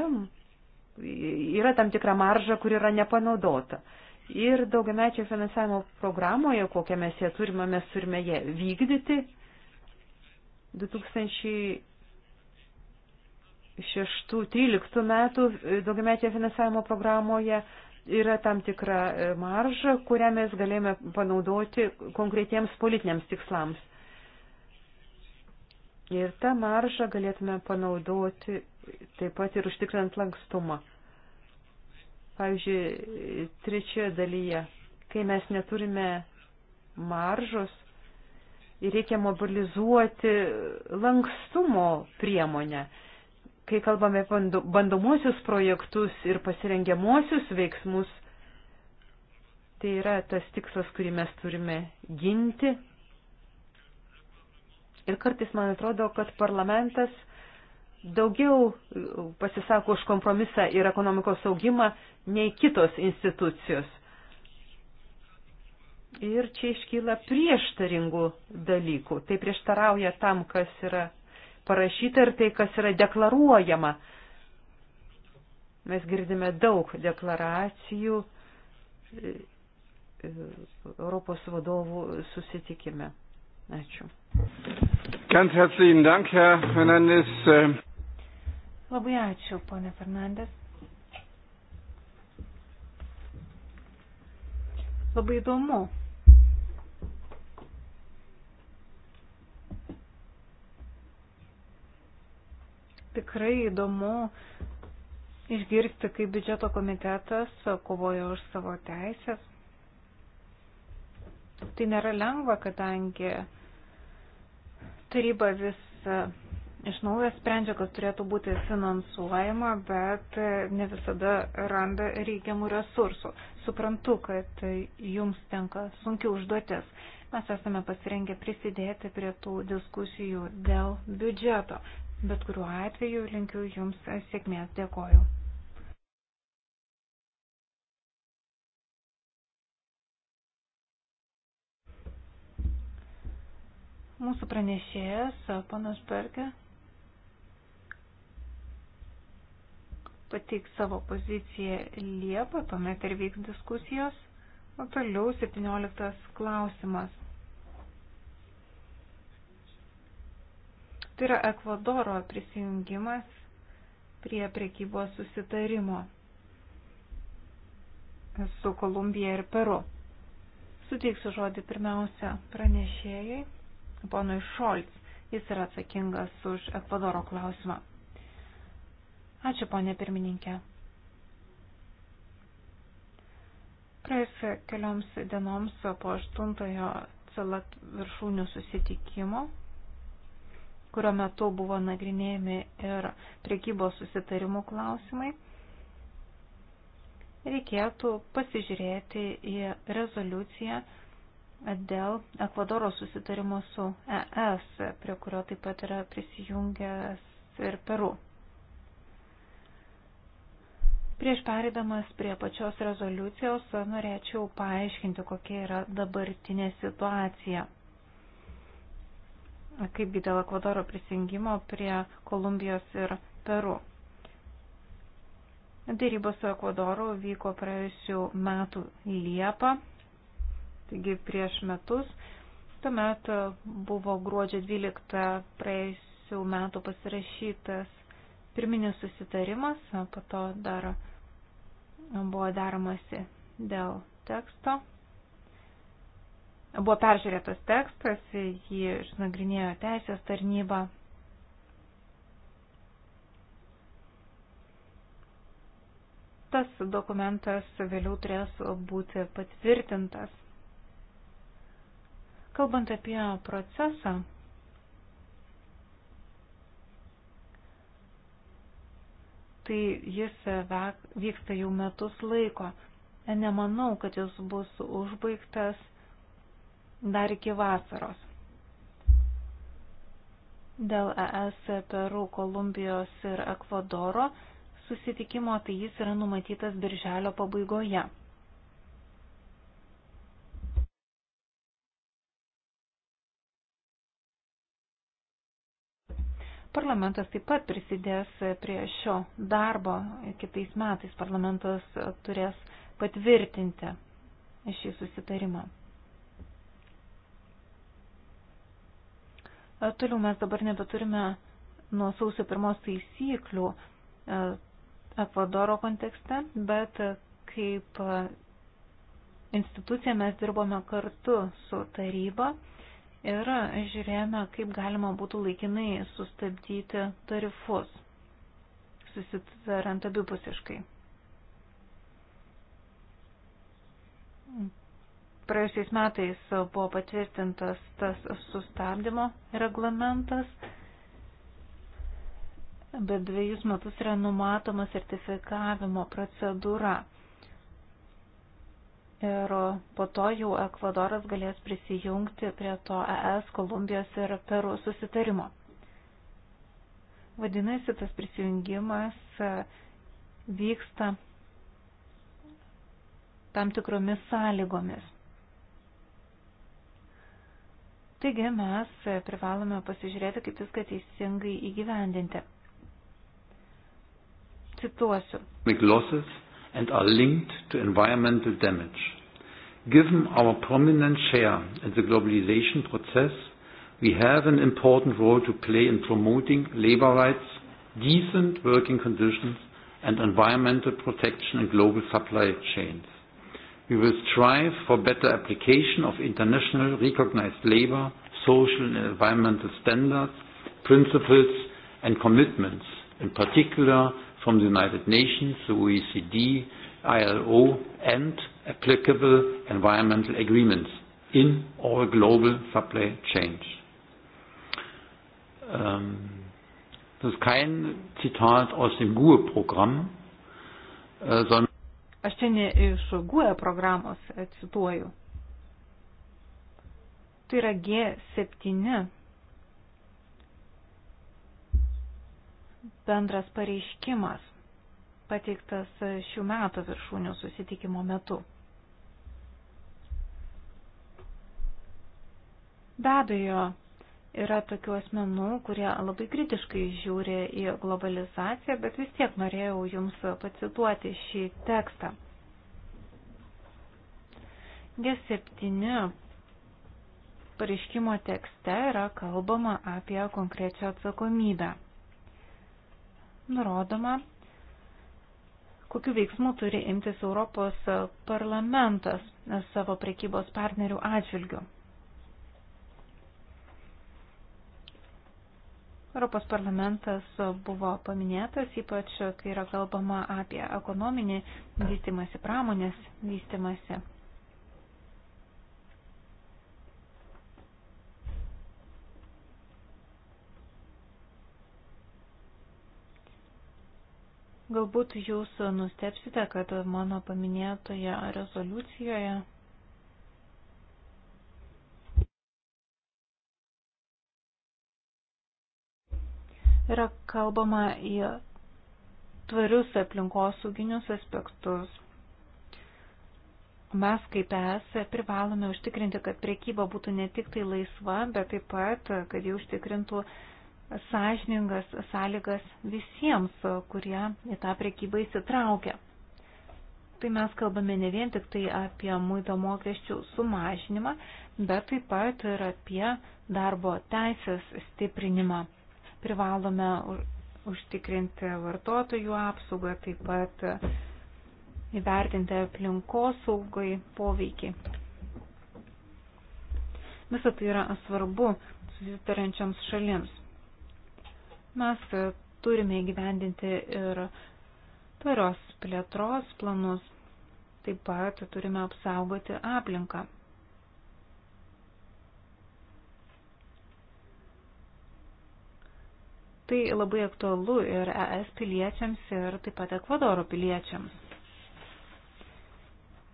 yra tam tikra marža, kur yra nepanaudota. Ir daugiamečio finansavimo programoje, kokią mes ją turime, mes turime ją vykdyti. 2006-2013 metų daugiamečio finansavimo programoje yra tam tikra marža, kurią mes galėjome panaudoti konkretiems politiniams tikslams. Ir tą maržą galėtume panaudoti taip pat ir užtikrant lankstumą. Pavyzdžiui, trečioje dalyje, kai mes neturime maržos ir reikia mobilizuoti lankstumo priemonę, kai kalbame bandomuosius projektus ir pasirengiamuosius veiksmus, tai yra tas tikslas, kurį mes turime ginti Ir kartais man atrodo, kad parlamentas daugiau pasisako už kompromisą ir ekonomikos augimą nei kitos institucijos. Ir čia iškyla prieštaringų dalykų. Tai prieštarauja tam, kas yra parašyta ir tai, kas yra deklaruojama. Mes girdime daug deklaracijų e, e, Europos vadovų susitikime. Ačiū. Ganz herzlichen Dank, Herr Fernandes. Ähm, Labai ačiū, ponė Fernandes. Labai įdomu. Tikrai įdomu išgirsti, kaip biudžeto komitetas kovojo už savo teisės. Tai nėra lengva, kadangi Taryba vis e, iš naujo sprendžia, kas turėtų būti finansuojama, bet e, ne visada randa reikiamų resursų. Suprantu, kad e, jums tenka sunki užduotis. Mes esame pasirengę prisidėti prie tų diskusijų dėl biudžeto. Bet kuriuo atveju linkiu jums sėkmės. Dėkoju. Mūsų pranešėjas, panas Bergė, pateiks savo poziciją Liepą, tuomet ir vyks diskusijos. O toliau 17 klausimas. Tai yra Ekvadoro prisijungimas prie prekybos susitarimo su Kolumbija ir Peru. Suteiksiu žodį pirmiausia pranešėjai ponui Šolc. Jis yra atsakingas už Ekvadoro klausimą. Ačiū, ponė pirmininkė. Praėjus kelioms dienoms po aštuntojo CELAT viršūnių susitikimo, kurio metu buvo nagrinėjami ir priekybos susitarimų klausimai, reikėtų pasižiūrėti į rezoliuciją, dėl Ekvadoro susitarimo su ES, prie kurio taip pat yra prisijungęs ir Peru. Prieš pereidamas prie pačios rezoliucijos norėčiau paaiškinti, kokia yra dabartinė situacija. Kaipgi dėl Ekvadoro prisijungimo prie Kolumbijos ir Peru. Dėrybos su Ekvadoru vyko praėjusių metų Liepą taigi prieš metus. Tuomet buvo gruodžio 12 praėjusių metų pasirašytas pirminis susitarimas, po to dar buvo daromasi dėl teksto. Buvo peržiūrėtas tekstas, jį išnagrinėjo teisės tarnyba. Tas dokumentas vėliau turės būti patvirtintas. Kalbant apie procesą, tai jis vyksta jau metus laiko. Nemanau, kad jis bus užbaigtas dar iki vasaros. Dėl ES Peru, Kolumbijos ir Ekvadoro susitikimo, tai jis yra numatytas birželio pabaigoje. Parlamentas taip pat prisidės prie šio darbo. Kitais metais parlamentas turės patvirtinti šį susitarimą. Toliau mes dabar nebeturime nuo sausio pirmos taisyklių e, Ekvadoro kontekste, bet kaip institucija mes dirbome kartu su taryba ir žiūrėjome, kaip galima būtų laikinai sustabdyti tarifus, susitarant abipusiškai. Praėjusiais metais buvo patvirtintas tas sustabdymo reglamentas. Bet dviejus metus yra numatoma sertifikavimo procedūra ir po to jau Ekvadoras galės prisijungti prie to ES, Kolumbijos ir Peru susitarimo. Vadinasi, tas prisijungimas e, vyksta tam tikromis sąlygomis. Taigi mes e, privalome pasižiūrėti, kaip viską teisingai įgyvendinti. Cituosiu. Miklosas and are linked to environmental damage. Given our prominent share in the globalization process, we have an important role to play in promoting labor rights, decent working conditions, and environmental protection in global supply chains. We will strive for better application of international recognized labor, social and environmental standards, principles, and commitments, in particular from the United Nations, the OECD, ILO, and applicable environmental agreements in all global supply chains. Ähm, das ist kein Zitat aus dem GUE-Programm, äh, sondern. Aš čia ne iš GUE programos äh, cituoju. Tai yra G7 bendras pareiškimas pateiktas šių metų viršūnių susitikimo metu. Be abejo, yra tokių asmenų, kurie labai kritiškai žiūri į globalizaciją, bet vis tiek norėjau Jums pacituoti šį tekstą. G7 pareiškimo tekste yra kalbama apie konkrečią atsakomybę nurodoma, kokiu veiksmu turi imtis Europos parlamentas savo prekybos partnerių atžvilgių. Europos parlamentas buvo paminėtas, ypač kai yra kalbama apie ekonominį vystimąsi, pramonės vystimąsi. Galbūt jūs nustepsite, kad mano paminėtoje rezoliucijoje yra kalbama į tvarius aplinkosauginius aspektus. Mes kaip es privalome užtikrinti, kad priekyba būtų ne tik tai laisva, bet taip pat, kad jį užtikrintų uh, sąžiningas sąlygas visiems, kurie į tą prekybą įsitraukia. Tai mes kalbame ne vien tik tai apie muito mokesčių sumažinimą, bet taip pat ir apie darbo teisės stiprinimą. Privalome užtikrinti vartotojų apsaugą, taip pat įvertinti aplinkos saugai poveikį. Visą tai yra svarbu susitarančiams šalims. Mes e, turime įgyvendinti ir tvarios plėtros planus, taip pat turime apsaugoti aplinką. Tai labai aktualu ir ES piliečiams, ir taip pat Ekvadoro piliečiams.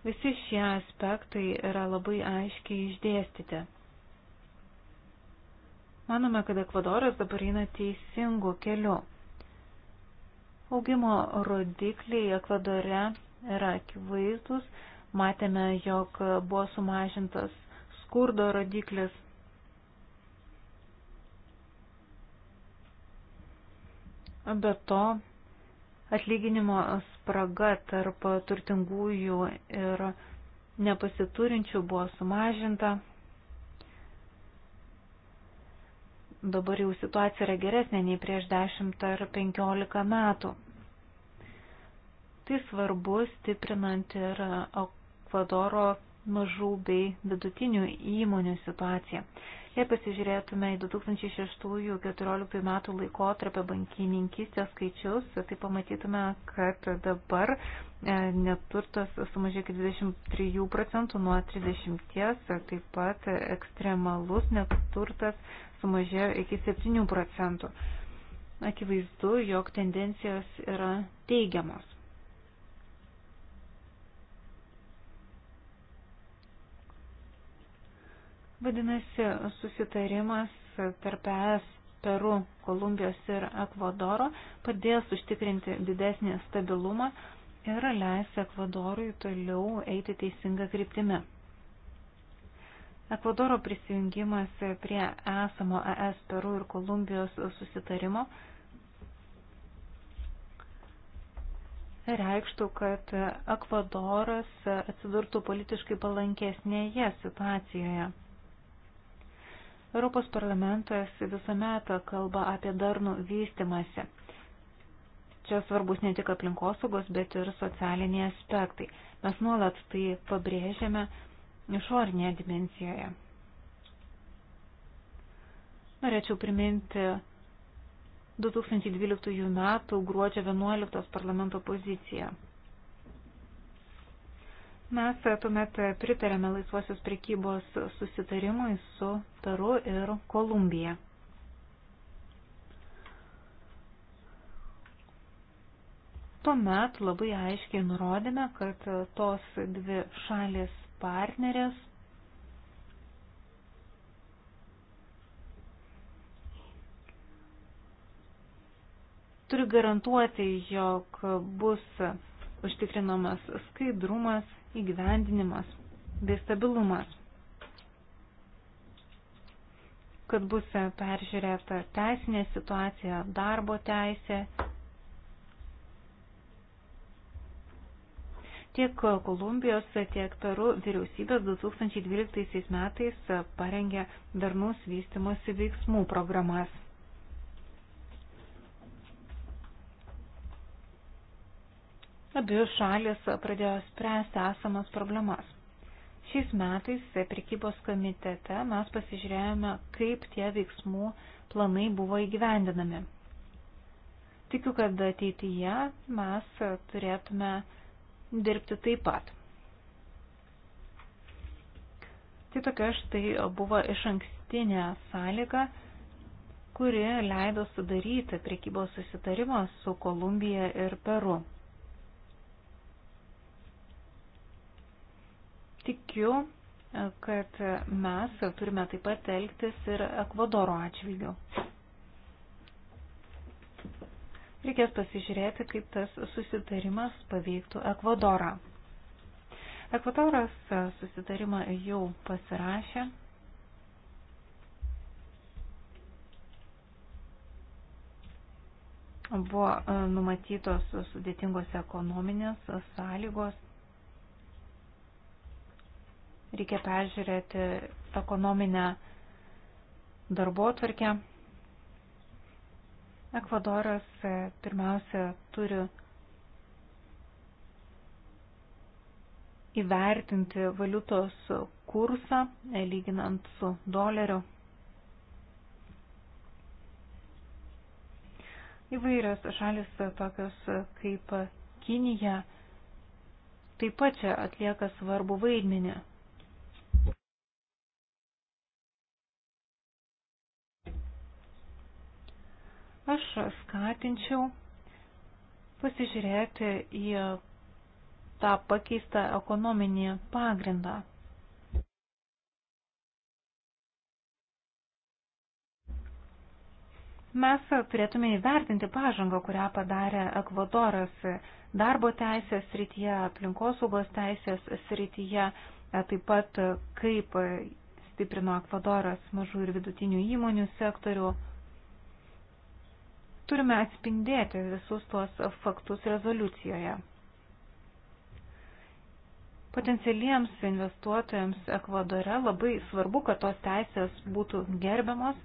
Visi šie aspektai yra labai aiškiai išdėstyti. Manome, kad Ekvadoras dabar eina teisingu keliu. Augimo rodikliai Ekvadore yra akivaizdus. Matėme, jog buvo sumažintas skurdo rodiklis. Be to, atlyginimo spraga tarp turtingųjų ir nepasiturinčių buvo sumažinta. dabar jau situacija yra geresnė nei prieš 10 ar 15 metų. Tai svarbu stiprinant ir Ekvadoro mažų bei vidutinių įmonių situaciją. Jei pasižiūrėtume į 2006-2014 metų laikotarpio bankininkystės skaičius, tai pamatytume, kad dabar e, neturtas sumažėjo iki 23 procentų nuo 30, taip pat ekstremalus neturtas sumažėjo iki 7 procentų. Akivaizdu, jog tendencijos yra teigiamos. Vadinasi, susitarimas tarp ES, Peru, Kolumbijos ir Ekvadoro padės užtikrinti didesnį stabilumą ir leis Ekvadorui toliau eiti teisinga kryptimi. Ekvadoro prisijungimas prie esamo ES Peru ir Kolumbijos susitarimo reikštų, kad Ekvadoras atsidurtų politiškai palankesnėje situacijoje. Europos parlamentas visuomet kalba apie darnų vystimąsi. Čia svarbus ne tik aplinkosaugos, bet ir socialiniai aspektai. Mes nuolat tai pabrėžiame, išorinėje dimencijoje. Norėčiau priminti 2012 m. gruodžio 11 parlamento poziciją. Mes tuomet pritarėme laisvosios prekybos susitarimui su Peru ir Kolumbija. Tuomet labai aiškiai nurodėme, kad tos dvi šalis partnerės. Turi garantuoti, jog bus užtikrinamas skaidrumas, įgyvendinimas bei stabilumas, kad bus peržiūrėta teisinė situacija, darbo teisė, Tiek Kolumbijos, tiek Peru vyriausybės 2012 metais parengė darnaus vystimosi veiksmų programas. Abi šalis pradėjo spręsti esamas problemas. Šiais metais prekybos komitete mes pasižiūrėjome, kaip tie veiksmų planai buvo įgyvendinami. Tikiu, kad ateityje mes turėtume dirbti taip pat. Tai tokia štai buvo iš ankstinė sąlyga, kuri leido sudaryti priekybos susitarimą su Kolumbija ir Peru. Tikiu, kad mes turime taip pat elgtis ir Ekvadoro atžvilgiu. Reikės pasižiūrėti, kaip tas susitarimas paveiktų Ekvadorą. Ekvadoras e, susitarimą jau pasirašė. Buvo e, numatytos sudėtingos ekonominės sąlygos. Reikia peržiūrėti ekonominę darbo tvarkę. Ekvadoras e, pirmiausia turi įvertinti valiutos kursą, e, lyginant su doleriu. Įvairios šalis, e, tokios kaip Kinija, taip pat čia atlieka svarbu vaidmenį. Aš skatinčiau pasižiūrėti į tą pakeistą ekonominį pagrindą. Mes turėtume įvertinti pažangą, kurią padarė Ekvadoras darbo teisės srityje, aplinkosaugos teisės srityje, taip pat kaip stiprino Ekvadoras mažų ir vidutinių įmonių sektorių, Turime atspindėti visus tuos faktus rezoliucijoje. Potencialiems investuotojams Ekvadore labai svarbu, kad tos teisės būtų gerbiamos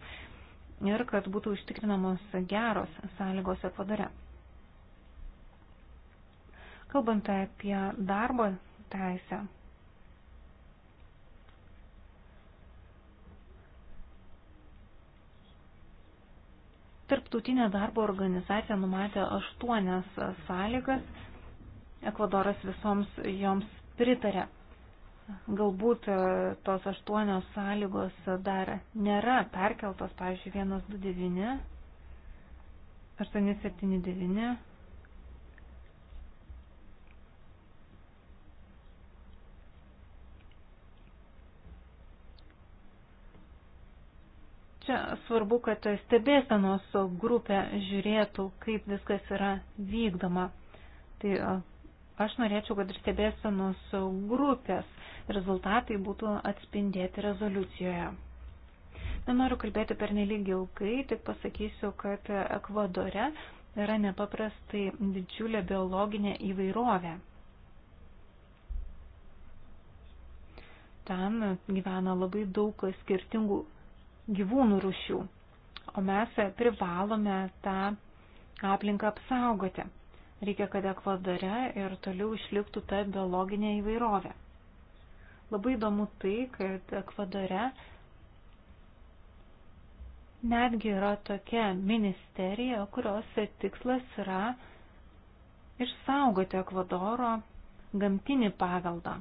ir kad būtų užtikrinamos geros sąlygos Ekvadore. Kalbant apie darbo teisę, Tarptautinė darbo organizacija numatė aštuonias sąlygas. Ekvadoras visoms joms pritarė. Galbūt e, tos aštuonios sąlygos dar nėra perkeltos, pavyzdžiui, 129, 879. Čia svarbu, kad stebėsenos grupė žiūrėtų, kaip viskas yra vykdoma. Tai aš norėčiau, kad ir stebėsenos grupės rezultatai būtų atspindėti rezoliucijoje. Nenoriu kalbėti per nelygį ilgai, tik pasakysiu, kad Ekvadore yra nepaprastai didžiulė biologinė įvairovė. Ten gyvena labai daug skirtingų gyvūnų rušių, o mes privalome tą aplinką apsaugoti. Reikia, kad Ekvadore ir toliau išliktų ta biologinė įvairovė. Labai įdomu tai, kad Ekvadore netgi yra tokia ministerija, kurios tikslas yra išsaugoti Ekvadoro gamtinį paveldą.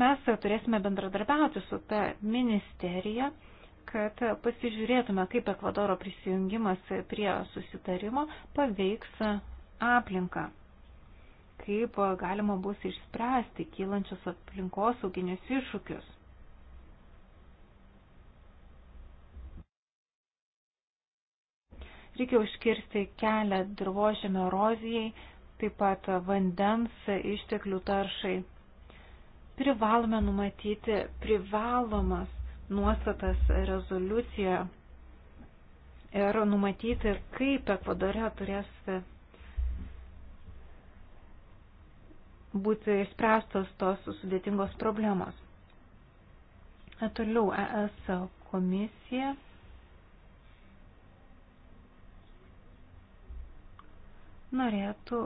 Mes turėsime bendradarbiauti su ta ministerija, kad pasižiūrėtume, kaip Ekvadoro prisijungimas prie susitarimo paveiks aplinką, kaip galima bus išspręsti kylančius aplinkosauginius iššūkius. Reikia užkirsti kelią dirbožėmio erozijai, taip pat vandens išteklių taršai privalome numatyti privalomas nuostatas rezoliucijoje ir numatyti, kaip Ekvadore turės būti išspręstos tos sudėtingos problemos. Toliau ES komisija norėtų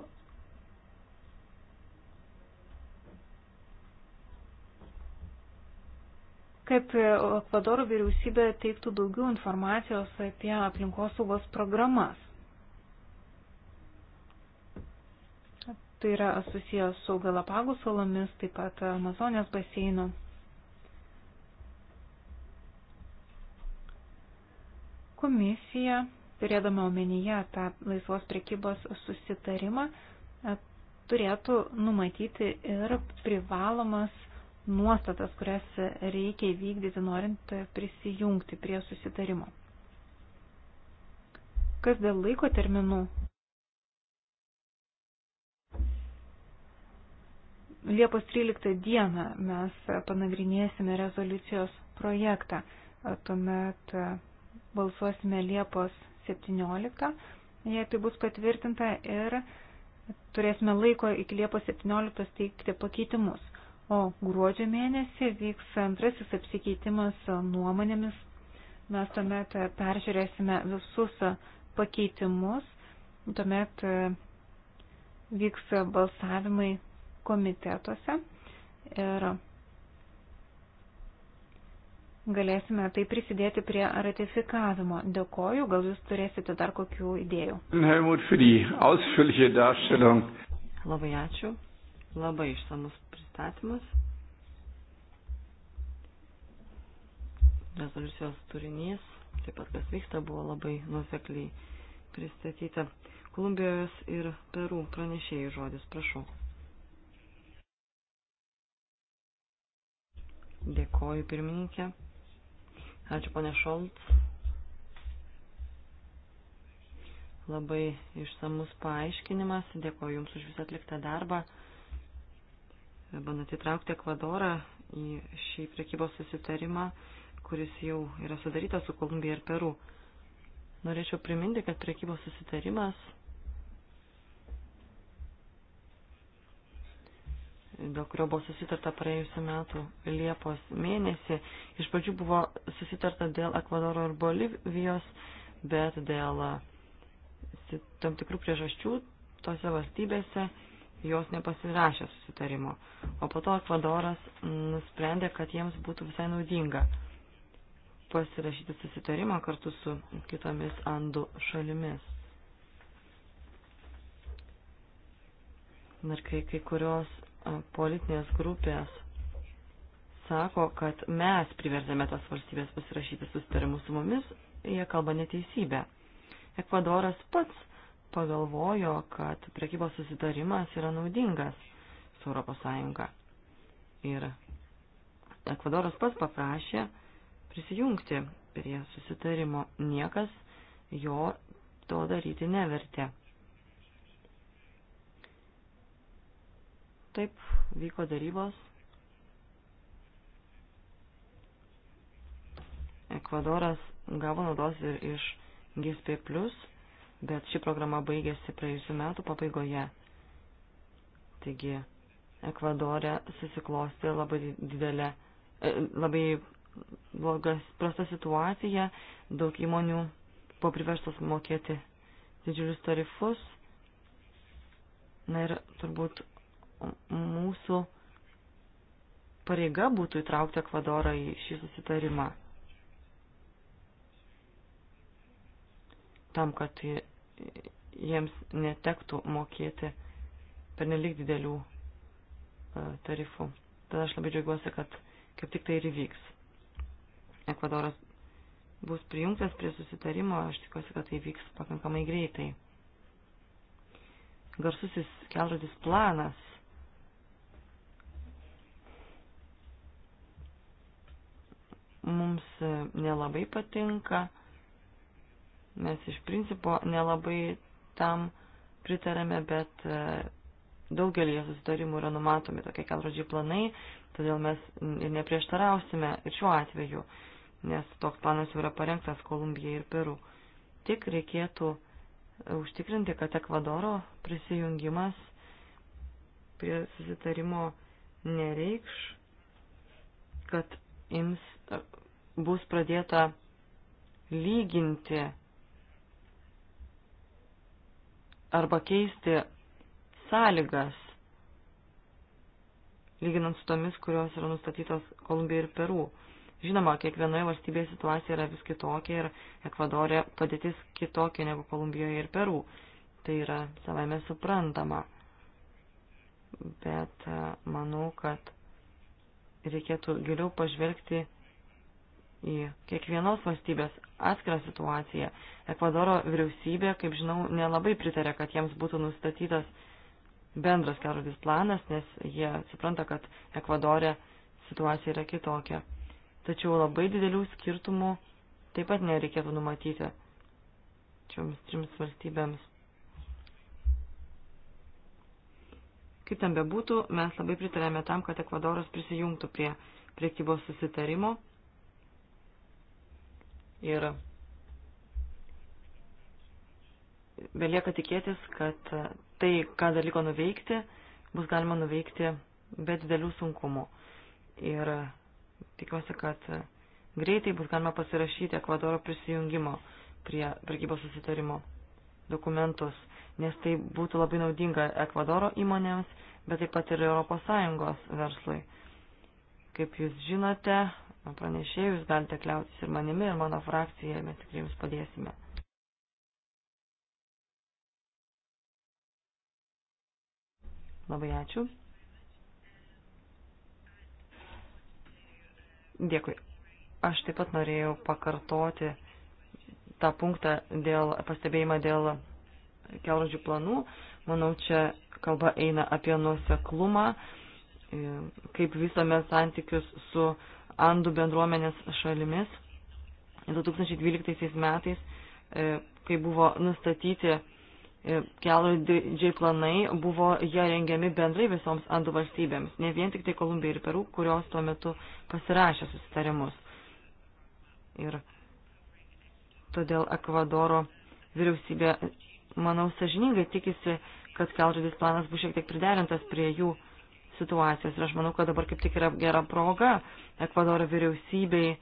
kaip Ekvadoro vyriausybė teiktų daugiau informacijos apie aplinkosaugos programas. Tai yra susijęs su Galapagų salomis, taip pat Amazonės baseinu. Komisija, turėdama omenyje tą laisvos prekybos susitarimą, turėtų numatyti ir privalomas nuostatas, kurias reikia įvykdyti, norint prisijungti prie susitarimo. Kas dėl laiko terminų? Liepos 13 dieną mes panagrinėsime rezoliucijos projektą. Tuomet balsuosime Liepos 17, jei tai bus patvirtinta ir turėsime laiko iki Liepos 17 teikti pakeitimus. O gruodžio mėnesį vyks antrasis apsikeitimas nuomonėmis. Mes tuomet peržiūrėsime visus pakeitimus. Tuomet vyks balsavimai komitetuose ir galėsime tai prisidėti prie ratifikavimo. Dėkoju, gal jūs turėsite dar kokių idėjų. Helmut, für die ausführliche Darstellung. Labai ačiū Labai išsamus pristatymas. Rezoliucijos turinys, taip pat kas vyksta, buvo labai nusekliai pristatyta. Kolumbijos ir Perų pranešėjai žodis, prašau. Dėkoju pirmininkė. Ačiū ponė Šolts. Labai išsamus paaiškinimas. Dėkoju Jums už visą atliktą darbą bandant įtraukti Ekvadorą į šį prekybos susitarimą, kuris jau yra sudarytas su Kolumbija ir Peru. Norėčiau priminti, kad prekybos susitarimas dėl kurio buvo susitarta praėjusiu metu Liepos mėnesį. Iš pradžių buvo susitarta dėl Ekvadoro ir Bolivijos, bet dėl tam tikrų priežasčių tose valstybėse jos nepasirašė susitarimo. O po to Ekvadoras nusprendė, kad jiems būtų visai naudinga pasirašyti susitarimą kartu su kitomis Andų šalimis. Ir kai kai kurios politinės grupės sako, kad mes priversėme tas valstybės pasirašyti susitarimus su mumis, jie kalba neteisybę. Ekvadoras pats pagalvojo, kad prekybos susitarimas yra naudingas su ES. Ir Ekvadoras pats paprašė prisijungti prie susitarimo. Niekas jo to daryti nevertė. Taip vyko darybos. Ekvadoras gavo naudos ir iš GSP bet ši programa baigėsi praėjusiu metu pabaigoje. Taigi, Ekvadorė susiklosti labai didelė, e, labai blogas, prasta situacija, daug įmonių buvo priverstos mokėti didžiulius tarifus. Na ir turbūt mūsų pareiga būtų įtraukti Ekvadorą į šį susitarimą. Tam, kad jiems netektų mokėti per nelik didelių e, tarifų. Tad aš labai džiaugiuosi, kad kaip tik tai ir vyks. Ekvadoras bus prijungtas prie susitarimo, aš tikiuosi, kad tai vyks pakankamai greitai. Garsusis kelrodis planas. Mums e, nelabai patinka Mes iš principo nelabai tam pritarame, bet e, daugelį susitarimų yra numatomi tokie kelrodžiai planai, todėl mes ir neprieštarausime ir šiuo atveju, nes toks planas jau yra parengtas Kolumbijai ir Peru. Tik reikėtų e, užtikrinti, kad Ekvadoro prisijungimas prie susitarimo nereikš, kad ims, e, bus pradėta lyginti arba keisti sąlygas, lyginant su tomis, kurios yra nustatytos Kolumbijai ir Peru. Žinoma, kiekvienoje valstybėje situacija yra vis kitokia ir Ekvadorė padėtis kitokia negu Kolumbijoje ir Peru. Tai yra savaime suprantama. Bet manau, kad reikėtų giliau pažvelgti į kiekvienos valstybės atskirą situaciją. Ekvadoro vyriausybė, kaip žinau, nelabai pritarė, kad jiems būtų nustatytas bendras karodis planas, nes jie supranta, kad Ekvadore situacija yra kitokia. Tačiau labai didelių skirtumų taip pat nereikėtų numatyti šioms trims valstybėms. Kaip ten bebūtų, mes labai pritarėme tam, kad Ekvadoras prisijungtų prie priekybos susitarimo Ir belieka tikėtis, kad tai, ką dar liko nuveikti, bus galima nuveikti be didelių sunkumų. Ir tikiuosi, kad greitai bus galima pasirašyti Ekvadoro prisijungimo prie prekybos susitarimo dokumentus, nes tai būtų labai naudinga Ekvadoro įmonėms, bet taip pat ir ES verslui. Kaip jūs žinote, pranešėjus, galite kliautis ir manimi, ir mano frakcijoje, mes tikrai jums padėsime. Labai ačiū. Dėkui. Aš taip pat norėjau pakartoti tą punktą dėl pastebėjimą dėl kelrodžių planų. Manau, čia kalba eina apie nuoseklumą, kaip visuomet santykius su uh, Andų bendruomenės šalimis. 2012 metais, e, kai buvo nustatyti e, kelrodžiai planai, buvo jie rengiami bendrai visoms Andų valstybėms, ne vien tik tai Kolumbija ir Peru, kurios tuo metu pasirašė susitarimus. Ir todėl Ekvadoro vyriausybė, manau, sažiningai tikisi, kad kelrodis planas bus šiek tiek priderintas prie jų situacijos. Ir aš manau, kad dabar kaip tik yra gera proga Ekvadoro vyriausybei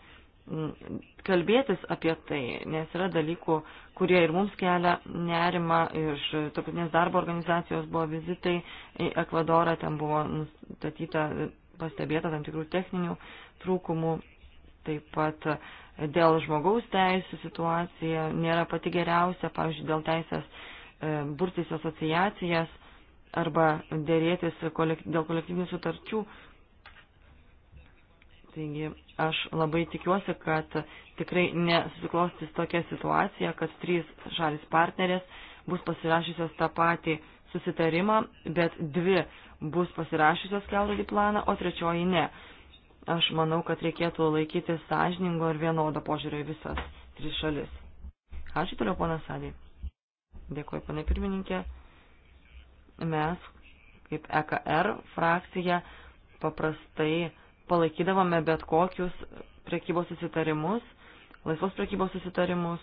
kalbėtis apie tai, nes yra dalykų, kurie ir mums kelia nerima. Iš tarptautinės darbo organizacijos buvo vizitai į Ekvadorą, ten buvo nustatyta, pastebėta tam tikrų techninių trūkumų. Taip pat dėl žmogaus teisų situacija nėra pati geriausia, pavyzdžiui, dėl teisės e, burtis asociacijas arba dėrėtis dėl kolektyvinių sutarčių. Taigi aš labai tikiuosi, kad tikrai nesusiklostys tokia situacija, kad trys šalis partnerės bus pasirašysios tą patį susitarimą, bet dvi bus pasirašysios kelrodį planą, o trečioji ne. Aš manau, kad reikėtų laikyti sąžiningo ir vienodo požiūrio į visas tris šalis. Ačiū toliau, ponas Sadė. Dėkuoju, ponai pirmininkė mes, kaip EKR frakcija, paprastai palaikydavome bet kokius prekybos susitarimus, laisvos prekybos susitarimus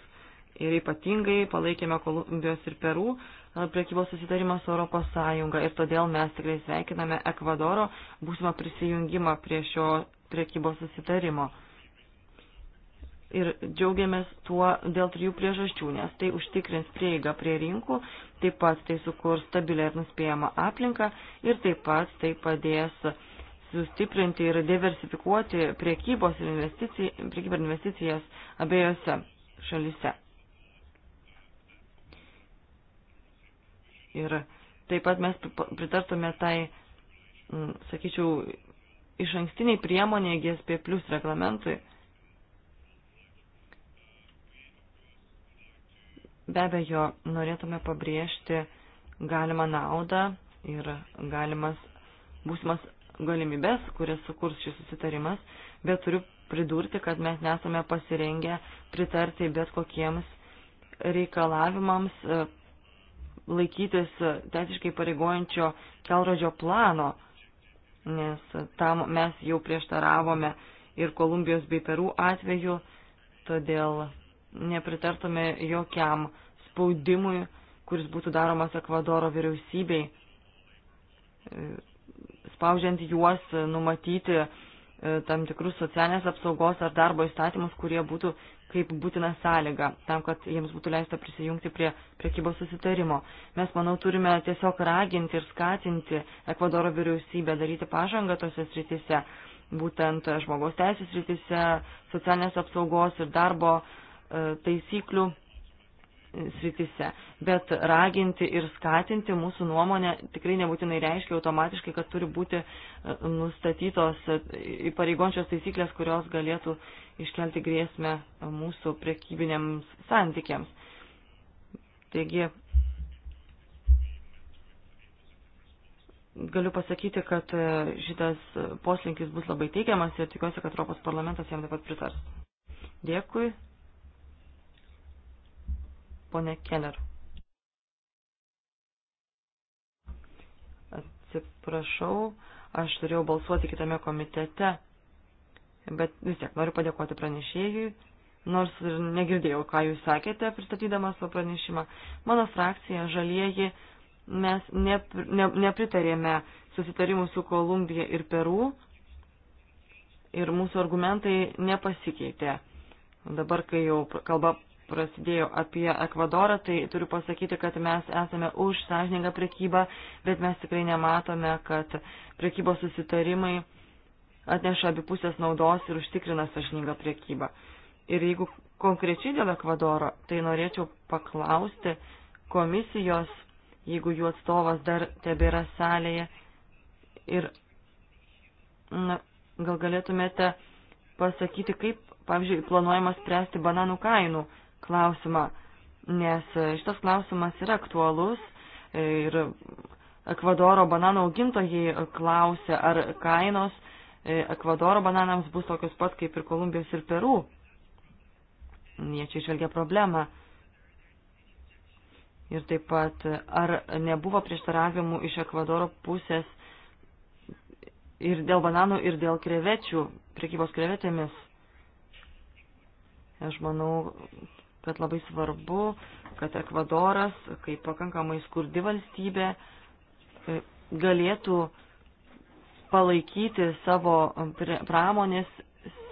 ir ypatingai palaikėme Kolumbijos ir Perų e, prekybos susitarimą su Europos Sąjunga ir todėl mes tikrai sveikiname Ekvadoro būsimą prisijungimą prie šio prekybos susitarimo. Ir džiaugiamės tuo dėl trijų priežasčių, nes tai užtikrins prieigą prie rinkų, Taip pat tai sukurs stabilę ir nuspėjamą aplinką ir taip pat tai padės sustiprinti ir diversifikuoti priekybos ir investicijas, priekybą ir investicijas abiejose šalise. Ir taip pat mes pritartume tai, sakyčiau, iš ankstiniai priemonė GSP plus reglamentui, Be abejo, norėtume pabrėžti galimą naudą ir galimas būsimas galimybės, kurias sukurs šis susitarimas, bet turiu pridurti, kad mes nesame pasirengę pritarti bet kokiems reikalavimams e, laikytis teisiškai pareigojančio kelrodžio plano, nes tam mes jau prieštaravome ir Kolumbijos bei Perų atveju, todėl nepritartume jokiam spaudimui, kuris būtų daromas Ekvadoro vyriausybei, e, spaudžiant juos numatyti e, tam tikrus socialinės apsaugos ar darbo įstatymus, kurie būtų kaip būtina sąlyga tam, kad jiems būtų leista prisijungti prie priekybos susitarimo. Mes, manau, turime tiesiog raginti ir skatinti Ekvadoro vyriausybę daryti pažangą tose srityse, būtent žmogaus teisės srityse, socialinės apsaugos ir darbo uh, E, taisyklių sritise. Bet raginti ir skatinti mūsų nuomonę tikrai nebūtinai reiškia automatiškai, kad turi būti e, nustatytos e, įpareigončios taisyklės, kurios galėtų iškelti grėsmę mūsų prekybinėms santykiams. Taigi, galiu pasakyti, kad šitas poslinkis bus labai teigiamas ir tikiuosi, kad Europos parlamentas jam taip pat pritars. Dėkui. Pone Keller. Atsiprašau, aš turėjau balsuoti kitame komitete, bet vis tiek noriu padėkoti pranešėjui, nors ir negirdėjau, ką jūs sakėte, pristatydamas savo pranešimą. Mano frakcija, žalieji, mes nep, ne, nepritarėme susitarimų su Kolumbija ir Peru ir mūsų argumentai nepasikeitė. Dabar, kai jau kalba prasidėjo apie Ekvadorą, tai turiu pasakyti, kad mes esame už sąžiningą prekybą, bet mes tikrai nematome, kad prekybos susitarimai atneša abipusės naudos ir užtikrina sąžiningą prekybą. Ir jeigu konkrečiai dėl Ekvadoro, tai norėčiau paklausti komisijos, jeigu jų atstovas dar tebėra salėje. Ir na, gal galėtumėte pasakyti, kaip, pavyzdžiui, planuojama spręsti bananų kainų klausimą, nes e, šitas klausimas yra aktualus e, ir Ekvadoro bananų augintojai klausė, ar kainos e, Ekvadoro bananams bus tokios pat kaip ir Kolumbijos ir Peru. Jie čia išvelgia problemą. Ir taip pat, ar nebuvo prieštaravimų iš Ekvadoro pusės ir dėl bananų, ir dėl krevečių, prekybos krevetėmis. Aš manau, kad labai svarbu, kad Ekvadoras, kaip pakankamai skurdi valstybė, e, galėtų palaikyti savo pramonės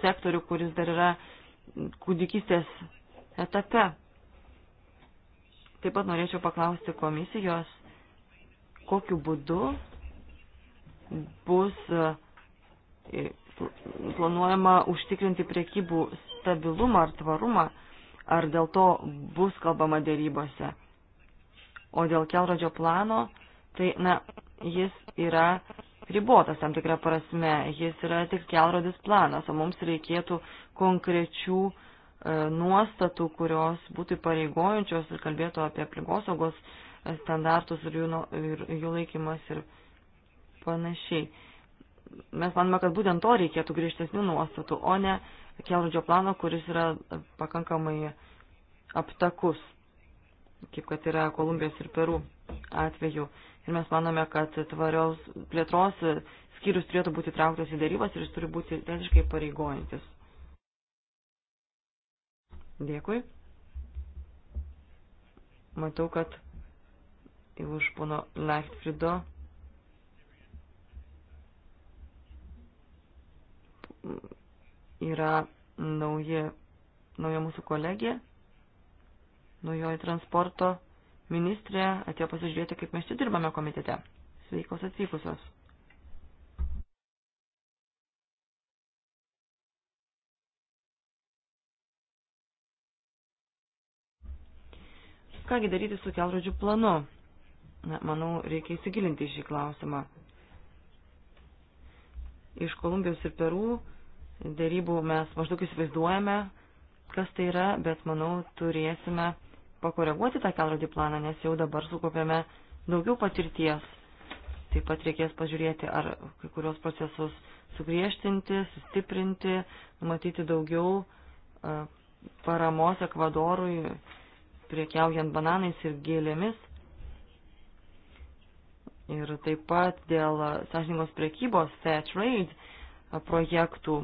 sektorių, kuris dar yra kūdikystės etape. Taip pat norėčiau paklausti komisijos, kokiu būdu bus e, planuojama užtikrinti priekybų stabilumą ar tvarumą ar dėl to bus kalbama dėrybose. O dėl kelrodžio plano, tai, na, jis yra ribotas tam tikrą prasme, jis yra tik kelrodis planas, o mums reikėtų konkrečių e, nuostatų, kurios būtų pareigojančios ir kalbėtų apie aplinkosaugos standartus ir jų, nu, ir jų laikymas ir panašiai. Mes manome, kad būtent to reikėtų griežtesnių nuostatų, o ne e, kelrodžio plano, kuris yra pakankamai aptakus, kaip kad yra Kolumbijos ir Peru atveju. Ir mes manome, kad tvarios plėtros skyrius turėtų būti trauktas į darybas ir jis turi būti teisiškai pareigojantis. Dėkui. Matau, kad už pono Leichtfriedo yra nauji, nauja mūsų kolegė, naujoji transporto ministrė atėjo pasižiūrėti, kaip mes čia dirbame komitete. Sveikos atvykusios. Kągi daryti su kelrodžių planu? Na, manau, reikia įsigilinti šį klausimą. Iš Kolumbijos ir Perų dėrybų mes maždaug įsivaizduojame, kas tai yra, bet manau turėsime pakoreguoti tą kelrodį planą, nes jau dabar sukaupėme daugiau patirties. Taip pat reikės pažiūrėti, ar kai kurios procesus sugriežtinti, sustiprinti, numatyti daugiau e, paramos Ekvadorui priekiaujant bananais ir gėlėmis. Ir taip pat dėl sąžiningos priekybos Fair Trade projektų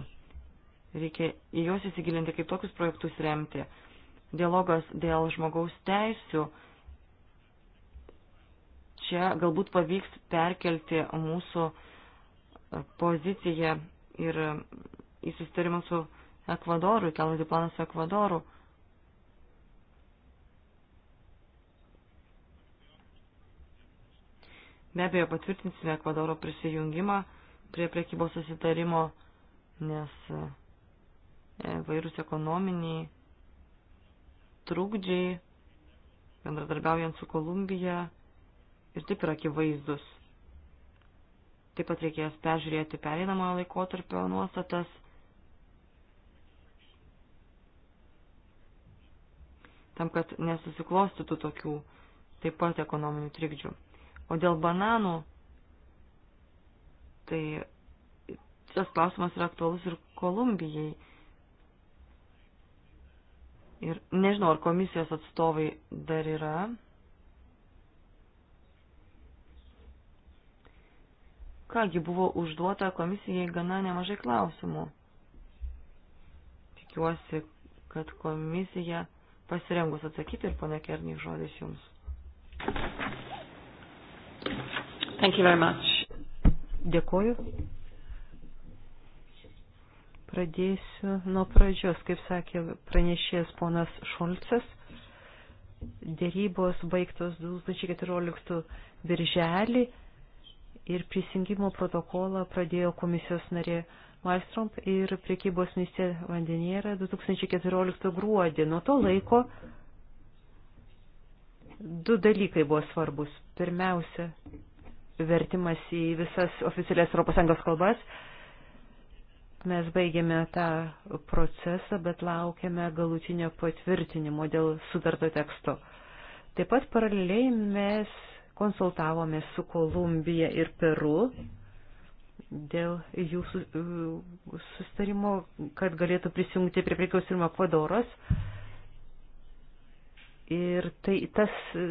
Reikia į juos įsigilinti, kaip tokius projektus remti. Dialogas dėl žmogaus teisių. Čia galbūt pavyks perkelti mūsų e, poziciją ir e, į sustarimą su Ekvadoru, kelrodį planą su Ekvadoru. Be abejo, patvirtinsime Ekvadoro prisijungimą prie priekybos susitarimo, nes e, vairūs ekonominiai trukdžiai, bendradarbiaujant su Kolumbija, ir taip yra akivaizdus. Taip pat reikės peržiūrėti pereinamojo laikotarpio nuostatas. tam, kad nesusiklostytų tokių taip pat ekonominių trikdžių. O dėl bananų, tai šitas klausimas yra aktualus ir Kolumbijai Ir nežinau, ar komisijos atstovai dar yra. Kągi buvo užduota komisijai gana nemažai klausimų. Tikiuosi, kad komisija pasirengus atsakyti ir ponia Kerniai žodis jums. Thank you very much. Dėkuoju. Pradėsiu nuo pradžios, kaip sakė pranešėjas ponas Šulcas. Dėrybos baigtos 2014 birželį ir prisijungimo protokolą pradėjo komisijos narė Malstrom ir priekybos ministrė Vandenėra 2014 gruodį. Nuo to laiko du dalykai buvo svarbus. Pirmiausia, vertimas į visas oficialias ES kalbas Mes baigėme tą procesą, bet laukiame galutinio patvirtinimo dėl sutarto teksto. Taip pat paraleliai mes konsultavome su Kolumbija ir Peru dėl jų e, sustarimo, kad galėtų prisijungti prie priekiaus ir Makvadoros. Uh, Ir tai tas e,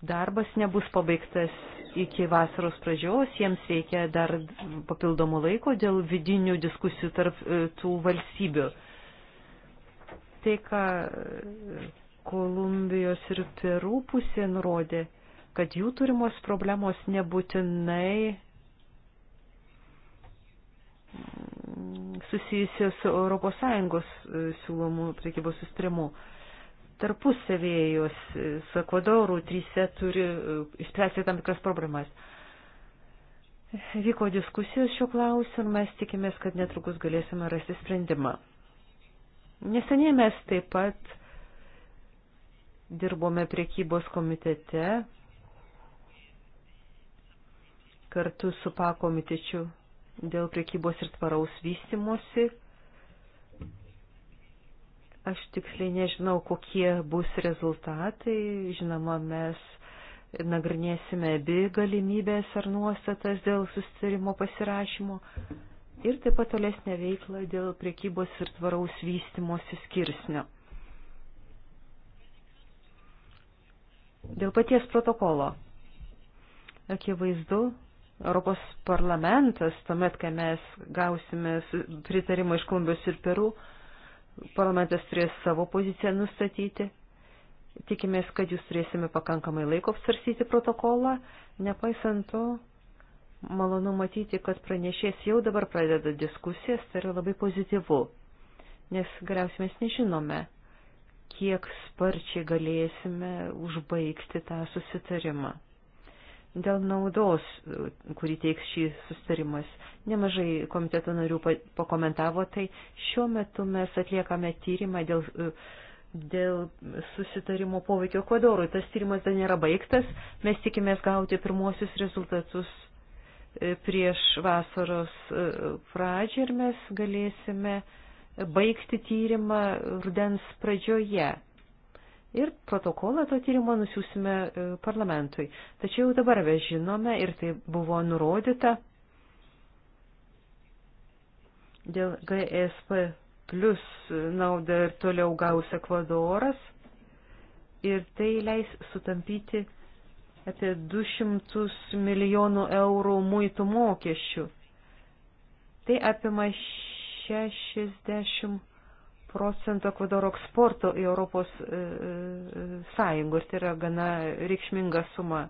darbas nebus pabaigtas iki vasaros pradžios, jiems reikia dar papildomų laiko dėl vidinių diskusijų tarp e, tų valstybių. Tai, ką e, Kolumbijos ir Perų pusė nurodė, kad jų turimos problemos nebūtinai mm, susijusios su ES siūlomų prekybos sustrimu tarpusavėjus e, su Ekvadoru trise turi e, išspręsti tam tikras problemas. Vyko diskusijos šiuo klausimu, mes tikimės, kad netrukus galėsime rasti sprendimą. Neseniai mes taip pat dirbome priekybos komitete kartu su pakomitečiu dėl priekybos ir tvaraus vystimosi Aš tiksliai nežinau, kokie bus rezultatai. Žinoma, mes nagrinėsime abi galimybės ar nuostatas dėl susitarimo pasirašymo ir taip pat tolesnę veiklą dėl priekybos ir tvaraus vystimosi skirsnio. Dėl paties protokolo. Akivaizdu, Europos parlamentas, tuomet, kai mes gausime pritarimą iš Kolumbijos ir Peru, uh, Parlamentas turės savo poziciją nustatyti. Tikimės, kad jūs turėsime pakankamai laiko apsvarsyti protokolą. Nepaisant to, malonu matyti, kad pranešės jau dabar pradeda diskusijas, tai yra labai pozityvu, nes galiausiai mes nežinome, kiek sparčiai galėsime užbaigti tą susitarimą. Dėl naudos, kurį teiks šį sustarimas, nemažai komiteto narių pakomentavo, tai šiuo metu mes atliekame tyrimą dėl, dėl susitarimo poveikio kodorui. Tas tyrimas dar nėra baigtas, mes tikimės gauti pirmosius rezultatus e, prieš vasaros e, pradžią ir mes galėsime baigti tyrimą rudens pradžioje ir protokolą to tyrimo nusiųsime e, parlamentui. Tačiau dabar mes žinome ir tai buvo nurodyta dėl GSP plus e, naudą ir toliau gaus Ekvadoras ir tai leis sutampyti apie 200 milijonų eurų muitų mokesčių. Tai apima 60 procento Ekvadoro eksporto į Europos e, e, Sąjungą ir tai yra gana reikšminga suma.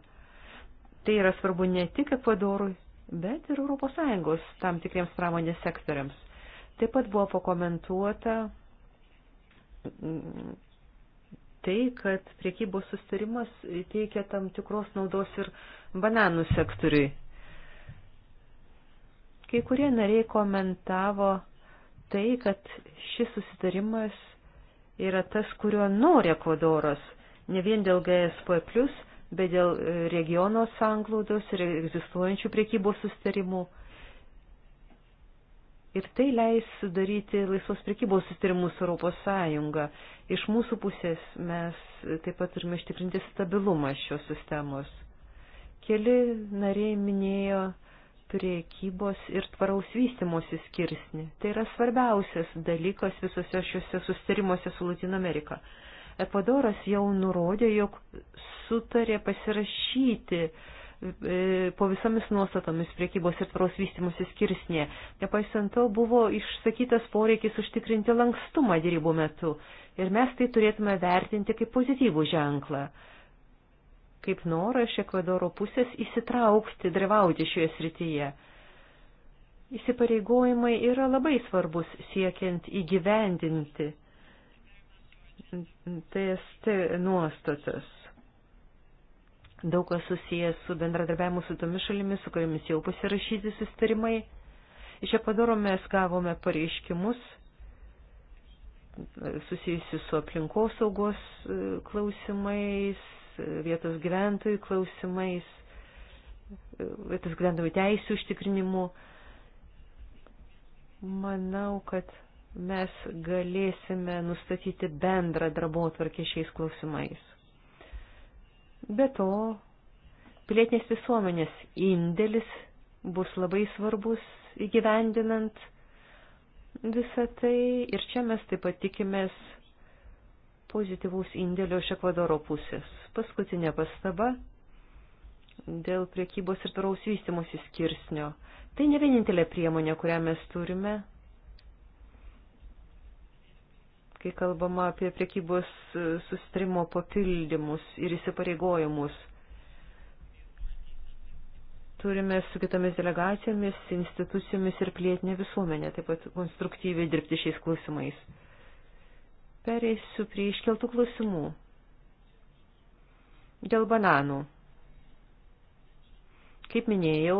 Tai yra svarbu ne tik Ekvadorui, bet ir Europos Sąjungos tam tikriems pramonės sektoriams. Taip pat buvo pakomentuota mm, tai, kad priekybos sustarimas teikia tam tikros naudos ir bananų sektoriui. Kai kurie nariai komentavo tai, kad šis susitarimas yra tas, kurio nori Ekvadoras, ne vien dėl GSP, bet dėl e, regiono sanglaudos ir egzistuojančių priekybos susitarimų. Ir tai leis sudaryti laisvos priekybos susitarimus Europos Sąjunga. Iš mūsų pusės mes taip pat turime ištikrinti stabilumą šios sistemos. Keli nariai minėjo priekybos ir tvaraus vystimosi skirsnį. Tai yra svarbiausias dalykas visose šiuose sustarimuose su Latino Amerika. Ekvadoras jau nurodė, jog sutarė pasirašyti e, po visomis nuostatomis priekybos ir tvaros vystimusi skirsnė. Nepaisant to, buvo išsakytas poreikis užtikrinti lankstumą dėrybų metu ir mes tai turėtume vertinti kaip pozityvų ženklą kaip norą iš Ekvadoro pusės įsitraukti, dalyvauti šioje srityje. Įsipareigojimai yra labai svarbus siekiant įgyvendinti TST nuostatas. Daug kas susijęs su bendradarbiavimu su tomis šalimis, su kuriamis jau pasirašyti sustarimai. Iš Ekvadoro mes gavome pareiškimus susijusi su aplinkosaugos e, klausimais, vietos gyventojų klausimais, vietos gyventojų teisų užtikrinimu. Manau, kad mes galėsime nustatyti bendrą darbotvarkę šiais klausimais. Be to, pilietinės visuomenės indėlis bus labai svarbus įgyvendinant visą tai ir čia mes taip pat tikimės pozityvaus indėlio iš Ekvadoro pusės. Paskutinė pastaba dėl priekybos ir tvaraus vystimosi skirsnio. Tai ne vienintelė priemonė, kurią mes turime, kai kalbama apie priekybos e, sustrimo papildymus ir įsipareigojimus. Turime su kitomis delegacijomis, institucijomis ir plėtinė visuomenė taip pat konstruktyviai dirbti šiais klausimais. Pereisiu prie iškeltų klausimų. Dėl bananų. Kaip minėjau,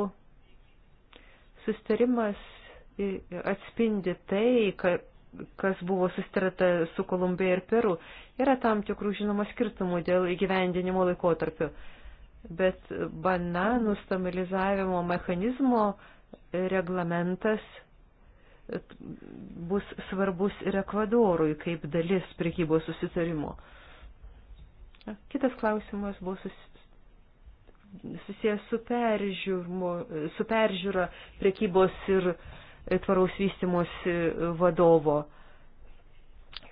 sustarimas atspindi tai, kas buvo sustarata su Kolumbija ir Peru. Yra tam tikrų žinoma skirtumų dėl įgyvendinimo laikotarpio, bet bananų stabilizavimo mechanizmo reglamentas bus svarbus ir Ekvadorui kaip dalis prekybos susitarimo. Kitas klausimas buvo susijęs su, su peržiūra prekybos ir e, tvaraus vystimosi e, vadovo.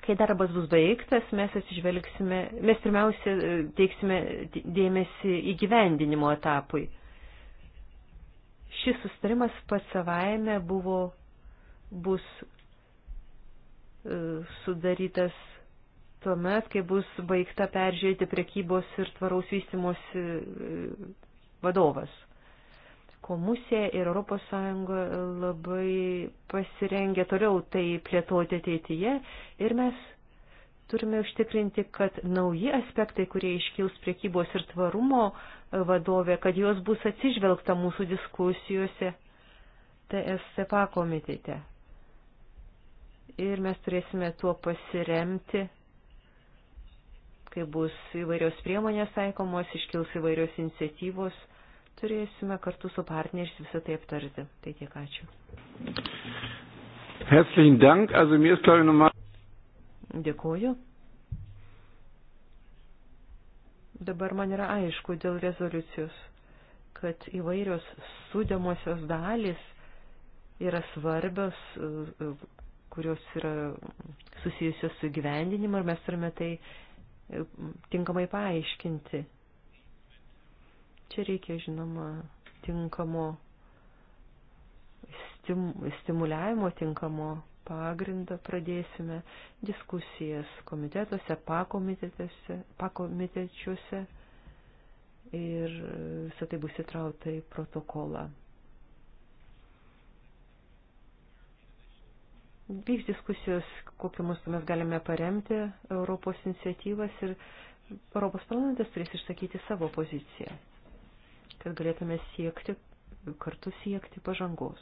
Kai darbas bus baigtas, mes atsižvelgsime, mes pirmiausia e, teiksime dėmesį įgyvendinimo etapui. Šis sustarimas pats savaime buvo bus e, sudarytas tuomet, kai bus baigta peržiūrėti prekybos ir tvaraus vystimosi e, vadovas. Komisija ir ES labai pasirengia toliau tai plėtoti ateityje ir mes turime užtikrinti, kad nauji aspektai, kurie iškils priekybos ir tvarumo e, vadovė, kad jos bus atsižvelgta mūsų diskusijose TSCPA komitete ir mes turėsime tuo pasiremti, kai bus įvairios priemonės taikomos, iškils įvairios iniciatyvos, turėsime kartu su partneriais visą tai aptarti. Tai tiek ačiū. Herzlichen Dank. Also mir ist glaube ich nochmal. Dėkuoju. Dabar man yra aišku dėl rezoliucijos, kad įvairios sudėmosios dalys yra svarbios kurios yra susijusios su gyvendinimu ir mes turime tai e, tinkamai paaiškinti. Čia reikia, žinoma, tinkamo stim, stimuliavimo, tinkamo pagrindą pradėsime diskusijas komitetuose, pakomitečiuose ir e, visą tai bus įtrauta į protokolą. vyks diskusijos, kokiu mūsų mes galime paremti Europos iniciatyvas ir Europos parlamentas turės išsakyti savo poziciją, kad galėtume siekti, kartu siekti pažangos.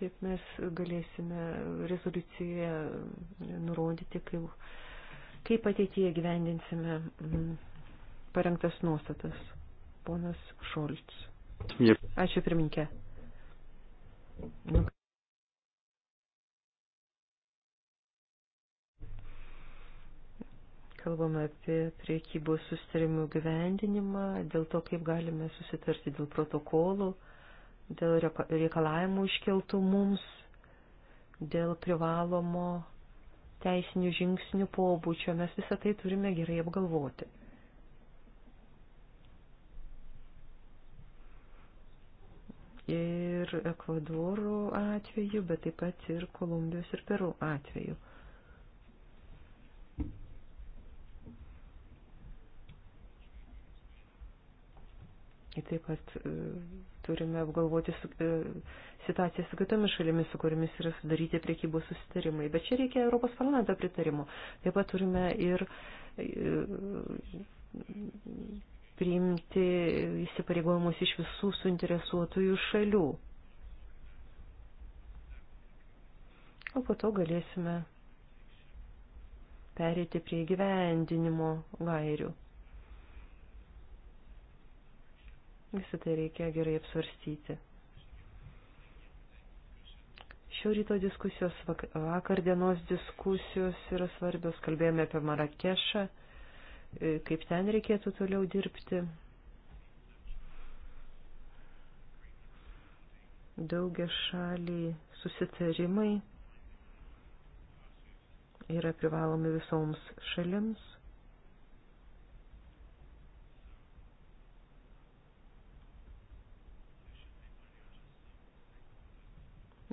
Taip mes galėsime rezoliucijoje nurodyti, kaip, kaip ateityje gyvendinsime. Mm parengtas nuostatas. Ponas Šolts. Ačiū pirminkė. Kalbame apie priekybos sustarimų gyvendinimą, dėl to, kaip galime susitarti dėl protokolų, dėl reikalavimų iškeltų mums, dėl privalomo teisinių žingsnių pobūčio. Mes visą tai turime gerai apgalvoti. ir Ekvadoro atveju, bet taip pat ir Kolumbijos ir Peru atveju. Ir taip pat e, turime apgalvoti su, e, situaciją su kitomis šalimis, su kuriomis yra sudaryti priekybos susitarimai. Bet čia reikia Europos parlamento pritarimo. Taip pat turime ir e, priimti įsipareigojimus iš visų suinteresuotųjų šalių. O po to galėsime perėti prie gyvendinimo gairių. Visą tai reikia gerai apsvarstyti. Šio ryto diskusijos, vakar dienos diskusijos yra svarbios. Kalbėjome apie Marakešą E, kaip ten reikėtų toliau dirbti. Daugia šaliai susitarimai yra privalomi visoms šalims.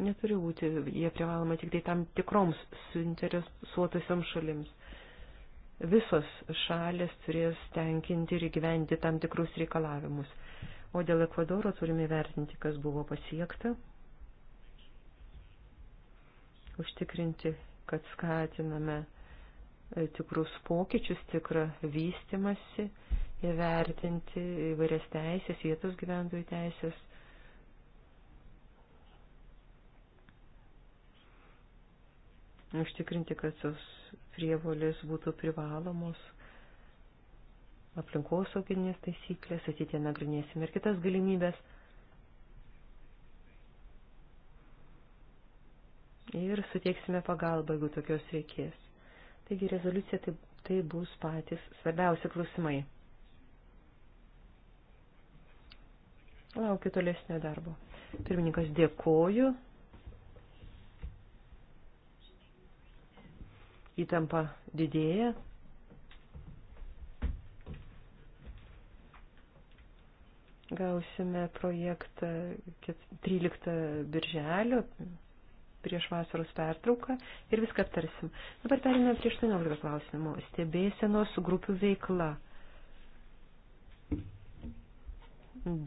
Neturi būti, jie privaloma tik tai tam tikroms suinteresuotusiams šalims visos šalės turės tenkinti ir gyventi tam tikrus reikalavimus. O dėl Ekvadoro turime vertinti, kas buvo pasiekta, užtikrinti, kad skatiname e, tikrus pokyčius, tikrą vystimasi, įvertinti įvairias teisės, vietos gyventojų teisės. Užtikrinti, kad tos prievolės būtų privalomos, aplinkosauginės taisyklės, ateitie nagrinėsime ir kitas galimybės. Ir suteiksime pagalbą, jeigu tokios reikės. Taigi rezoliucija tai, tai bus patys svarbiausi klausimai. Laukiu tolesnio darbo. Pirmininkas dėkoju. įtampa didėja. Gausime projektą 13 birželio prieš vasaros pertrauką ir viską aptarsim. Dabar perėmėm prie 18 klausimų. Stebėsenos grupių veikla.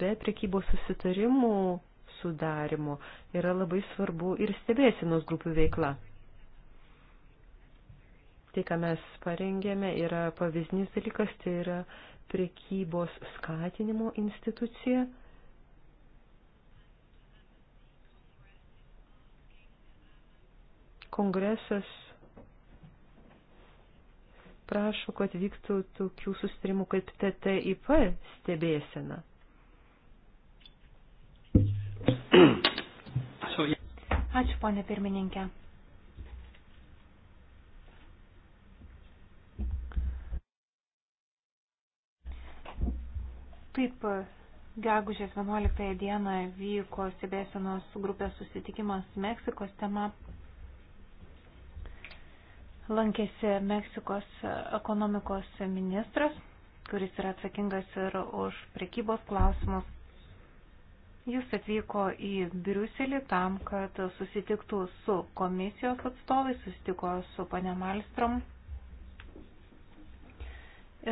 Be prekybos susitarimų sudarimo yra labai svarbu ir stebėsenos grupių veikla. Tai, ką mes parengėme, yra pavyzdinis dalykas, tai yra prekybos skatinimo institucija. Kongresas prašo, kad vyktų tokių sustarimų kaip TTIP stebėsena. Ačiū, ponė pirmininkė. Taip, gegužės 11 dieną vyko stebėsenos grupės susitikimas Meksikos tema. Lankėsi Meksikos ekonomikos ministras, kuris yra atsakingas ir už prekybos klausimus. Jis atvyko į Briuselį tam, kad susitiktų su komisijos atstovais, susitiko su pane Malstrom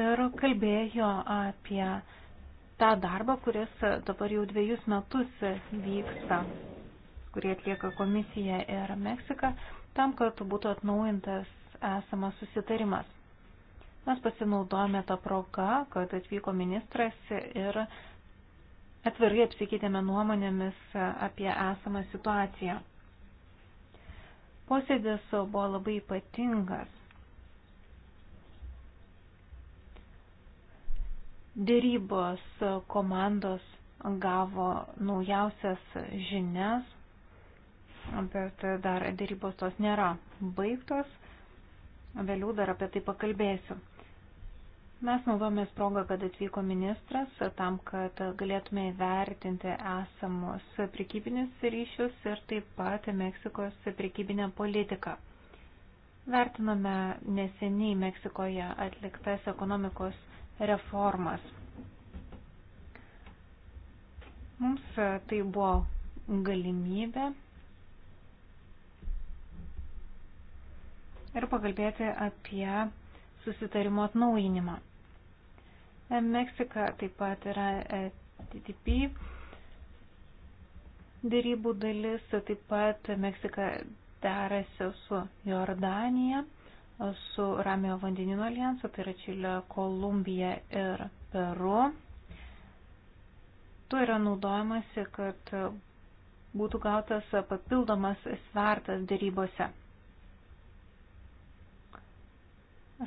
ir kalbėjo apie tą darbą, kuris dabar jau dviejus metus vyksta, kurį atlieka komisija ir Meksika, tam, kad būtų atnaujintas esamas susitarimas. Mes pasinaudojame tą progą, kad atvyko ministras ir atvirai apsikeitėme nuomonėmis apie esamą situaciją. Posėdis buvo labai ypatingas. Dėrybos komandos gavo naujausias žinias, bet dar dėrybos tos nėra baigtos. Vėliau dar apie tai pakalbėsiu. Mes naudojame progą, kad atvyko ministras tam, kad galėtume įvertinti esamus prekybinius ryšius ir taip pat Meksikos prekybinę politiką. Vertiname neseniai Meksikoje atliktas ekonomikos reformas. Mums e, tai buvo galimybė ir pakalbėti apie susitarimo atnaujinimą. E, Meksika taip pat yra e TTP dėrybų dalis, taip pat Meksika derasi su Jordanija su Ramio vandenino alijansu, tai yra Čilė, Kolumbija ir Peru. Tuo yra naudojamasi, kad būtų gautas papildomas svertas dėrybose.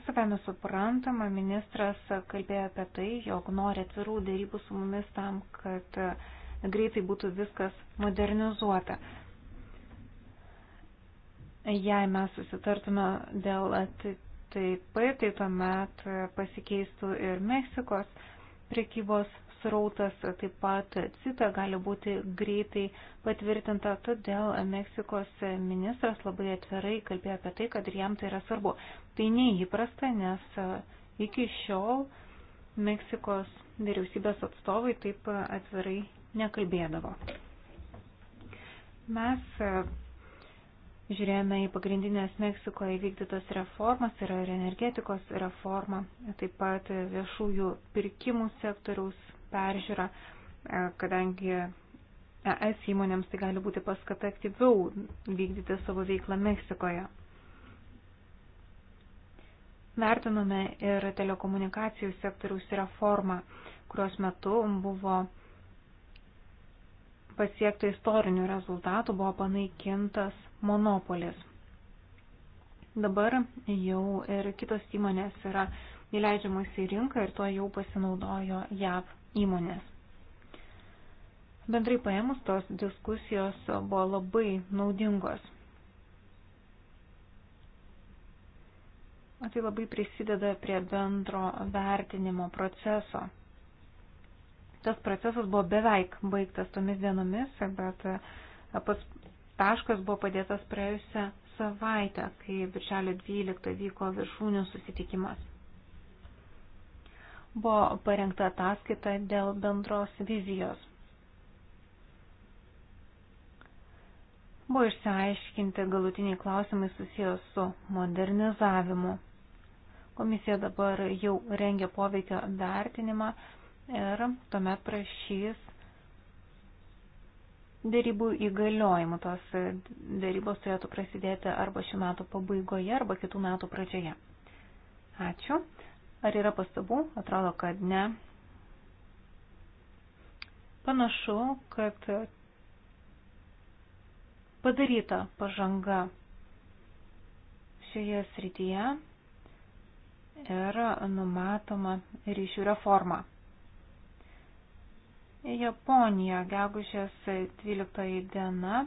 Savame suprantama, ministras kalbėjo apie tai, jog nori atvirų dėrybų su mumis tam, kad greitai būtų viskas modernizuota. Jei mes susitartume dėl TTIP, tai tuomet pasikeistų ir Meksikos prekybos srautas, taip pat CITA gali būti greitai patvirtinta, todėl Meksikos ministras labai atvirai kalbėjo apie tai, kad ir jam tai yra svarbu. Tai neįprasta, nes iki šiol Meksikos vyriausybės atstovai taip atvirai nekalbėdavo. Mes Žiūrėjome į pagrindinės Meksikoje įvykdytas reformas, tai yra ir energetikos reforma, taip pat viešųjų pirkimų sektoriaus peržiūra, e, kadangi ES įmonėms tai gali būti paskata aktyviau vykdyti savo veiklą Meksikoje. Vertinome ir telekomunikacijų sektoriaus reformą, kurios metu buvo pasiekta istorinių rezultatų, buvo panaikintas monopolis. Dabar jau ir kitos įmonės yra įleidžiamos į rinką ir tuo jau pasinaudojo JAV įmonės. Bendrai paėmus tos diskusijos buvo labai naudingos. O tai labai prisideda prie bendro vertinimo proceso tas procesas buvo beveik baigtas tomis dienomis, bet e, pats taškas buvo padėtas praėjusią savaitę, kai viršelio 12 vyko viršūnių susitikimas. Buvo parengta ataskaita dėl bendros vizijos. Buvo išsiaiškinti galutiniai klausimai susijęs su modernizavimu. Komisija dabar jau rengia poveikio vertinimą ir tuomet prašys dėrybų įgaliojimų. Tos dėrybos turėtų prasidėti arba šių metų pabaigoje, arba kitų metų pradžioje. Ačiū. Ar yra pastabų? Atrodo, kad ne. Panašu, kad padaryta pažanga šioje srityje ir numatoma ryšių reforma. Japonija, gegužės 12 diena,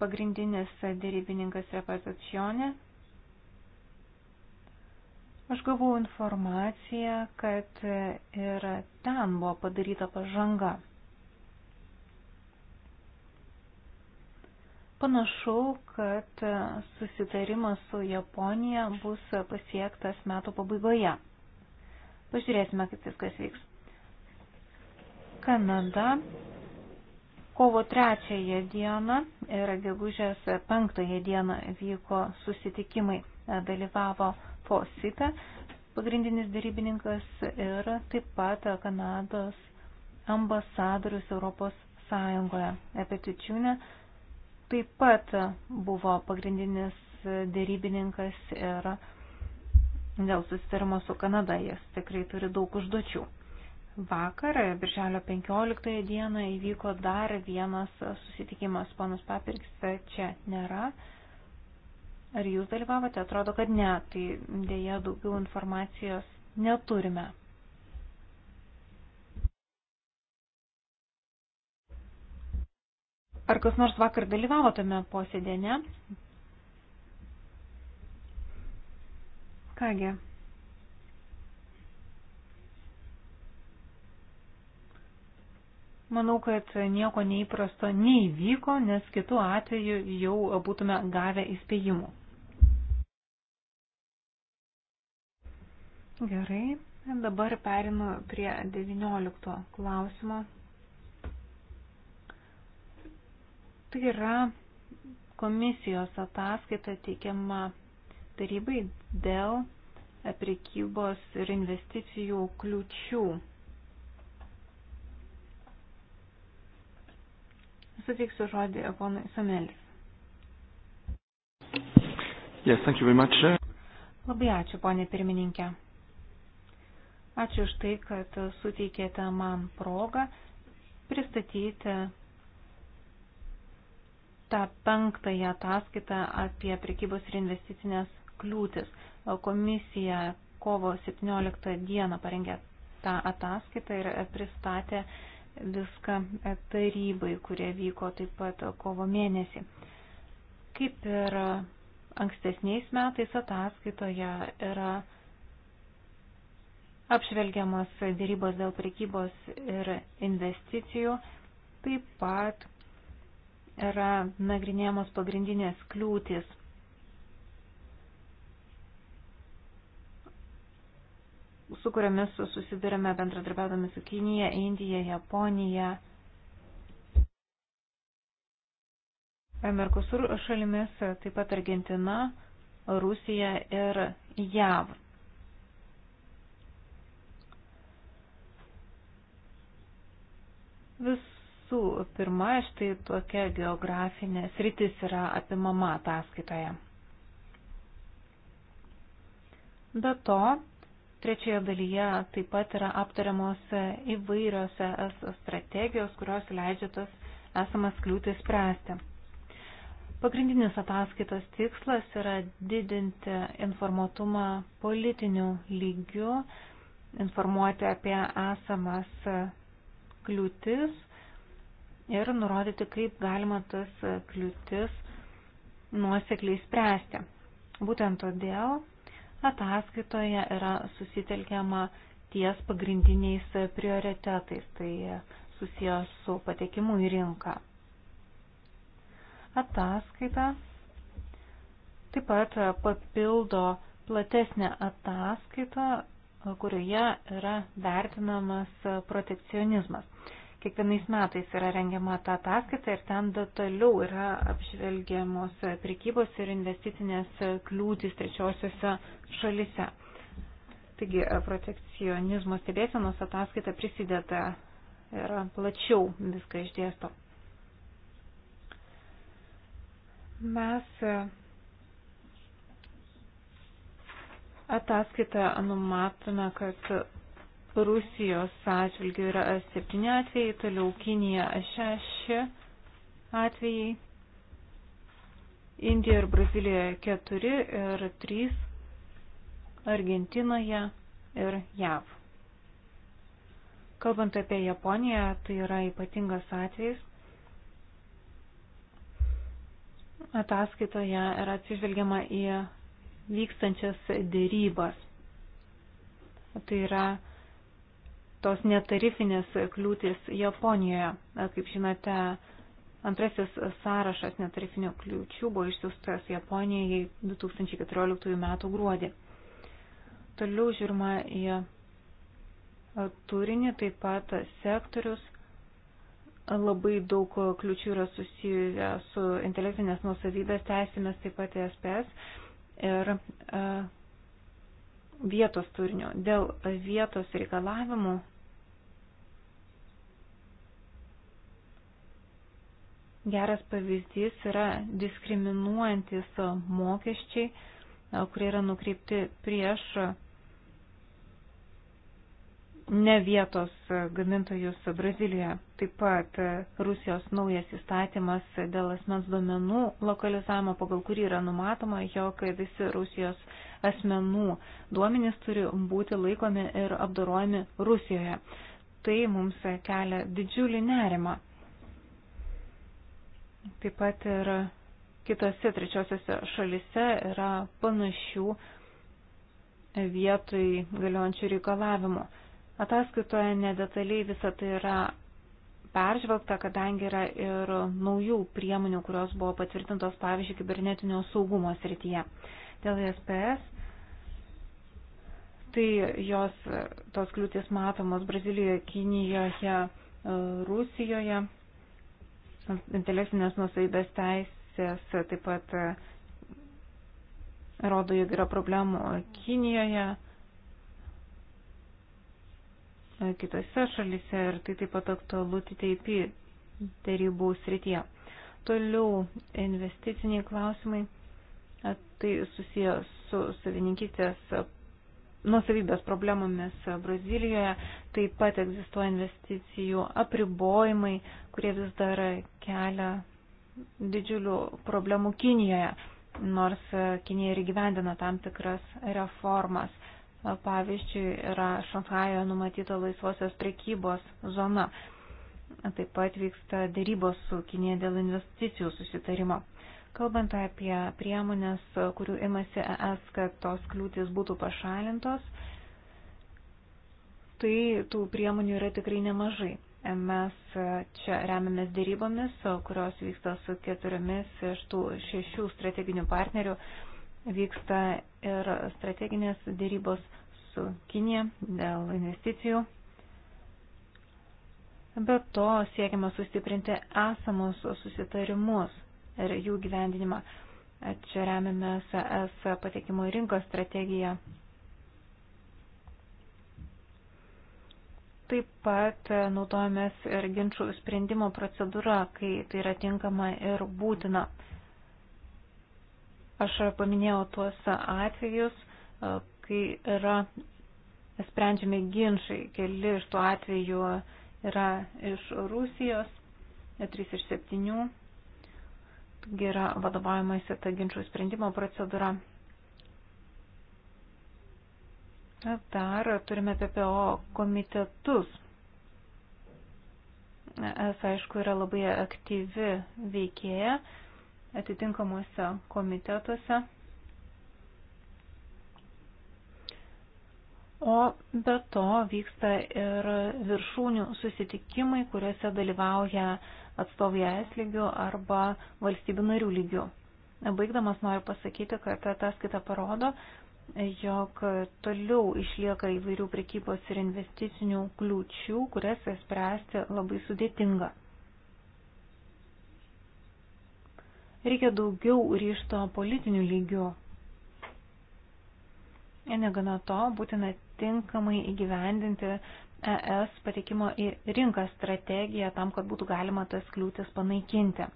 pagrindinis dėrybininkas repatacionė. Aš gavau informaciją, kad ir ten buvo padaryta pažanga. Panašu, kad susitarimas su Japonija bus pasiektas metų pabaigoje. Pažiūrėsime, kaip viskas vyks. Kanada kovo 3 dieną ir gegužės 5 dieną vyko susitikimai, dalyvavo FOSIPE, pagrindinis dėrybininkas ir taip pat Kanados ambasadorius Europos Sąjungoje. Petičiūnė taip pat buvo pagrindinis dėrybininkas ir dėl susitarimo su Kanada jis tikrai turi daug užduočių. Vakar, birželio 15 dieną, įvyko dar vienas susitikimas. Ponas Papirks tai čia nėra. Ar jūs dalyvavote? Atrodo, kad ne. Tai dėja daugiau informacijos neturime. Ar kas nors vakar dalyvavo tame posėdėje? Kągi. Manau, kad nieko neįprasto neįvyko, nes kitu atveju jau būtume gavę įspėjimų. Gerai, dabar perinu prie 19 klausimo. Tai yra komisijos ataskaita teikiama tarybai dėl prekybos ir investicijų kliučių Suteiksiu žodį ponui Samelis. Yes, thank you very much. Labai ačiū, ponė pirmininkė. Ačiū už tai, kad suteikėte man progą pristatyti tą penktąją ataskaitą apie prekybos ir investicinės kliūtis. Komisija kovo 17 dieną parengė tą ataskaitą ir pristatė uh, viską e, tarybai, kurie vyko taip pat kovo mėnesį. Kaip ir ankstesniais metais ataskaitoje yra apžvelgiamos dėrybos dėl prekybos ir investicijų, taip pat yra nagrinėjamos pagrindinės kliūtis su kuriamis susidurėme bendradarbiaudami su Kinija, Indija, Japonija, Merkusur šalimis, taip pat Argentina, Rusija ir JAV. Visų pirma, štai tokia geografinė sritis yra apimama ataskaitoje. Be to, Trečioje dalyje taip pat yra aptariamos įvairios strategijos, kurios leidžia tas esamas kliūtis spręsti. Pagrindinis ataskaitos tikslas yra didinti informuotumą politinių lygių, informuoti apie esamas kliūtis ir nurodyti, kaip galima tas kliūtis nuosekliai spręsti. Būtent todėl ataskaitoje yra susitelkiama ties pagrindiniais prioritetais, tai susijęs su patekimu į rinką. Ataskaita taip pat papildo platesnę ataskaitą, kurioje yra vertinamas protekcionizmas. Kiekvienais metais yra rengiama ta ataskaita ir ten detaliau yra apžvelgiamos prekybos ir investicinės kliūtis trečiosiuose šalise. Taigi protekcionizmo stebėsenos ataskaita prisideda ir plačiau viską išdėsto. Mes ataskaitą numatome, kad Rusijos atžvilgių yra septyni atvejai, toliau Kinija šeši atvejai, Indija ir Brazilija keturi ir trys, Argentinoje ir JAV. Kalbant apie Japoniją, tai yra ypatingas atvejis. Ataskaitoje yra atsižvelgiama į vykstančias dėrybas. Tai yra tos netarifinės kliūtis Japonijoje. Kaip žinote, antrasis sąrašas netarifinių kliūčių buvo išsiųstas Japonijai 2014 m. gruodį. Toliau žiūrima į turinį, taip pat sektorius. Labai daug kliūčių yra susiję su intelektinės nusavybės teisėmis, taip pat SPS e ir e, vietos turinio. Dėl vietos reikalavimų Geras pavyzdys yra diskriminuojantis mokesčiai, kurie yra nukreipti prieš ne vietos gamintojus Brazilijoje. Taip pat Rusijos naujas įstatymas dėl asmens duomenų lokalizavimo, pagal kurį yra numatoma, jog visi Rusijos asmenų duomenys turi būti laikomi ir apdorojami Rusijoje. Tai mums kelia didžiulį nerimą. Taip pat ir kitose trečiosiose šalise yra panašių vietoj galiojančių reikalavimų. Ataskaitoje nedetaliai visą tai yra peržvelgta, kadangi yra ir naujų priemonių, kurios buvo patvirtintos, pavyzdžiui, kibernetinio saugumo srityje. Dėl SPS, tai jos tos kliūtis matomos Brazilijoje, Kinijoje, Rusijoje, intelektinės nusaibės teisės taip pat e, rodo, jog yra problemų Kinijoje, e, kitose šalyse ir tai taip pat aktualu TTIP darybų srityje. Toliau investiciniai klausimai, tai susijęs su savininkystės nuosavybės problemomis Brazilijoje, taip pat egzistuoja investicijų apribojimai, kurie vis dar kelia didžiulių problemų Kinijoje, nors Kinija ir gyvendina tam tikras reformas. Pavyzdžiui, yra Šanhajoje numatyta laisvosios prekybos zona. Taip pat vyksta dėrybos su Kinija dėl investicijų susitarimo. Kalbant apie priemonės, kurių imasi ES, kad tos kliūtis būtų pašalintos, tai tų priemonių yra tikrai nemažai. Mes čia remiamės dėrybomis, kurios vyksta su keturiomis iš tų šešių strateginių partnerių. Vyksta ir strateginės dėrybos su Kinė dėl investicijų. Be to siekiama sustiprinti esamus susitarimus ir jų gyvendinimą. Čia remiamės ES patekimo rinkos strategiją. Taip pat naudojamės ir ginčių sprendimo procedūra, kai tai yra tinkama ir būtina. Aš paminėjau tuos atvejus, kai yra sprendžiami ginčiai. Keli iš tų atvejų yra iš Rusijos, 3 iš 7 yra vadovaujamasi ta ginčių sprendimo procedūra. Dar turime PPO komitetus. Es, aišku, yra labai aktyvi veikėja atitinkamuose komitetuose. O be to vyksta ir viršūnių susitikimai, kuriuose dalyvauja atstovai ES lygių arba valstybių narių lygių. Baigdamas noriu pasakyti, kad ataskaita parodo, jog toliau išlieka įvairių prekybos ir investicinių kliūčių, kurias spręsti labai sudėtinga. Reikia daugiau ryšto politinių lygių. Negana to, būtina tinkamai įgyvendinti ES patikimo į rinką strategiją tam, kad būtų galima tas kliūtis panaikinti.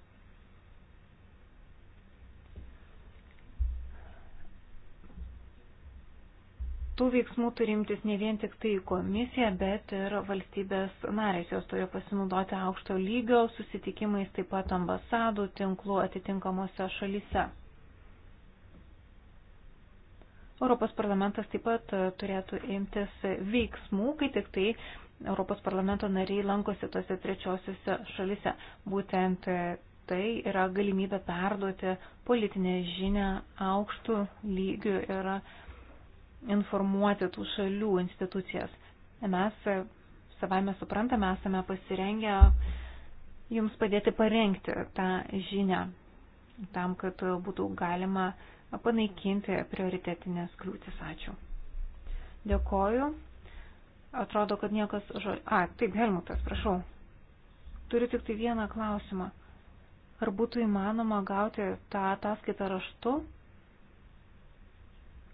Tų veiksmų turi imtis ne vien tik tai komisija, bet ir valstybės narės. Jos turi pasinaudoti aukšto lygio susitikimais, taip pat ambasadų tinklų atitinkamosios šalyse. Europos parlamentas taip pat e, turėtų imtis veiksmų, kai tik tai Europos parlamento nariai lankosi tose trečiosiuose šalise. Būtent e, tai yra galimybė perduoti politinę žinę aukštų lygių ir informuoti tų šalių institucijas. Mes e, savame suprantame, esame pasirengę jums padėti parengti tą žinę tam, kad būtų galima panaikinti prioritetinės kliūtis. Ačiū. Dėkoju. Atrodo, kad niekas žodžiu. A, taip, Helmutas, prašau. Turiu tik tai vieną klausimą. Ar būtų įmanoma gauti tą ataskaitą raštu?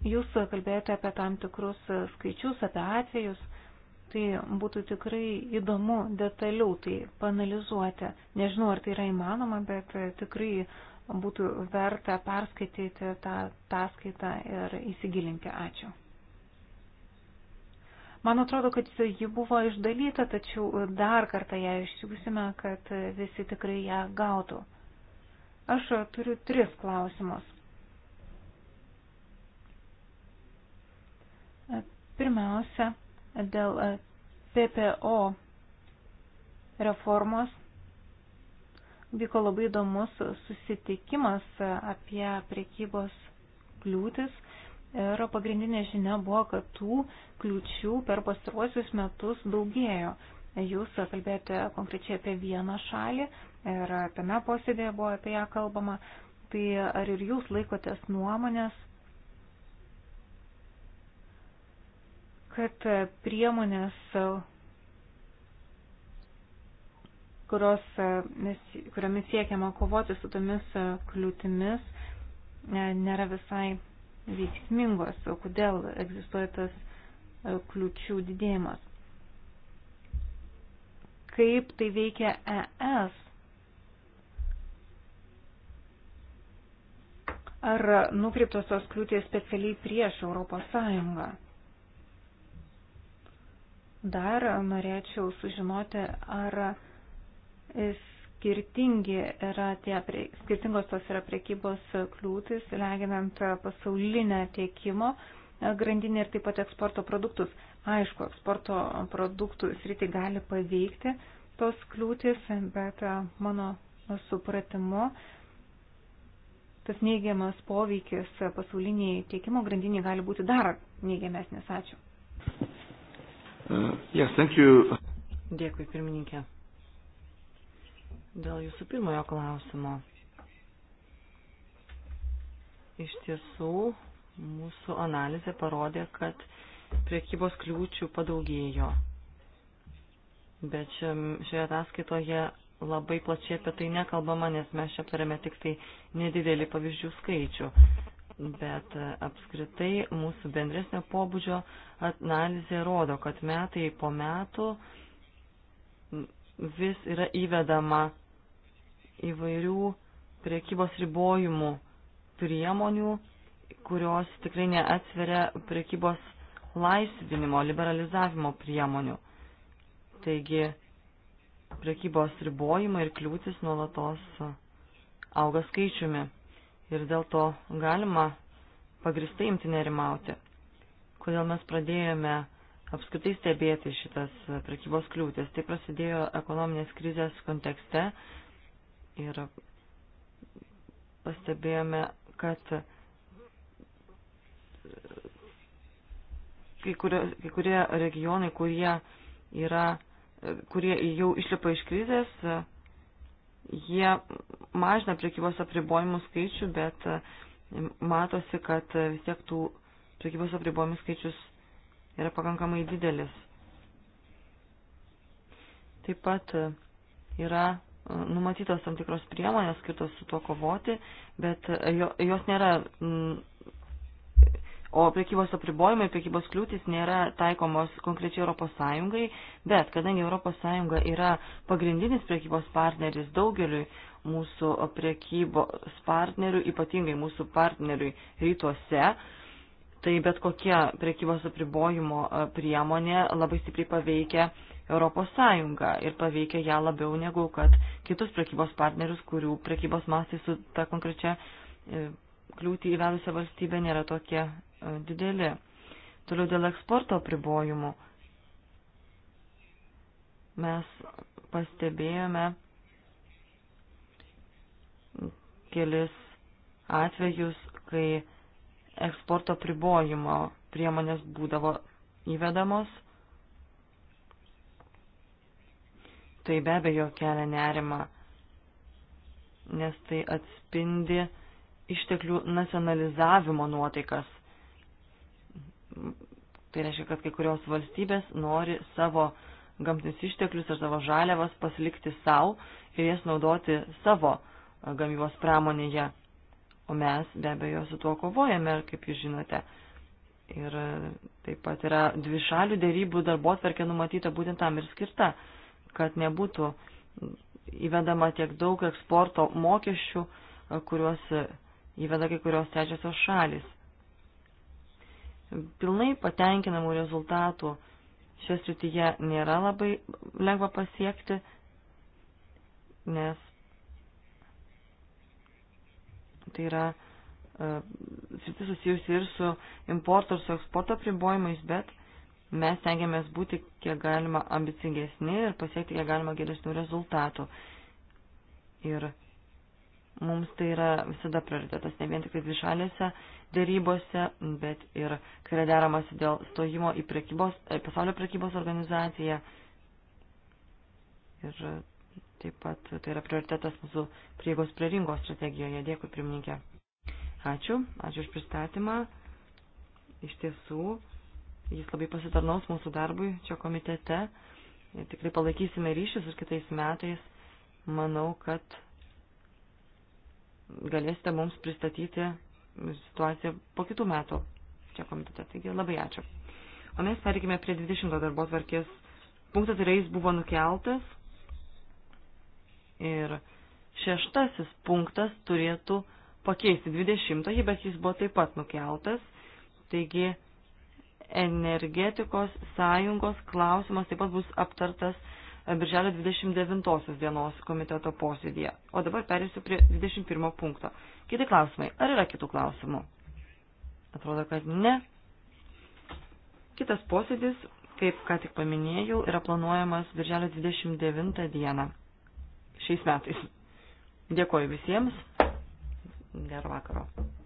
Jūs kalbėjote apie tam tikrus skaičius, apie atvejus. Tai būtų tikrai įdomu detaliau tai panalizuoti. Nežinau, ar tai yra įmanoma, bet tikrai būtų verta perskaityti tą ataskaitą ir įsigilinti. Ačiū. Man atrodo, kad ji buvo išdalyta, tačiau dar kartą ją išsiųsime, kad visi tikrai ją gautų. Aš turiu tris klausimus. Pirmiausia, dėl PPO reformos vyko labai įdomus susitikimas apie priekybos kliūtis ir pagrindinė žinia buvo, kad tų kliūčių per pastaruosius metus daugėjo. Jūs kalbėjote konkrečiai apie vieną šalį ir tame posėdėje buvo apie ją kalbama. Tai ar ir jūs laikotės nuomonės, kad priemonės kurios, e, kuriomis siekiama kovoti su tomis e, kliūtimis, e, nėra visai veiksmingos, o kodėl egzistuoja tas kliūčių didėjimas. Kaip tai veikia ES? Ar nukreiptos tos kliūtės specialiai prieš Europos Sąjungą? Dar norėčiau sužinoti, ar skirtingi yra tie, skirtingos tos yra priekybos kliūtis, leginant pasaulinę tiekimo grandinę ir taip pat eksporto produktus. Aišku, eksporto produktų sritį gali paveikti tos kliūtis, bet mano supratimu, tas neigiamas poveikis pasauliniai tiekimo grandiniai gali būti dar neigiamesnis. Ačiū. Uh, yes, Dėkui, pirmininkė. Dėl jūsų pirmojo klausimo. Iš tiesų, mūsų analizė parodė, kad priekybos kliūčių padaugėjo. Bet šioje ataskaitoje labai plačiai apie tai nekalbama, nes mes čia aptarėme tik tai nedidelį pavyzdžių skaičių. Bet apskritai mūsų bendresnio pobūdžio analizė rodo, kad metai po metų vis yra įvedama įvairių priekybos ribojimų priemonių, kurios tikrai neatsveria priekybos laisvinimo, liberalizavimo priemonių. Taigi, priekybos ribojimai ir kliūtis nuolatos auga skaičiumi ir dėl to galima pagristai imti nerimauti. Kodėl mes pradėjome apskritai stebėti šitas prekybos kliūtis. Tai prasidėjo ekonominės krizės kontekste, ir pastebėjome, kad kai, kurio, kai kurie regionai, kurie, yra, kurie jau išlipa iš krizės, jie mažina priekybos apribojimų skaičių, bet matosi, kad vis tiek tų priekybos apribojimų skaičius yra pakankamai didelis. Taip pat yra numatytos tam tikros priemonės skirtos su tuo kovoti, bet jos nėra, mm, o priekybos apribojimai, priekybos kliūtis nėra taikomos konkrečiai ES, bet kadangi ES yra pagrindinis priekybos partneris daugeliui mūsų priekybos partnerių, ypatingai mūsų partneriui rytuose, tai bet kokia priekybos apribojimo priemonė labai stipriai paveikia Europos Sąjungą ir paveikia ją labiau negu kad kitus prekybos partnerius, kurių prekybos mastai su ta konkrečia e, kliūtį įvedusią valstybę nėra tokie e, dideli. Toliau dėl eksporto pribojimų mes pastebėjome kelis atvejus, kai eksporto pribojimo priemonės būdavo įvedamos tai be abejo kelia nerima, nes tai atspindi išteklių nacionalizavimo nuotaikas. Tai reiškia, kad kai kurios valstybės nori savo gamtinius išteklius ir savo žaliavas pasilikti savo ir jas naudoti savo gamybos pramonėje. O mes be abejo su tuo kovojame, kaip jūs žinote. Ir taip pat yra dvi šalių dėrybų darbo atverkė numatyta būtent tam ir skirta kad nebūtų įvedama tiek daug eksporto mokesčių, kuriuos įveda kai kurios trečiosios šalis. Pilnai patenkinamų rezultatų šios rytyje nėra labai lengva pasiekti, nes tai yra e, sritis susijusi ir su importo ir su eksporto pribojimais, bet Mes tengiamės būti kiek galima ambicingesni ir pasiekti kiek galima geresnių rezultatų. Ir mums tai yra visada prioritetas, ne vien tik tai dvišalėse dėrybose, bet ir kai yra deramasi dėl stojimo į prekybos, e, pasaulio prekybos organizaciją. Ir taip pat tai yra prioritetas mūsų prieigos prie rinkos strategijoje. Dėkui, pirmininkė. Ačiū, ačiū už pristatymą. Iš tiesų, Jis labai pasitarnaus mūsų darbui čia komitete. Ir tikrai palaikysime ryšius ir kitais metais. Manau, kad galėsite mums pristatyti situaciją po kitų metų čia komitete. Taigi labai ačiū. O mes perikime prie 20 darbo tvarkės. Punktas tai yra jis buvo nukeltas. Ir šeštasis punktas turėtų pakeisti 20, bet jis buvo taip pat nukeltas. Taigi energetikos sąjungos klausimas taip pat bus aptartas e, Birželio 29 dienos komiteto posėdėje. O dabar perėsiu prie 21 punkto. Kiti klausimai. Ar yra kitų klausimų? Atrodo, kad ne. Kitas posėdis, kaip ką tik paminėjau, yra planuojamas Birželio 29 dieną. Šiais metais. Dėkoju visiems. Gerą vakarą.